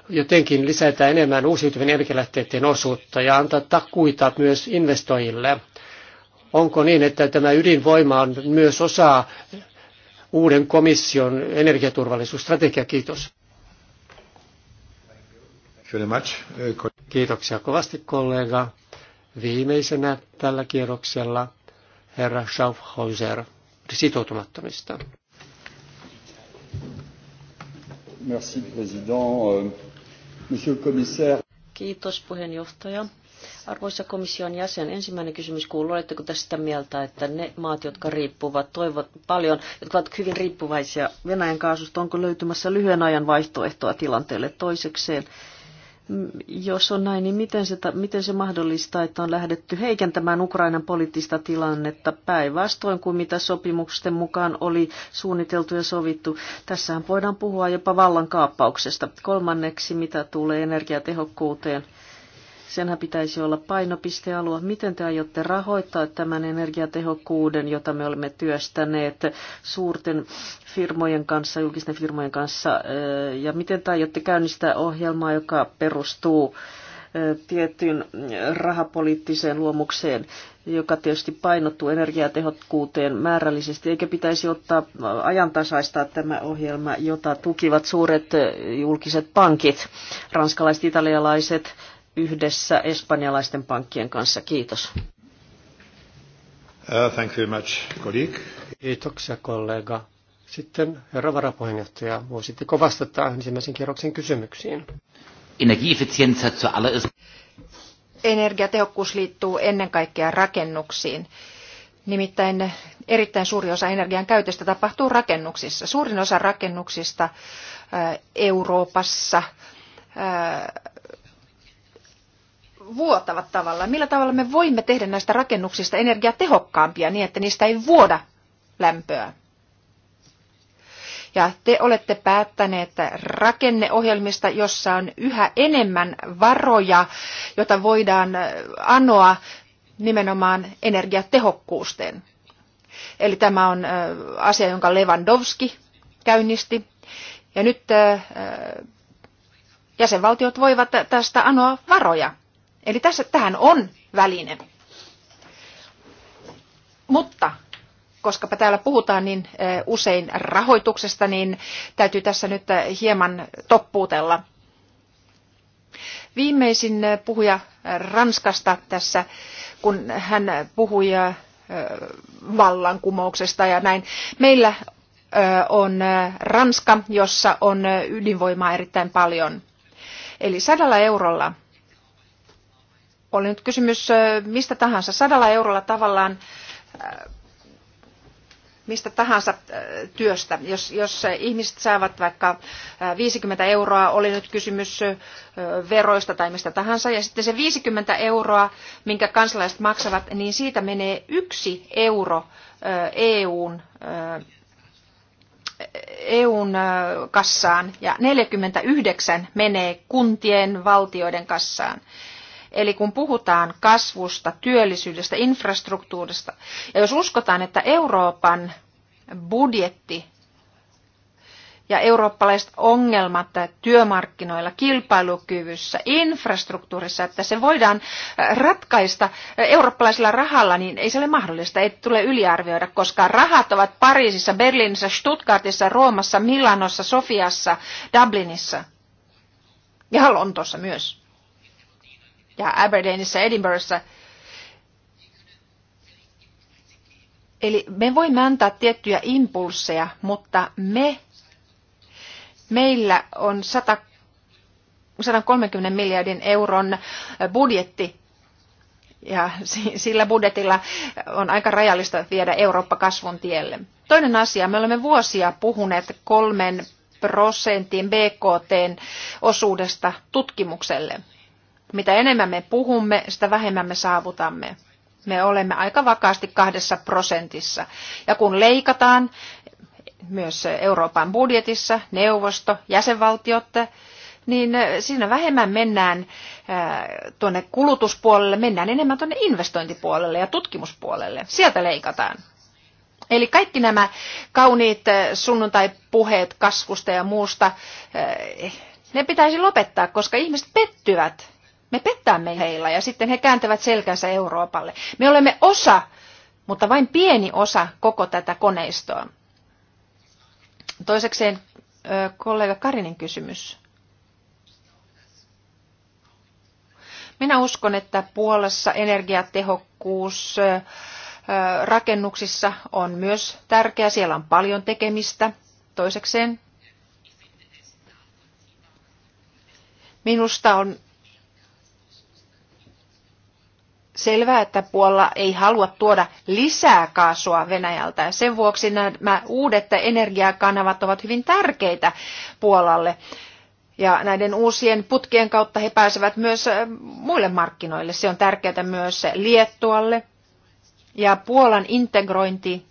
jotenkin lisätä enemmän uusiutuvien energialähteiden osuutta ja antaa takuita myös investoijille? Onko niin, että tämä ydinvoima on myös osa uuden komission energiaturvallisuusstrategia? Kiitos. Kiitoksia kovasti kollega. Viimeisenä tällä kierroksella herra Schaffhauser sitoutumattomista. Merci, euh, Monsieur le commissaire. Kiitos puheenjohtaja. Arvoisa komission jäsen, ensimmäinen kysymys kuuluu, oletteko tästä mieltä, että ne maat, jotka riippuvat toivot paljon, jotka ovat hyvin riippuvaisia Venäjän kaasusta, onko löytymässä lyhyen ajan vaihtoehtoa tilanteelle toisekseen? Jos on näin, niin miten se, miten se mahdollistaa, että on lähdetty heikentämään Ukrainan poliittista tilannetta päinvastoin kuin mitä sopimusten mukaan oli suunniteltu ja sovittu? Tässähän voidaan puhua jopa vallankaappauksesta. Kolmanneksi, mitä tulee energiatehokkuuteen – Senhän pitäisi olla painopistealue. Miten te aiotte rahoittaa tämän energiatehokkuuden, jota me olemme työstäneet suurten firmojen kanssa, julkisten firmojen kanssa? Ja miten te aiotte käynnistää ohjelmaa, joka perustuu tiettyyn rahapoliittiseen luomukseen, joka tietysti painottuu energiatehokkuuteen määrällisesti, eikä pitäisi ottaa ajantasaistaa tämä ohjelma, jota tukivat suuret julkiset pankit, ranskalaiset, italialaiset, yhdessä espanjalaisten pankkien kanssa. Kiitos. Uh, thank you much, colleague. Kiitoksia kollega. Sitten herra varapuheenjohtaja, voisitteko vastata ensimmäisen kierroksen kysymyksiin? energiatehokkuus liittyy ennen kaikkea rakennuksiin. Nimittäin erittäin suuri osa energian käytöstä tapahtuu rakennuksissa. Suurin osa rakennuksista äh, Euroopassa äh, vuotavat tavallaan? Millä tavalla me voimme tehdä näistä rakennuksista energiatehokkaampia niin, että niistä ei vuoda lämpöä? Ja te olette päättäneet rakenneohjelmista, jossa on yhä enemmän varoja, jota voidaan anoa nimenomaan energiatehokkuusten. Eli tämä on asia, jonka Lewandowski käynnisti. Ja nyt jäsenvaltiot voivat tästä anoa varoja. Eli tässä, tähän on väline. Mutta koska täällä puhutaan niin eh, usein rahoituksesta, niin täytyy tässä nyt eh, hieman toppuutella. Viimeisin eh, puhuja Ranskasta tässä, kun hän puhui vallankumouksesta ja näin. Meillä on Ranska, jossa on ydinvoimaa erittäin paljon. Eli sadalla eurolla oli nyt kysymys mistä tahansa sadalla eurolla tavallaan mistä tahansa työstä. Jos, jos ihmiset saavat vaikka 50 euroa, oli nyt kysymys veroista tai mistä tahansa, ja sitten se 50 euroa, minkä kansalaiset maksavat, niin siitä menee yksi euro EUn, EUn kassaan, ja 49 menee kuntien, valtioiden kassaan. Eli kun puhutaan kasvusta, työllisyydestä, infrastruktuurista, ja jos uskotaan, että Euroopan budjetti ja eurooppalaiset ongelmat työmarkkinoilla, kilpailukyvyssä, infrastruktuurissa, että se voidaan äh, ratkaista äh, eurooppalaisella rahalla, niin ei se ole mahdollista, ei tule yliarvioida, koska rahat ovat Pariisissa, Berliinissä, Stuttgartissa, Roomassa, Milanossa, Sofiassa, Dublinissa ja Lontossa myös ja Aberdeenissa, Edinburghissa. Eli me voimme antaa tiettyjä impulseja, mutta me, meillä on 100, 130 miljardin euron budjetti ja sillä budjetilla on aika rajallista viedä Eurooppa kasvun tielle. Toinen asia, me olemme vuosia puhuneet kolmen prosentin BKT osuudesta tutkimukselle. Mitä enemmän me puhumme, sitä vähemmän me saavutamme. Me olemme aika vakaasti kahdessa prosentissa. Ja kun leikataan myös Euroopan budjetissa, neuvosto, jäsenvaltiot, niin siinä vähemmän mennään äh, tuonne kulutuspuolelle, mennään enemmän tuonne investointipuolelle ja tutkimuspuolelle. Sieltä leikataan. Eli kaikki nämä kauniit äh, sunnuntai-puheet kasvusta ja muusta, äh, ne pitäisi lopettaa, koska ihmiset pettyvät. Me pettämme heillä ja sitten he kääntävät selkänsä Euroopalle. Me olemme osa, mutta vain pieni osa koko tätä koneistoa. Toisekseen kollega Karinin kysymys. Minä uskon, että Puolassa energiatehokkuus rakennuksissa on myös tärkeä. Siellä on paljon tekemistä. Toisekseen minusta on selvää, että Puola ei halua tuoda lisää kaasua Venäjältä. Ja sen vuoksi nämä uudet energiakanavat ovat hyvin tärkeitä Puolalle. Ja näiden uusien putkien kautta he pääsevät myös muille markkinoille. Se on tärkeää myös Liettualle. Ja Puolan integrointi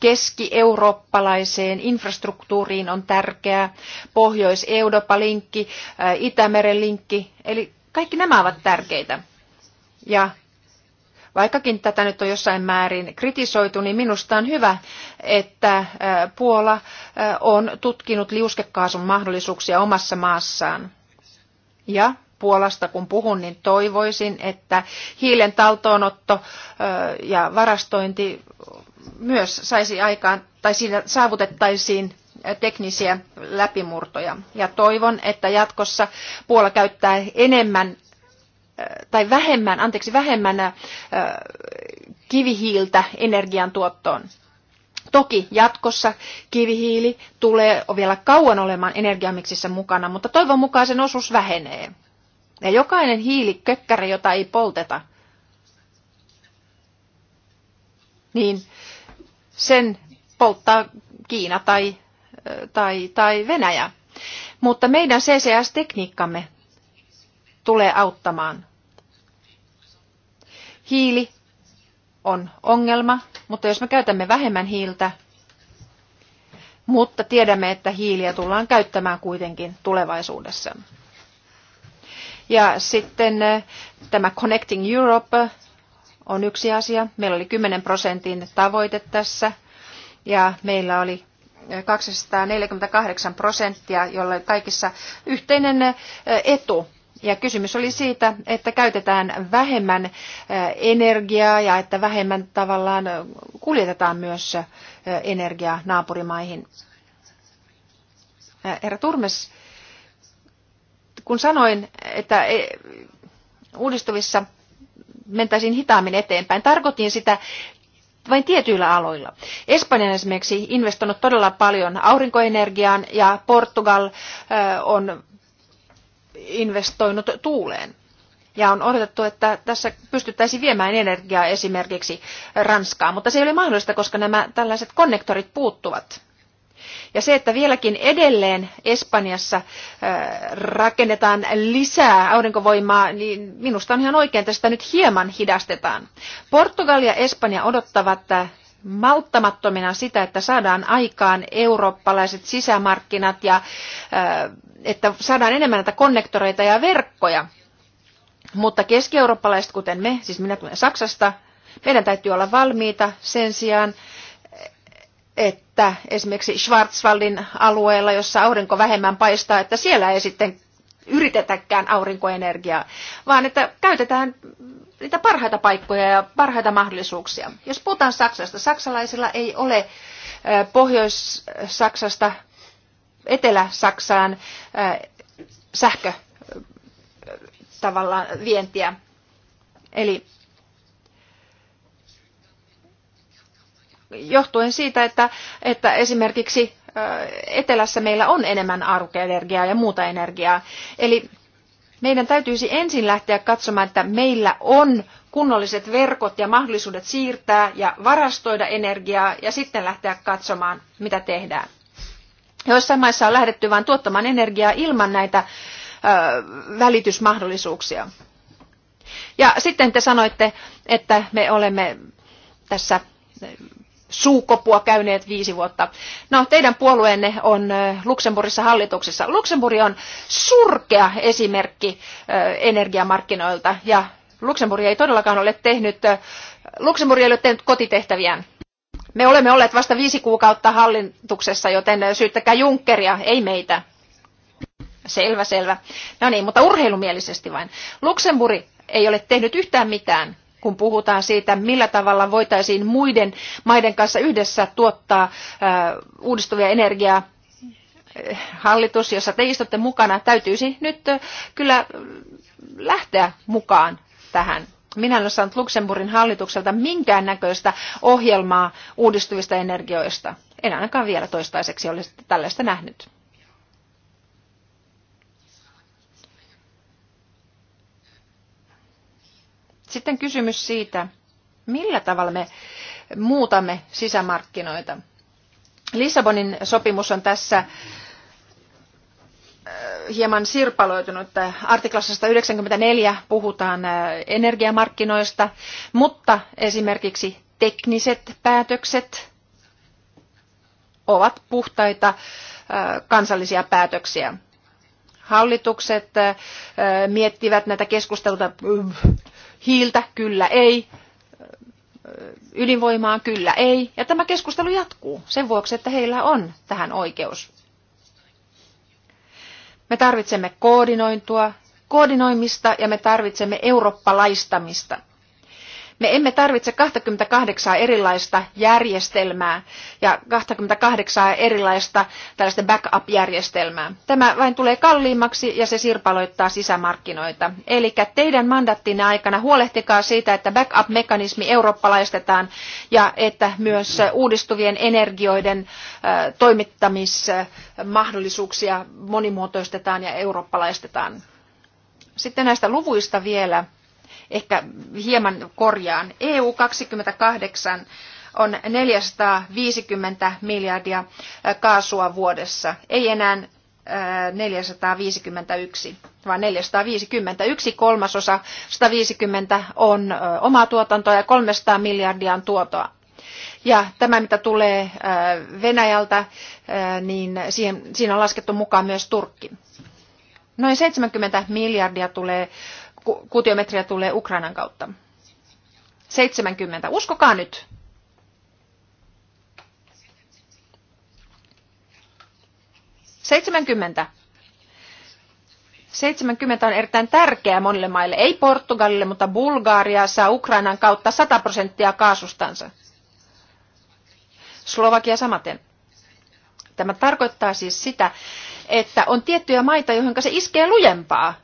keski-eurooppalaiseen infrastruktuuriin on tärkeää. Pohjois-Euroopa-linkki, Itämeren linkki, eli kaikki nämä ovat tärkeitä. Ja vaikkakin tätä nyt on jossain määrin kritisoitu, niin minusta on hyvä, että Puola on tutkinut liuskekaasun mahdollisuuksia omassa maassaan. Ja Puolasta kun puhun, niin toivoisin, että hiilen taltoonotto ja varastointi myös saisi aikaan tai siinä saavutettaisiin teknisiä läpimurtoja. Ja toivon, että jatkossa Puola käyttää enemmän tai vähemmän, anteeksi, vähemmän kivihiiltä energiantuottoon. Toki jatkossa kivihiili tulee vielä kauan olemaan energiamiksissä mukana, mutta toivon mukaan sen osuus vähenee. Ja jokainen hiilikökkäri, jota ei polteta, niin sen polttaa Kiina tai, tai, tai Venäjä. Mutta meidän CCS-tekniikkamme tulee auttamaan. Hiili on ongelma, mutta jos me käytämme vähemmän hiiltä, mutta tiedämme, että hiiliä tullaan käyttämään kuitenkin tulevaisuudessa. Ja sitten eh, tämä Connecting Europe on yksi asia. Meillä oli 10 prosentin tavoite tässä ja meillä oli 248 eh, prosenttia, jolla kaikissa yhteinen eh, etu ja kysymys oli siitä, että käytetään vähemmän eh, energiaa ja että vähemmän tavallaan eh, kuljetetaan myös eh, energiaa naapurimaihin. Herra Turmes, kun sanoin, että uudistuvissa mentäisiin hitaammin eteenpäin, tarkoitin sitä vain tietyillä aloilla. Espanja on esimerkiksi investoinut todella paljon aurinkoenergiaan ja Portugal on investoinut tuuleen. Ja on odotettu, että tässä pystyttäisiin viemään energiaa esimerkiksi Ranskaan, mutta se ei ole mahdollista, koska nämä tällaiset konnektorit puuttuvat. Ja se, että vieläkin edelleen Espanjassa rakennetaan lisää aurinkovoimaa, niin minusta on ihan oikein, että sitä nyt hieman hidastetaan. Portugalia ja Espanja odottavat malttamattomina sitä, että saadaan aikaan eurooppalaiset sisämarkkinat ja äh, että saadaan enemmän näitä konnektoreita ja verkkoja. Mutta keskieurooppalaiset, kuten me, siis minä tulen Saksasta, meidän täytyy olla valmiita sen sijaan, että esimerkiksi Schwarzwaldin alueella, jossa aurinko vähemmän paistaa, että siellä ei sitten yritetäkään aurinkoenergiaa, vaan että käytetään niitä parhaita paikkoja ja parhaita mahdollisuuksia. Jos puhutaan Saksasta, saksalaisilla ei ole Pohjois-Saksasta Etelä-Saksaan sähkö tavallaan vientiä. Eli johtuen siitä, että, että esimerkiksi etelässä meillä on enemmän aurinkoenergiaa ja muuta energiaa. Eli meidän täytyisi ensin lähteä katsomaan, että meillä on kunnolliset verkot ja mahdollisuudet siirtää ja varastoida energiaa ja sitten lähteä katsomaan, mitä tehdään. Joissain maissa on lähdetty vain tuottamaan energiaa ilman näitä ö, välitysmahdollisuuksia. Ja sitten te sanoitte, että me olemme tässä suukopua käyneet viisi vuotta. No, teidän puolueenne on Luxemburgissa hallituksessa. Luxemburg on surkea esimerkki energiamarkkinoilta ja Luxemburg ei todellakaan ole tehnyt, Luxemburg ei ole tehnyt kotitehtäviään. Me olemme olleet vasta viisi kuukautta hallituksessa, joten syyttäkää Junckeria, ei meitä. Selvä, selvä. No niin, mutta urheilumielisesti vain. Luxemburg ei ole tehnyt yhtään mitään kun puhutaan siitä, millä tavalla voitaisiin muiden maiden kanssa yhdessä tuottaa uudistuvia energiaa, hallitus, jossa te istutte mukana, täytyisi nyt kyllä lähteä mukaan tähän. Minä en ole saanut Luxemburgin hallitukselta minkäännäköistä ohjelmaa uudistuvista energioista. En ainakaan vielä toistaiseksi ole tällaista nähnyt. Sitten kysymys siitä, millä tavalla me muutamme sisämarkkinoita. Lissabonin sopimus on tässä äh, hieman sirpaloitunut. Artiklassa 194 puhutaan äh, energiamarkkinoista, mutta esimerkiksi tekniset päätökset ovat puhtaita äh, kansallisia päätöksiä. Hallitukset miettivät näitä keskusteluita hiiltä kyllä ei, ydinvoimaan kyllä ei. Ja tämä keskustelu jatkuu sen vuoksi, että heillä on tähän oikeus. Me tarvitsemme koordinointua, koordinoimista ja me tarvitsemme eurooppalaistamista. Me emme tarvitse 28 erilaista järjestelmää ja 28 erilaista tällaista backup-järjestelmää. Tämä vain tulee kalliimmaksi ja se sirpaloittaa sisämarkkinoita. Eli teidän mandattinne aikana huolehtikaa siitä, että backup-mekanismi eurooppalaistetaan ja että myös uudistuvien energioiden toimittamismahdollisuuksia monimuotoistetaan ja eurooppalaistetaan. Sitten näistä luvuista vielä ehkä hieman korjaan. EU 28 on 450 miljardia äh, kaasua vuodessa, ei enää 451, äh, vaan 450. Yksi kolmasosa 150 on äh, omaa tuotantoa ja 300 miljardia on tuotoa. Ja tämä, mitä tulee Venäjältä, niin siihen, siinä on laskettu mukaan myös Turkki. Noin 70 miljardia tulee kuutiometriä tulee Ukrainan kautta. 70. Uskokaa nyt. Seitsemänkymmentä. 70 on erittäin tärkeää monille maille, ei Portugalille, mutta Bulgaaria saa Ukrainan kautta 100 prosenttia kaasustansa. Slovakia samaten. Tämä tarkoittaa siis sitä, että on tiettyjä maita, joihin se iskee lujempaa.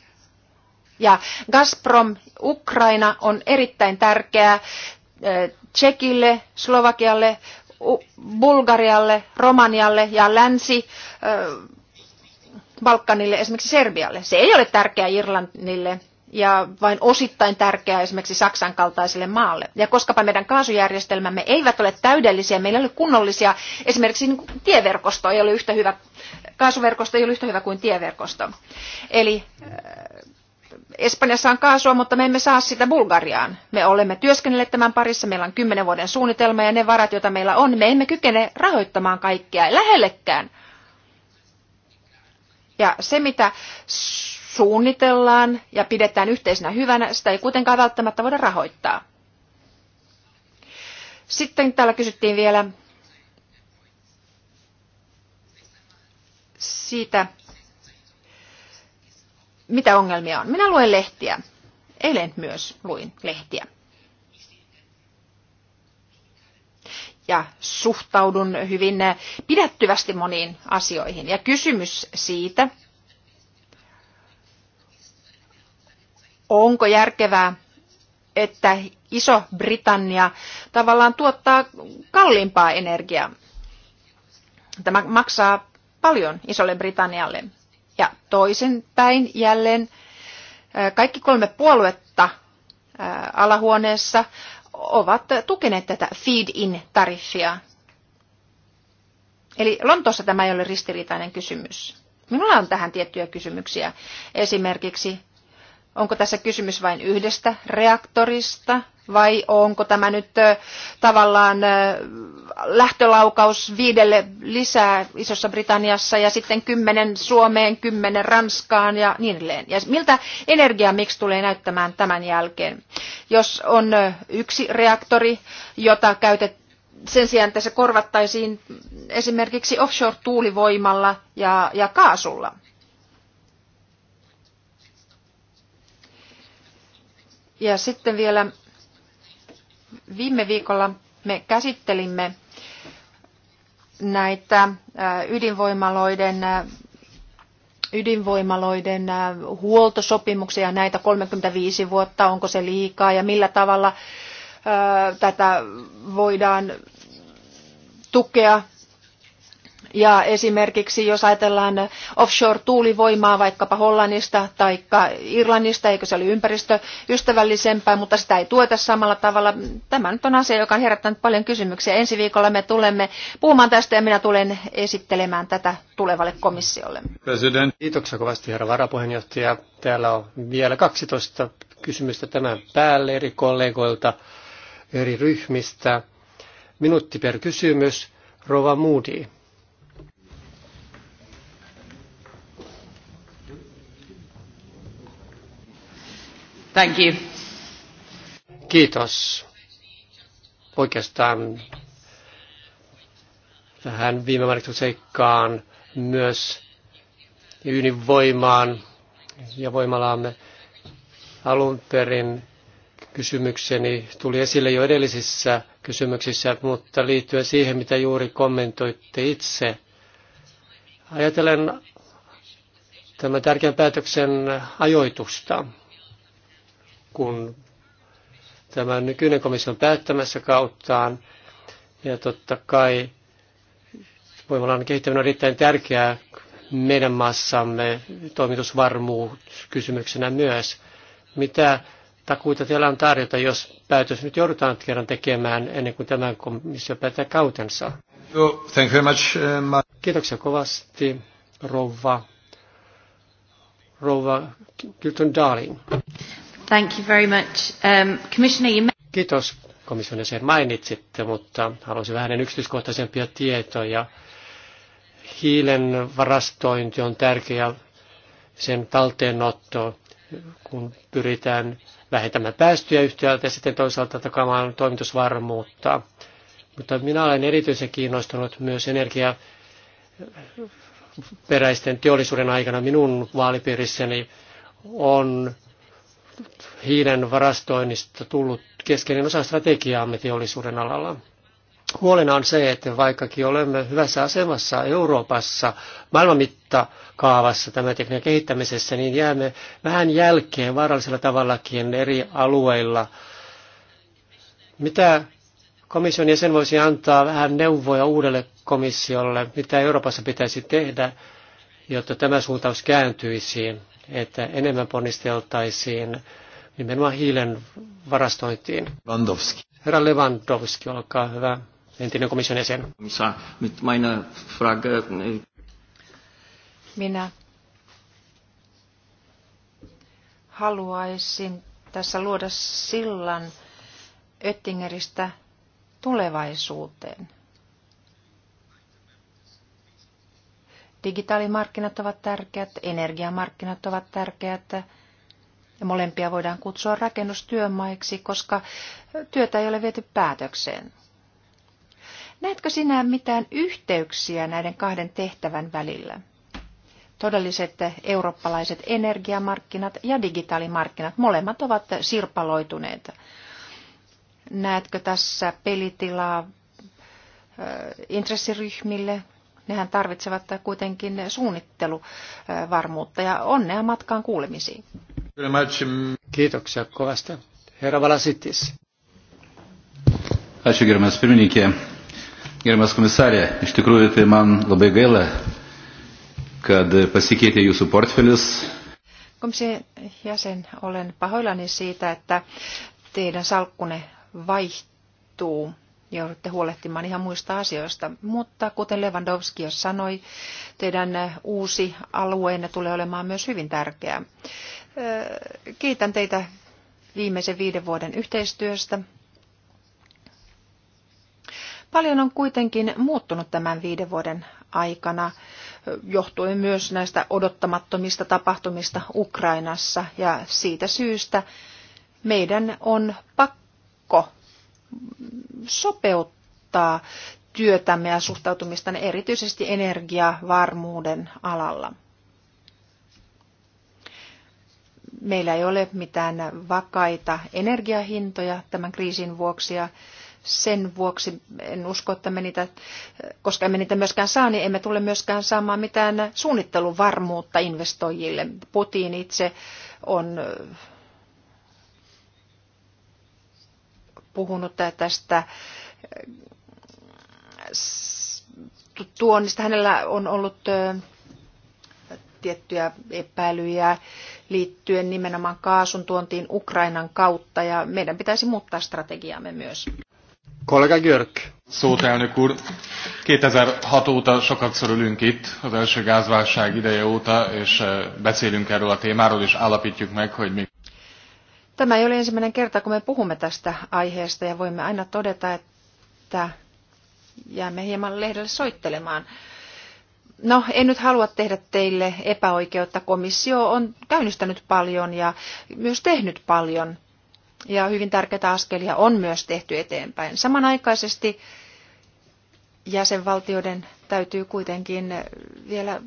Ja Gazprom Ukraina on erittäin tärkeää Tsekille, Slovakialle, Bulgarialle, Romanialle ja Länsi Balkanille, esimerkiksi Serbialle. Se ei ole tärkeää Irlannille ja vain osittain tärkeää esimerkiksi Saksan kaltaiselle maalle. Ja koskapa meidän kaasujärjestelmämme eivät ole täydellisiä, meillä ei ole kunnollisia, esimerkiksi niin tieverkosto ei ole yhtä hyvä, kaasuverkosto ei ole yhtä hyvä kuin tieverkosto. Eli Espanjassa on kaasua, mutta me emme saa sitä Bulgariaan. Me olemme työskennelleet tämän parissa, meillä on kymmenen vuoden suunnitelma ja ne varat, joita meillä on, me emme kykene rahoittamaan kaikkea lähellekään. Ja se, mitä suunnitellaan ja pidetään yhteisenä hyvänä, sitä ei kuitenkaan välttämättä voida rahoittaa. Sitten täällä kysyttiin vielä siitä, mitä ongelmia on. Minä luen lehtiä. Eilen myös luin lehtiä. ja suhtaudun hyvin pidättyvästi moniin asioihin. Ja kysymys siitä, onko järkevää, että Iso-Britannia tavallaan tuottaa kalliimpaa energiaa. Tämä maksaa paljon Isolle Britannialle. Ja toisen päin jälleen kaikki kolme puoluetta alahuoneessa ovat tukeneet tätä feed-in-tariffia. Eli Lontoossa tämä ei ole ristiriitainen kysymys. Minulla on tähän tiettyjä kysymyksiä. Esimerkiksi Onko tässä kysymys vain yhdestä reaktorista vai onko tämä nyt tavallaan lähtölaukaus viidelle lisää Isossa Britanniassa ja sitten kymmenen Suomeen, kymmenen Ranskaan ja niin edelleen. Ja miltä energia miksi tulee näyttämään tämän jälkeen? Jos on yksi reaktori, jota käytetään sen sijaan, että se korvattaisiin esimerkiksi offshore-tuulivoimalla ja, ja kaasulla. Ja sitten vielä viime viikolla me käsittelimme näitä äh, ydinvoimaloiden äh, ydinvoimaloiden äh, huoltosopimuksia näitä 35 vuotta, onko se liikaa ja millä tavalla tätä voidaan tukea ja esimerkiksi jos ajatellaan offshore-tuulivoimaa vaikkapa Hollannista tai Irlannista, eikö se ole ympäristöystävällisempää, mutta sitä ei tueta samalla tavalla. Tämä nyt on asia, joka on herättänyt paljon kysymyksiä. Ensi viikolla me tulemme puhumaan tästä ja minä tulen esittelemään tätä tulevalle komissiolle. President. Kiitoksia kovasti herra varapuheenjohtaja. Täällä on vielä 12 kysymystä tämän päälle eri kollegoilta, eri ryhmistä. Minuutti per kysymys. Rova Moody. Thank you. Kiitos. Oikeastaan tähän viime mainittu seikkaan myös ydinvoimaan ja voimalaamme alun perin kysymykseni tuli esille jo edellisissä kysymyksissä, mutta liittyen siihen, mitä juuri kommentoitte itse. Ajatellen tämän tärkeän päätöksen ajoitusta kun tämä nykyinen komissio päättämässä kauttaan. Ja totta kai voimalan kehittäminen on erittäin tärkeää meidän maassamme toimitusvarmuuskysymyksenä myös. Mitä takuita teillä on tarjota, jos päätös nyt joudutaan kerran tekemään ennen kuin tämän komissio päättää kautensa? Oh, thank you very much, eh, Kiitoksia kovasti, rouva, rouva Kilton Darling. Um, Kiitos komission jäsen mainitsitte, mutta haluaisin vähän yksityiskohtaisempia tietoja. Hiilen varastointi on tärkeä, sen talteenotto, kun pyritään vähentämään päästöjä yhtäältä ja sitten toisaalta takamaan toimitusvarmuutta. Mutta minä olen erityisen kiinnostunut myös energia peräisten teollisuuden aikana minun vaalipiirissäni on hiilen varastoinnista tullut keskeinen osa strategiaamme teollisuuden alalla. Huolena on se, että vaikkakin olemme hyvässä asemassa Euroopassa, maailmanmittakaavassa tämän tekniikan kehittämisessä, niin jäämme vähän jälkeen vaarallisella tavallakin eri alueilla. Mitä komission jäsen voisi antaa vähän neuvoja uudelle komissiolle, mitä Euroopassa pitäisi tehdä, jotta tämä suuntaus kääntyisi että enemmän ponnisteltaisiin nimenomaan hiilen varastointiin. Lewandowski. Herra Lewandowski, olkaa hyvä, entinen komission jäsen. Minä haluaisin tässä luoda sillan Öttingeristä tulevaisuuteen. Digitaalimarkkinat ovat tärkeät, energiamarkkinat ovat tärkeät ja molempia voidaan kutsua rakennustyömaiksi, koska työtä ei ole viety päätökseen. Näetkö sinä mitään yhteyksiä näiden kahden tehtävän välillä? Todelliset eurooppalaiset energiamarkkinat ja digitaalimarkkinat, molemmat ovat sirpaloituneet. Näetkö tässä pelitilaa intressiryhmille, Nehän tarvitsevat kuitenkin suunnitteluvarmuutta ja onnea matkaan kuulemisiin. Um, Kiitoksia kovasti. Herra Valasitis. Ačiū gerbiamas pirmininkė. Gerbiamas komisarė, iš tikrųjų tai man labai gaila, kad pasikeitė jūsų portfelis. Komission jäsen, olen pahoillani siitä, että teidän salkkune vaihtuu joudutte huolehtimaan ihan muista asioista. Mutta kuten Lewandowski jo sanoi, teidän uusi alueenne tulee olemaan myös hyvin tärkeä. Kiitän teitä viimeisen viiden vuoden yhteistyöstä. Paljon on kuitenkin muuttunut tämän viiden vuoden aikana, johtuen myös näistä odottamattomista tapahtumista Ukrainassa, ja siitä syystä meidän on pakko sopeuttaa työtämme ja suhtautumista erityisesti energiavarmuuden alalla. Meillä ei ole mitään vakaita energiahintoja tämän kriisin vuoksi ja sen vuoksi en usko, että me niitä, koska emme niitä myöskään saa, niin emme tule myöskään saamaan mitään suunnitteluvarmuutta investoijille. Putin itse on puhunut tästä tuonnista. Hänellä on ollut tiettyjä epäilyjä liittyen nimenomaan kaasun tuontiin Ukrainan kautta ja meidän pitäisi muuttaa strategiaamme myös. Kollega Görk. Szót elnök úr, 2006 óta sokakszor ülünk itt, az első gázválság ideje óta, és beszélünk erről a témáról, és állapítjuk meg, hogy mi. Tämä ei ole ensimmäinen kerta, kun me puhumme tästä aiheesta ja voimme aina todeta, että jäämme hieman lehdelle soittelemaan. No, en nyt halua tehdä teille epäoikeutta. Komissio on käynnistänyt paljon ja myös tehnyt paljon. Ja hyvin tärkeitä askelia on myös tehty eteenpäin. Samanaikaisesti jäsenvaltioiden täytyy kuitenkin vielä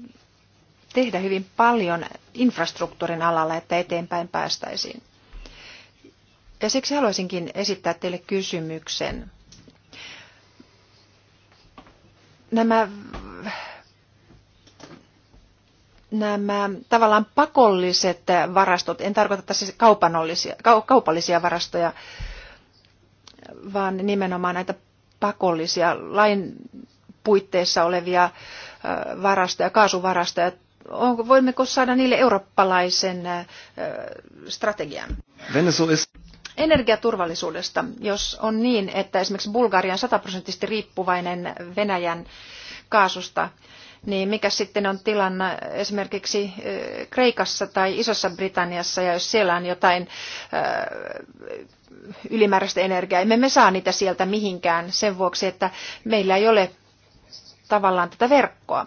tehdä hyvin paljon infrastruktuurin alalla, että eteenpäin päästäisiin. Ja siksi haluaisinkin esittää teille kysymyksen. Nämä, nämä tavallaan pakolliset varastot, en tarkoita tässä siis kaupallisia, kaupallisia varastoja, vaan nimenomaan näitä pakollisia lain puitteissa olevia varastoja, kaasuvarastoja. Onko, voimmeko saada niille eurooppalaisen strategian? Energiaturvallisuudesta, jos on niin, että esimerkiksi Bulgaria on sataprosenttisesti riippuvainen Venäjän kaasusta, niin mikä sitten on tilanne esimerkiksi Kreikassa tai Isossa Britanniassa, ja jos siellä on jotain ylimääräistä energiaa, emme me saa niitä sieltä mihinkään sen vuoksi, että meillä ei ole tavallaan tätä verkkoa.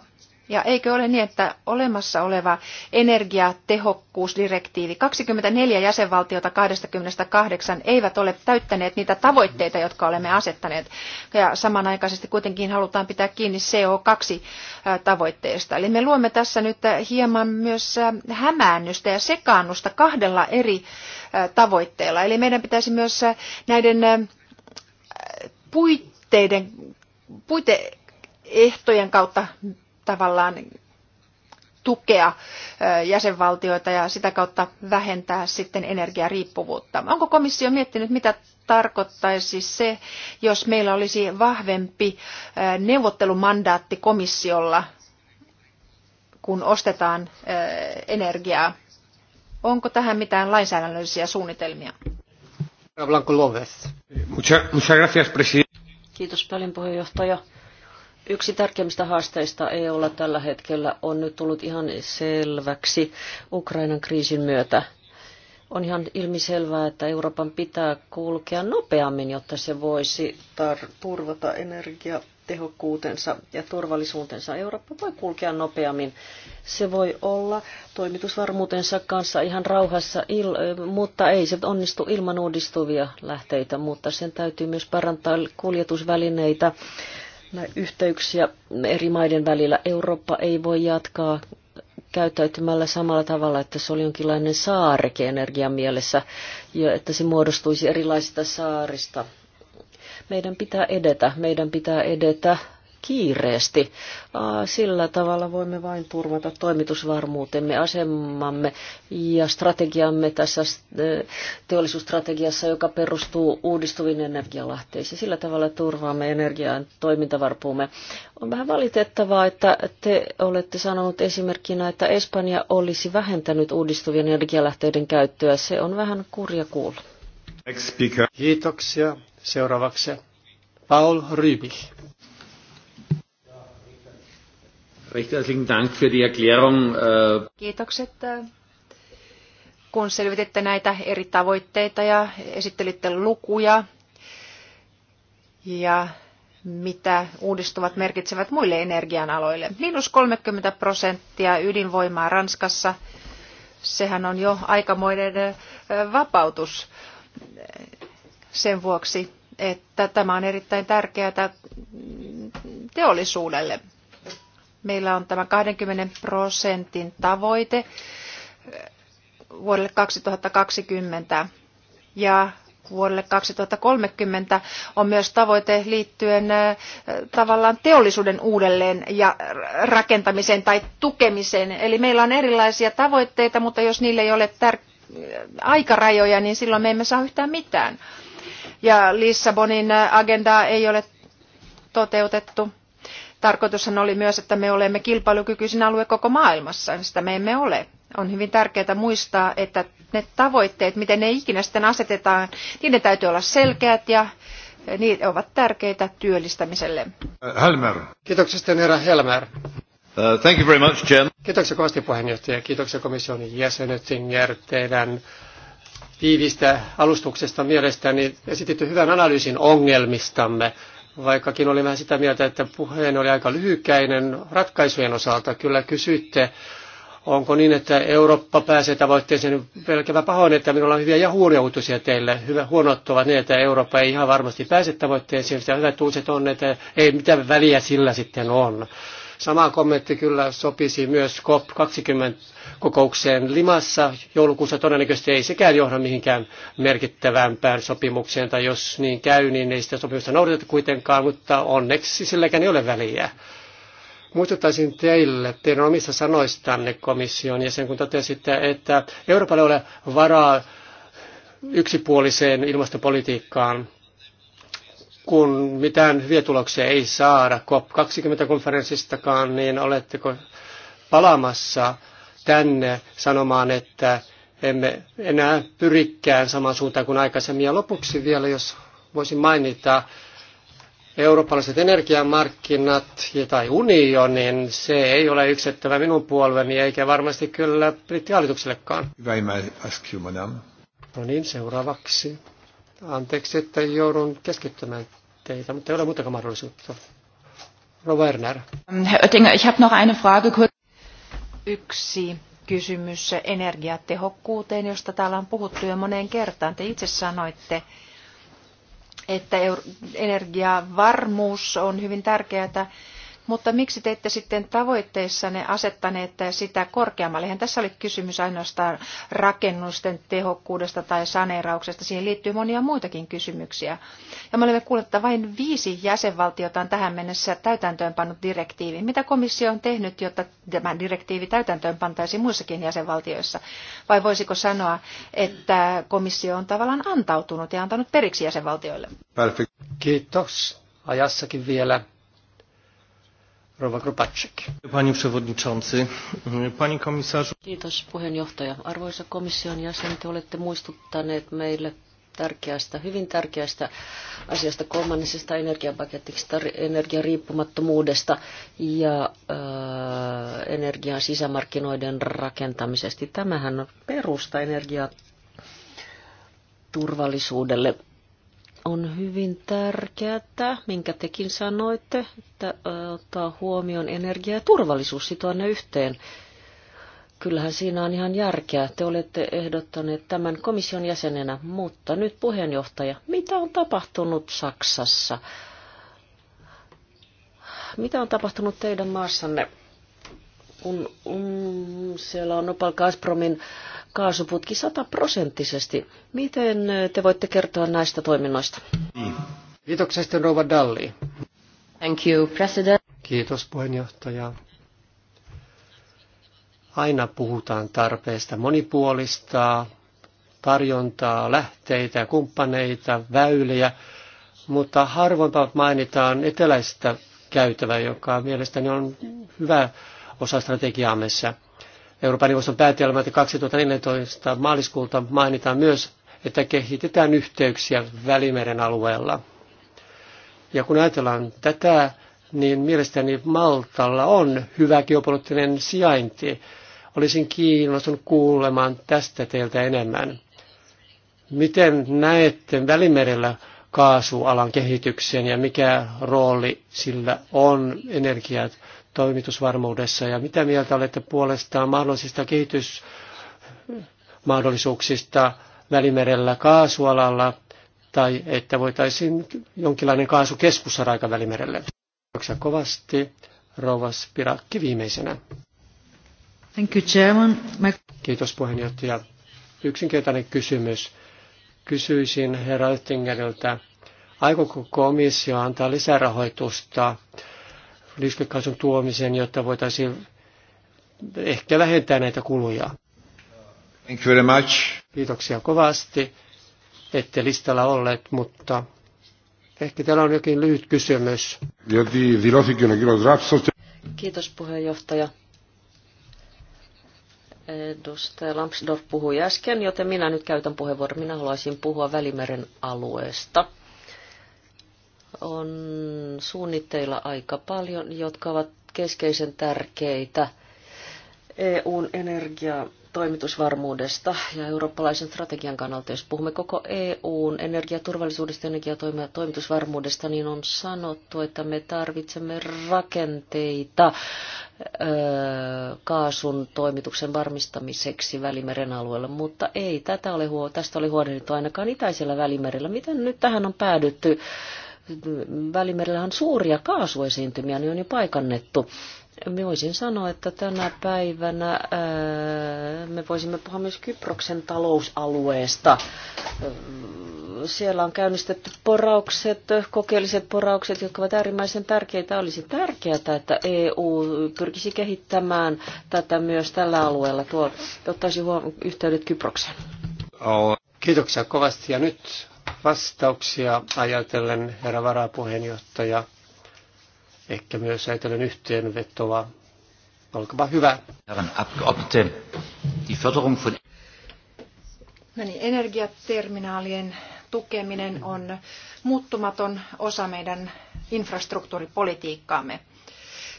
Ja eikö ole niin, että olemassa oleva energiatehokkuusdirektiivi 24 jäsenvaltiota 28 eivät ole täyttäneet niitä tavoitteita, jotka olemme asettaneet. Ja samanaikaisesti kuitenkin halutaan pitää kiinni CO2-tavoitteesta. Eli me luomme tässä nyt hieman myös hämäännystä ja sekaannusta kahdella eri tavoitteella. Eli meidän pitäisi myös näiden puitteiden, puite, ehtojen kautta tavallaan tukea jäsenvaltioita ja sitä kautta vähentää sitten energiariippuvuutta. Onko komissio miettinyt, mitä tarkoittaisi se, jos meillä olisi vahvempi neuvottelumandaatti komissiolla, kun ostetaan energiaa? Onko tähän mitään lainsäädännöllisiä suunnitelmia? Kiitos paljon puheenjohtaja. Yksi tärkeimmistä haasteista EUlla tällä hetkellä on nyt tullut ihan selväksi Ukrainan kriisin myötä. On ihan ilmiselvää, että Euroopan pitää kulkea nopeammin, jotta se voisi tar- turvata energiatehokkuutensa ja turvallisuutensa. Eurooppa voi kulkea nopeammin. Se voi olla toimitusvarmuutensa kanssa ihan rauhassa, mutta ei se onnistu ilman uudistuvia lähteitä, mutta sen täytyy myös parantaa kuljetusvälineitä yhteyksiä eri maiden välillä. Eurooppa ei voi jatkaa käyttäytymällä samalla tavalla, että se oli jonkinlainen saareke energian mielessä, ja että se muodostuisi erilaisista saarista. Meidän pitää edetä, meidän pitää edetä kiireesti. Sillä tavalla voimme vain turvata toimitusvarmuutemme, asemamme ja strategiamme tässä teollisuusstrategiassa, joka perustuu uudistuviin energialähteisiin. Sillä tavalla turvaamme energian toimintavarpuumme. On vähän valitettavaa, että te olette sanonut esimerkkinä, että Espanja olisi vähentänyt uudistuvien energialähteiden käyttöä. Se on vähän kurja kuulla. Kiitoksia. Seuraavaksi Paul Rybich. Recht herzlichen Dank für die Erklärung. Äh, Kiitokset, äh, kun selvititte näitä eri tavoitteita ja esittelitte lukuja ja mitä uudistuvat merkitsevät muille energianaloille. Miinus 30 prosenttia ydinvoimaa Ranskassa. Sehän on jo aikamoinen äh, vapautus sen vuoksi, että tämä on erittäin tärkeää teollisuudelle. Meillä on tämä 20 prosentin tavoite vuodelle 2020 ja vuodelle 2030 on myös tavoite liittyen tavallaan teollisuuden uudelleen ja rakentamiseen tai tukemiseen. Eli meillä on erilaisia tavoitteita, mutta jos niille ei ole tär- aikarajoja, niin silloin me emme saa yhtään mitään. Ja Lissabonin agendaa ei ole toteutettu Tarkoitushan oli myös, että me olemme kilpailukykyisin alue koko maailmassa. Sitä me emme ole. On hyvin tärkeää muistaa, että ne tavoitteet, miten ne ikinä sitten asetetaan, niiden täytyy olla selkeät ja ne ovat tärkeitä työllistämiselle. Äh, Helmer. Kiitoksia herra Helmer. Uh, thank you very much, Jim. Kiitoksia kovasti puheenjohtaja. Kiitoksia komission jäsenet Singer teidän tiivistä alustuksesta mielestäni esititty hyvän analyysin ongelmistamme vaikkakin olin vähän sitä mieltä, että puheen oli aika lyhykäinen ratkaisujen osalta. Kyllä kysyitte, onko niin, että Eurooppa pääsee tavoitteeseen. Pelkävä pahoin, että minulla on hyviä ja huonoja uutisia teille. Hyvä, huonot ovat ne, että Eurooppa ei ihan varmasti pääse tavoitteeseen. Sitä hyvät uutiset on, että ei mitään väliä sillä sitten on. Sama kommentti kyllä sopisi myös COP20 kokoukseen Limassa. Joulukuussa todennäköisesti ei sekään johda mihinkään merkittävämpään sopimukseen, tai jos niin käy, niin ei sitä sopimusta noudateta kuitenkaan, mutta onneksi silläkään ei ole väliä. Muistuttaisin teille, teidän omissa sanoistanne komission jäsen, kun totesitte, että Euroopalle ei ole varaa yksipuoliseen ilmastopolitiikkaan kun mitään hyviä tuloksia ei saada COP20-konferenssistakaan, niin oletteko palaamassa tänne sanomaan, että emme enää pyrikään samaan suuntaan kuin aikaisemmin. Ja lopuksi vielä, jos voisin mainita, eurooppalaiset energiamarkkinat tai unionin, se ei ole yksettävä minun puolueeni, eikä varmasti kyllä brittihallituksellekaan. Hyvä, No niin, seuraavaksi. Anteeksi, että joudun keskittymään teitä, mutta ei ole muutakaan mahdollisuutta. Rova Erner. Ähm, ich habe noch eine Frage. Yksi kysymys energiatehokkuuteen, josta täällä on puhuttu jo moneen kertaan. Te itse sanoitte, että energiavarmuus on hyvin tärkeää mutta miksi te ette sitten tavoitteissanne asettaneet sitä korkeammalle? Eihän tässä oli kysymys ainoastaan rakennusten tehokkuudesta tai saneerauksesta. Siihen liittyy monia muitakin kysymyksiä. Ja me olemme kuulleet, että vain viisi jäsenvaltiota on tähän mennessä täytäntöönpannut direktiivin. Mitä komissio on tehnyt, jotta tämä direktiivi täytäntöönpantaisi muissakin jäsenvaltioissa? Vai voisiko sanoa, että komissio on tavallaan antautunut ja antanut periksi jäsenvaltioille? Perfect. Kiitos. Ajassakin vielä. Panie przewodniczący, panie komisarzu. Kiitos puheenjohtaja. Arvoisa komission jäsen, te olette muistuttaneet meille tärkeästä, hyvin tärkeästä asiasta kolmannisesta energiapaketista, energiariippumattomuudesta ja ö, äh, energian sisämarkkinoiden rakentamisesta. Tämähän on perusta energiaturvallisuudelle on hyvin tärkeää, minkä tekin sanoitte, että ottaa huomioon energia ja turvallisuus sitoa ne yhteen. Kyllähän siinä on ihan järkeä. Te olette ehdottaneet tämän komission jäsenenä, mutta nyt puheenjohtaja, mitä on tapahtunut Saksassa? Mitä on tapahtunut teidän maassanne, kun um, siellä on Opal Gazpromin Uh, kaasuputki sataprosenttisesti. Miten te voitte kertoa näistä toiminnoista? Kiitoksia sitten Dalli. Thank you, President. Kiitos puheenjohtaja. Aina puhutaan tarpeesta monipuolista tarjontaa, lähteitä, kumppaneita, väyliä, mutta harvoinpa mainitaan eteläistä käytävää, joka mielestäni on hyvä osa strategiaamessa. Euroopan neuvoston päätelmät 2014 maaliskuulta mainitaan myös, että kehitetään yhteyksiä Välimeren alueella. Ja kun ajatellaan tätä, niin mielestäni Maltalla on hyvä geopoliittinen sijainti. Olisin kiinnostunut kuulemaan tästä teiltä enemmän. Miten näette Välimerellä kaasualan kehityksen ja mikä rooli sillä on energiat toimitusvarmuudessa ja mitä mieltä olette puolestaan mahdollisista kehitysmahdollisuuksista Välimerellä kaasualalla tai että voitaisiin jonkinlainen kaasukeskus saada aika Välimerelle. Kiitoksia kovasti. Rouva Spirakki viimeisenä. Thank you, Chairman. My... Kiitos puheenjohtaja. Yksinkertainen kysymys. Kysyisin herra Oettingeriltä, aikooko komissio antaa lisärahoitusta liuskekaasun tuomisen, jotta voitaisiin ehkä vähentää näitä kuluja. Thank you very much. Kiitoksia kovasti. Ette listalla olleet, mutta ehkä täällä on jokin lyhyt kysymys. Kiitos puheenjohtaja. Edustaja Lampsdorff puhui äsken, joten minä nyt käytän puheenvuoron. Minä haluaisin puhua Välimeren alueesta on suunnitteilla aika paljon, jotka ovat keskeisen tärkeitä EUn energia ja eurooppalaisen strategian kannalta, jos puhumme koko EUn energiaturvallisuudesta ja energiatoimitusvarmuudesta, niin on sanottu, että me tarvitsemme rakenteita kaasun toimituksen varmistamiseksi Välimeren alueella, mutta ei tätä ole, tästä oli huolehdittu ainakaan itäisellä Välimerellä. Miten nyt tähän on päädytty? Välimerellä on suuria kaasuesiintymiä, ne on jo paikannettu. Me Voisin sanoa, että tänä päivänä ää, me voisimme puhua myös Kyproksen talousalueesta. Siellä on käynnistetty poraukset, kokeelliset poraukset, jotka ovat äärimmäisen tärkeitä. Olisi tärkeää, että EU pyrkisi kehittämään tätä myös tällä alueella. Tuo, ottaisi huom- yhteydet Kyprokseen. Kiitoksia kovasti. Ja nyt vastauksia ajatellen, herra varapuheenjohtaja, ehkä myös ajatellen yhteenvetoa. Olkaa hyvä. No niin, energiaterminaalien tukeminen on muuttumaton osa meidän infrastruktuuripolitiikkaamme.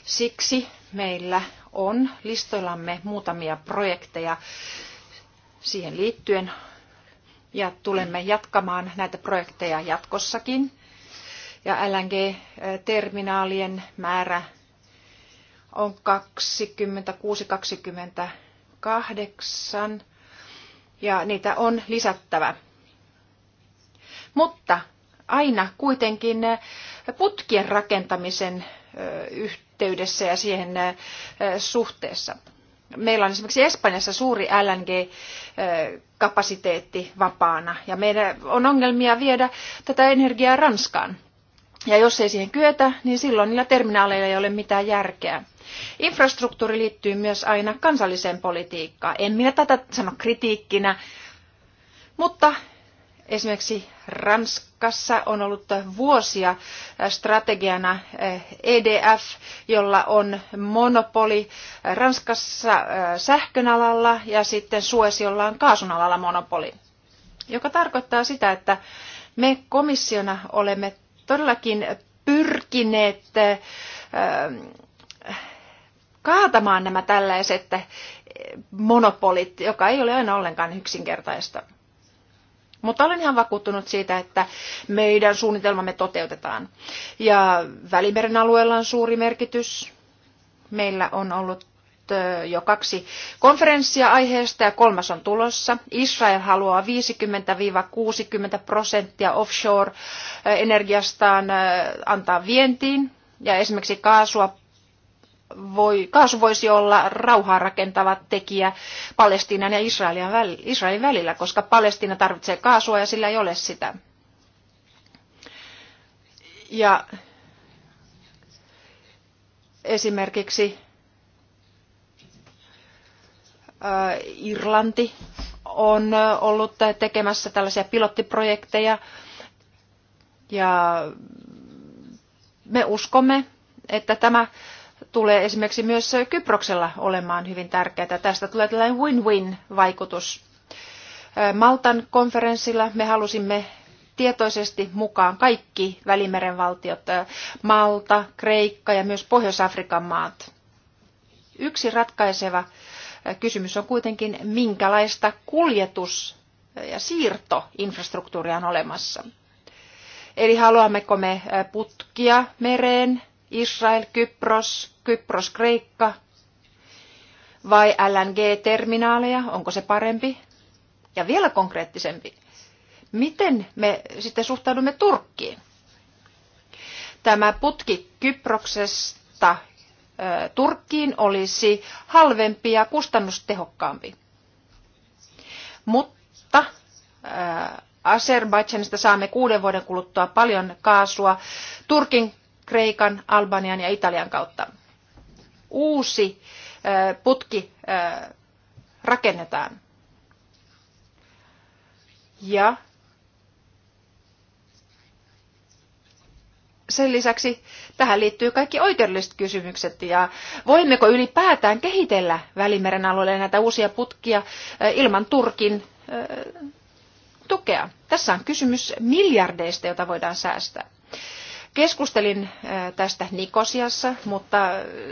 Siksi meillä on listoillamme muutamia projekteja siihen liittyen ja tulemme jatkamaan näitä projekteja jatkossakin. Ja LNG-terminaalien määrä on 26-28 ja niitä on lisättävä. Mutta aina kuitenkin putkien rakentamisen yhteydessä ja siihen suhteessa meillä on esimerkiksi Espanjassa suuri LNG-kapasiteetti vapaana ja meidän on ongelmia viedä tätä energiaa Ranskaan. Ja jos ei siihen kyetä, niin silloin niillä terminaaleilla ei ole mitään järkeä. Infrastruktuuri liittyy myös aina kansalliseen politiikkaan. En minä tätä sano kritiikkinä, mutta esimerkiksi Ranska Ranskassa on ollut vuosia strategiana EDF, eh, e jolla on monopoli Ranskassa eh, sähkön alalla ja sitten Suez, jolla on kaasun alalla monopoli. Joka tarkoittaa sitä, että me komissiona olemme todellakin pyrkineet eh, kaatamaan nämä tällaiset monopolit, joka ei ole aina ollenkaan yksinkertaista. Mutta olen ihan vakuuttunut siitä, että meidän suunnitelmamme toteutetaan. Ja Välimeren alueella on suuri merkitys. Meillä on ollut jo kaksi konferenssia aiheesta ja kolmas on tulossa. Israel haluaa 50-60 prosenttia offshore-energiastaan antaa vientiin ja esimerkiksi kaasua voi, kaasu voisi olla rauhaa rakentava tekijä Palestiinan ja Israelin välillä, koska Palestiina tarvitsee kaasua ja sillä ei ole sitä. Ja esimerkiksi Irlanti on ollut tekemässä tällaisia pilottiprojekteja ja me uskomme, että tämä tulee esimerkiksi myös Kyproksella olemaan hyvin tärkeää. Tästä tulee tällainen win-win-vaikutus. Maltan konferenssilla me halusimme tietoisesti mukaan kaikki Välimeren valtiot, Malta, Kreikka ja myös Pohjois-Afrikan maat. Yksi ratkaiseva kysymys on kuitenkin, minkälaista kuljetus- ja siirtoinfrastruktuuria on olemassa. Eli haluammeko me putkia mereen, Israel, Kypros, Kypros, Kreikka vai LNG-terminaaleja, onko se parempi? Ja vielä konkreettisempi, miten me sitten suhtaudumme Turkkiin? Tämä putki Kyproksesta Turkkiin olisi halvempi ja kustannustehokkaampi. Mutta Azerbaidžanista saamme kuuden vuoden kuluttua paljon kaasua. Turkin Kreikan, Albanian ja Italian kautta. Uusi putki rakennetaan. Ja sen lisäksi tähän liittyy kaikki oikeudelliset kysymykset ja voimmeko ylipäätään kehitellä Välimeren alueelle näitä uusia putkia ilman Turkin tukea. Tässä on kysymys miljardeista, joita voidaan säästää. Keskustelin äh, tästä Nikosiassa, mutta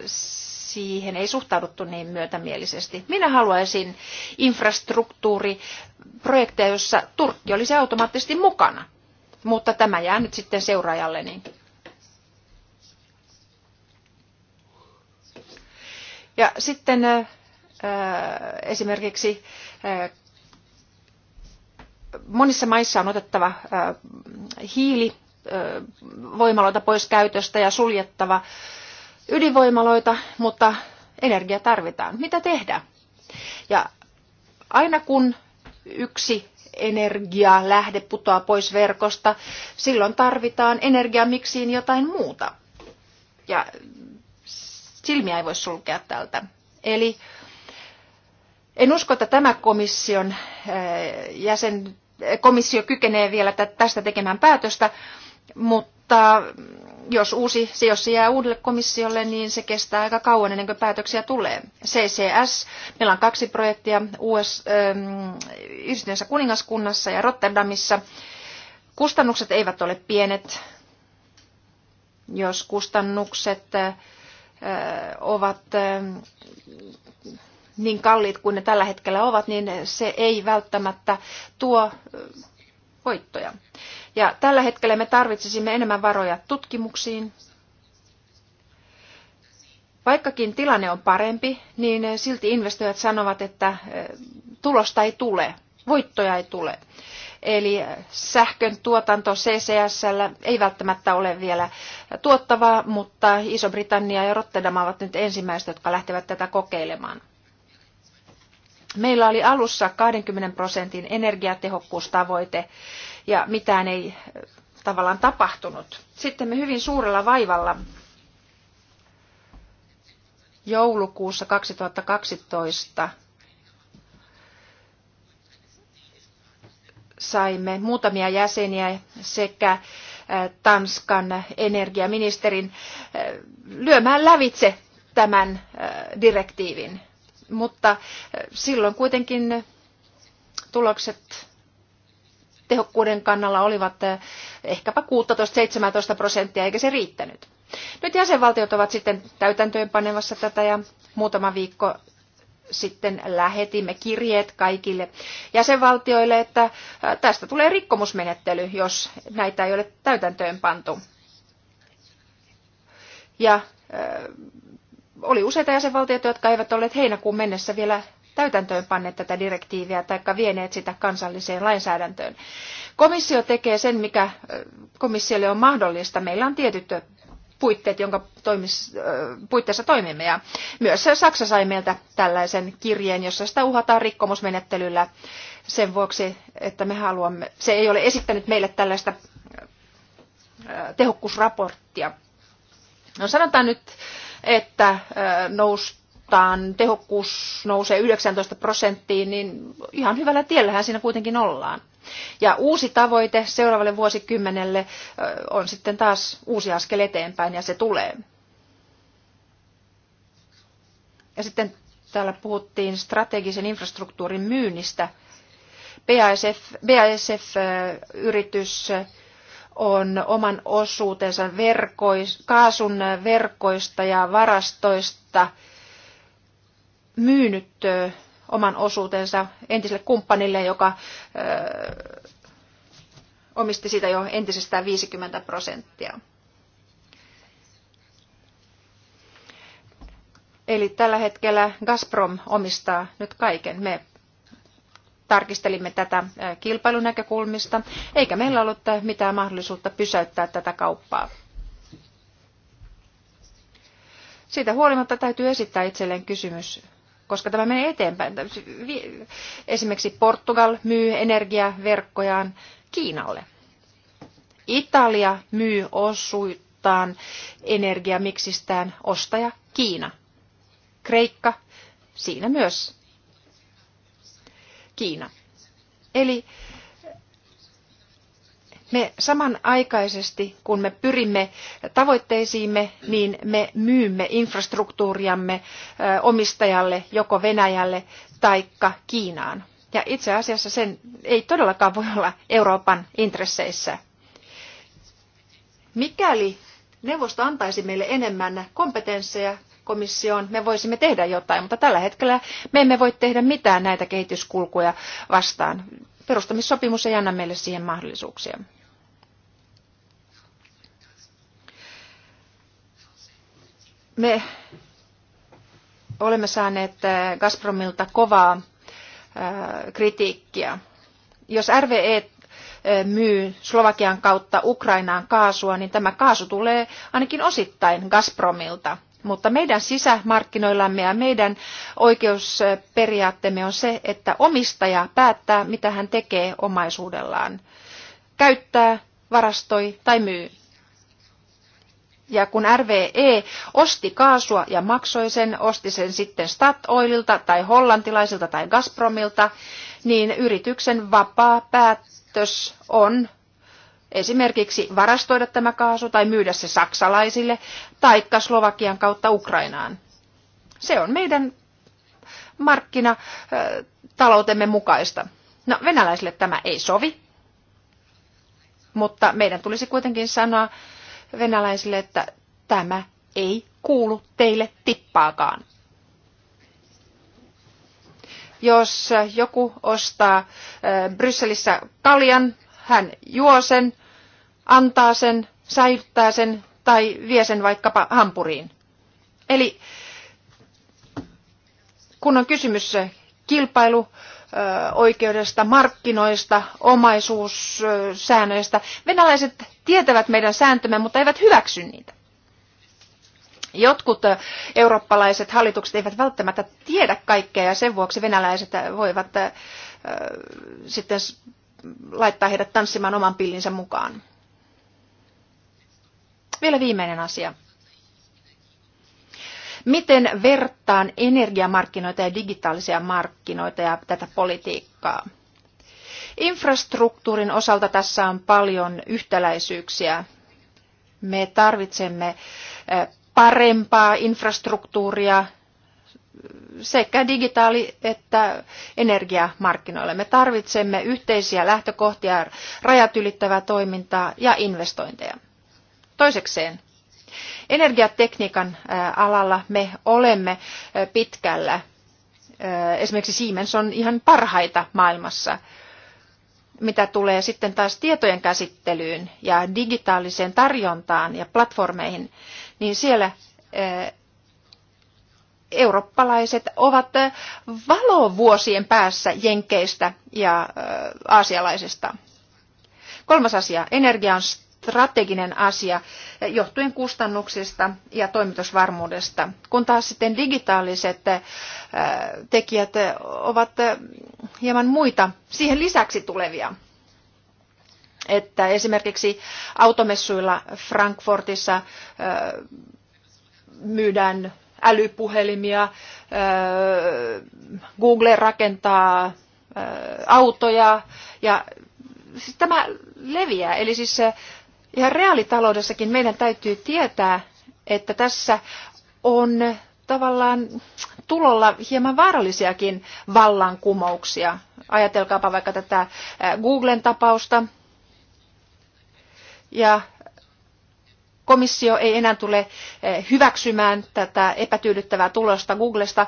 siihen ei suhtauduttu niin myötämielisesti. Minä haluaisin infrastruktuuriprojekteja, jossa Turkki olisi automaattisesti mukana. Mutta tämä jää nyt sitten seuraajalleni. Niin. Ja sitten äh, äh, esimerkiksi äh, monissa maissa on otettava äh, hiili voimaloita pois käytöstä ja suljettava ydinvoimaloita, mutta energia tarvitaan. Mitä tehdä? Ja aina kun yksi energialähde putoaa pois verkosta, silloin tarvitaan energiamiksiin jotain muuta. Ja silmiä ei voi sulkea tältä. Eli en usko, että tämä komission jäsen, komissio kykenee vielä tästä tekemään päätöstä, mutta jos uusi sijoitus jää uudelle komissiolle, niin se kestää aika kauan ennen kuin päätöksiä tulee. CCS, meillä on kaksi projektia US, ähm, Yhdistyneessä kuningaskunnassa ja Rotterdamissa. Kustannukset eivät ole pienet, jos kustannukset äh, ovat äh, niin kalliit kuin ne tällä hetkellä ovat, niin se ei välttämättä tuo äh, voittoja. Ja tällä hetkellä me tarvitsisimme enemmän varoja tutkimuksiin. Vaikkakin tilanne on parempi, niin silti investoijat sanovat, että eh, tulosta ei tule, voittoja ei tule. Eli eh, sähkön tuotanto CCS ei välttämättä ole vielä tuottavaa, mutta Iso-Britannia ja Rotterdam ovat nyt ensimmäiset, jotka lähtevät tätä kokeilemaan. Meillä oli alussa 20 prosentin energiatehokkuustavoite ja mitään ei eh, tavallaan tapahtunut. Sitten me hyvin suurella vaivalla joulukuussa 2012 saimme muutamia jäseniä sekä eh, Tanskan energiaministerin eh, lyömään lävitse tämän direktiivin. Mutta eh, silloin kuitenkin tulokset tehokkuuden kannalla olivat eh, ehkäpä 16-17 prosenttia, eikä se riittänyt. Nyt jäsenvaltiot ovat sitten täytäntöönpanemassa tätä ja muutama viikko sitten lähetimme kirjeet kaikille jäsenvaltioille, että eh, tästä tulee rikkomusmenettely, jos näitä ei ole täytäntöönpantu. Ja oli useita jäsenvaltioita, jotka eivät olleet heinäkuun mennessä vielä täytäntöön panneet tätä direktiiviä tai vieneet sitä kansalliseen lainsäädäntöön. Komissio tekee sen, mikä komissiolle on mahdollista. Meillä on tietyt puitteet, jonka toimis, puitteissa toimimme. Ja myös Saksa sai meiltä tällaisen kirjeen, jossa sitä uhataan rikkomusmenettelyllä sen vuoksi, että me haluamme, se ei ole esittänyt meille tällaista tehokkuusraporttia. No sanotaan nyt että noustaan, tehokkuus nousee 19 prosenttiin, niin ihan hyvällä tiellähän siinä kuitenkin ollaan. Ja uusi tavoite seuraavalle vuosikymmenelle on sitten taas uusi askel eteenpäin ja se tulee. Ja sitten täällä puhuttiin strategisen infrastruktuurin myynnistä. BASF-yritys BASF on oman osuutensa verkois, kaasun verkoista ja varastoista myynyt oman osuutensa entiselle kumppanille, joka ö, omisti sitä jo entisestään 50 prosenttia. Eli tällä hetkellä Gazprom omistaa nyt kaiken. Me tarkistelimme tätä kilpailunäkökulmista, eikä meillä ollut mitään mahdollisuutta pysäyttää tätä kauppaa. Siitä huolimatta täytyy esittää itselleen kysymys, koska tämä menee eteenpäin. Esimerkiksi Portugal myy energiaverkkojaan Kiinalle. Italia myy osuuttaan energiamiksistään ostaja Kiina. Kreikka, siinä myös Kiina. Eli me samanaikaisesti, kun me pyrimme tavoitteisiimme, niin me myymme infrastruktuuriamme omistajalle, joko Venäjälle tai Kiinaan. Ja itse asiassa sen ei todellakaan voi olla Euroopan intresseissä. Mikäli neuvosto antaisi meille enemmän kompetensseja, komissioon, me voisimme tehdä jotain, mutta tällä hetkellä me emme voi tehdä mitään näitä kehityskulkuja vastaan. Perustamissopimus ei anna meille siihen mahdollisuuksia. Me olemme saaneet äh, Gazpromilta kovaa äh, kritiikkiä. Jos RVE äh, myy Slovakian kautta Ukrainaan kaasua, niin tämä kaasu tulee ainakin osittain Gazpromilta. Mutta meidän sisämarkkinoillamme ja meidän oikeusperiaatteemme on se, että omistaja päättää, mitä hän tekee omaisuudellaan. Käyttää, varastoi tai myy. Ja kun RVE osti kaasua ja maksoi sen, osti sen sitten Statoililta tai hollantilaisilta tai Gazpromilta, niin yrityksen vapaa päätös on esimerkiksi varastoida tämä kaasu tai myydä se saksalaisille taikka Slovakian kautta Ukrainaan. Se on meidän markkinataloutemme mukaista. No venäläisille tämä ei sovi, mutta meidän tulisi kuitenkin sanoa venäläisille, että tämä ei kuulu teille tippaakaan. Jos joku ostaa Brysselissä kaljan, hän juo sen, antaa sen, säilyttää sen tai vie sen vaikkapa hampuriin. Eli kun on kysymys kilpailu, oikeudesta, markkinoista, omaisuussäännöistä. Venäläiset tietävät meidän sääntömme, mutta eivät hyväksy niitä. Jotkut eurooppalaiset hallitukset eivät välttämättä tiedä kaikkea ja sen vuoksi venäläiset voivat sitten laittaa heidät tanssimaan oman pillinsä mukaan. Vielä viimeinen asia. Miten vertaan energiamarkkinoita ja digitaalisia markkinoita ja tätä politiikkaa? Infrastruktuurin osalta tässä on paljon yhtäläisyyksiä. Me tarvitsemme eh, parempaa infrastruktuuria sekä digitaali- että energiamarkkinoille. Me tarvitsemme yhteisiä lähtökohtia, rajat ylittävää toimintaa ja investointeja. Toisekseen, energiatekniikan alalla me olemme pitkällä. Esimerkiksi Siemens on ihan parhaita maailmassa. Mitä tulee sitten taas tietojen käsittelyyn ja digitaaliseen tarjontaan ja platformeihin, niin siellä eurooppalaiset ovat valovuosien päässä jenkeistä ja aasialaisista. Kolmas asia, energia on strateginen asia johtuen kustannuksista ja toimitusvarmuudesta, kun taas sitten digitaaliset äh, tekijät ovat äh, hieman muita siihen lisäksi tulevia että esimerkiksi automessuilla Frankfurtissa äh, myydään älypuhelimia, Google rakentaa autoja ja siis tämä leviää. Eli siis Ihan reaalitaloudessakin meidän täytyy tietää, että tässä on tavallaan tulolla hieman vaarallisiakin vallankumouksia. Ajatelkaapa vaikka tätä Googlen tapausta. Ja komissio ei enää tule hyväksymään tätä epätyydyttävää tulosta Googlesta,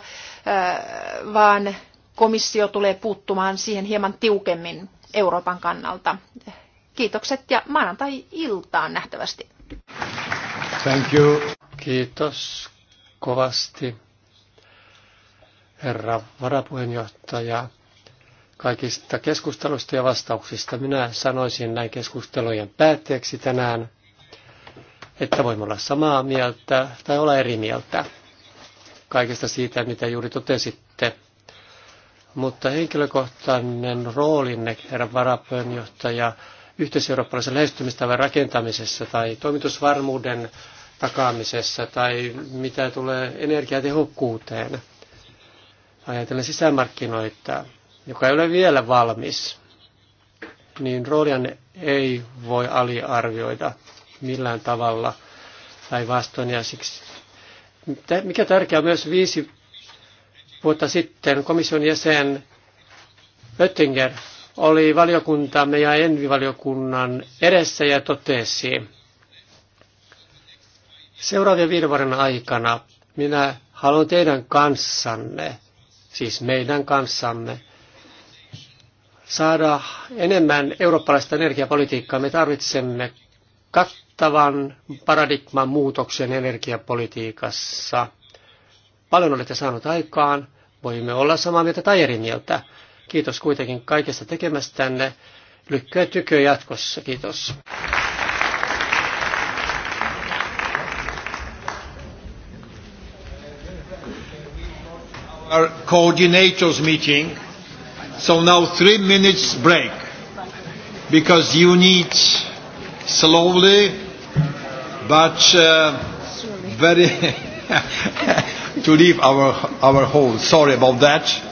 vaan komissio tulee puuttumaan siihen hieman tiukemmin Euroopan kannalta. Kiitokset ja maanantai-iltaan nähtävästi. Thank you. Kiitos kovasti, herra varapuheenjohtaja, kaikista keskustelusta ja vastauksista. Minä sanoisin näin keskustelujen päätteeksi tänään, että voimme olla samaa mieltä tai olla eri mieltä kaikesta siitä, mitä juuri totesitte. Mutta henkilökohtainen roolinne, herra varapuheenjohtaja, yhteiseurooppalaisen lähestymistavan rakentamisessa tai toimitusvarmuuden takaamisessa tai mitä tulee energiatehokkuuteen. Ajatellen sisämarkkinoita, joka ei ole vielä valmis, niin roolianne ei voi aliarvioida millään tavalla vastoin. Ja siksi, mikä tärkeää myös viisi vuotta sitten komission jäsen Oettinger oli valiokuntamme ja envivaliokunnan edessä ja totesi, seuraavien viiden vuoden aikana minä haluan teidän kanssanne, siis meidän kanssamme, saada enemmän eurooppalaista energiapolitiikkaa. Me tarvitsemme kattavan paradigman muutoksen energiapolitiikassa. Paljon olette saanut aikaan, voimme olla samaa mieltä tai eri mieltä. Kiitos kuitenkin kaikesta tekemästänne. Lykkää tykö jatkossa. Kiitos. Our coordinators meeting. So now three minutes break because you need slowly but uh, very to leave our, our hall. Sorry about that.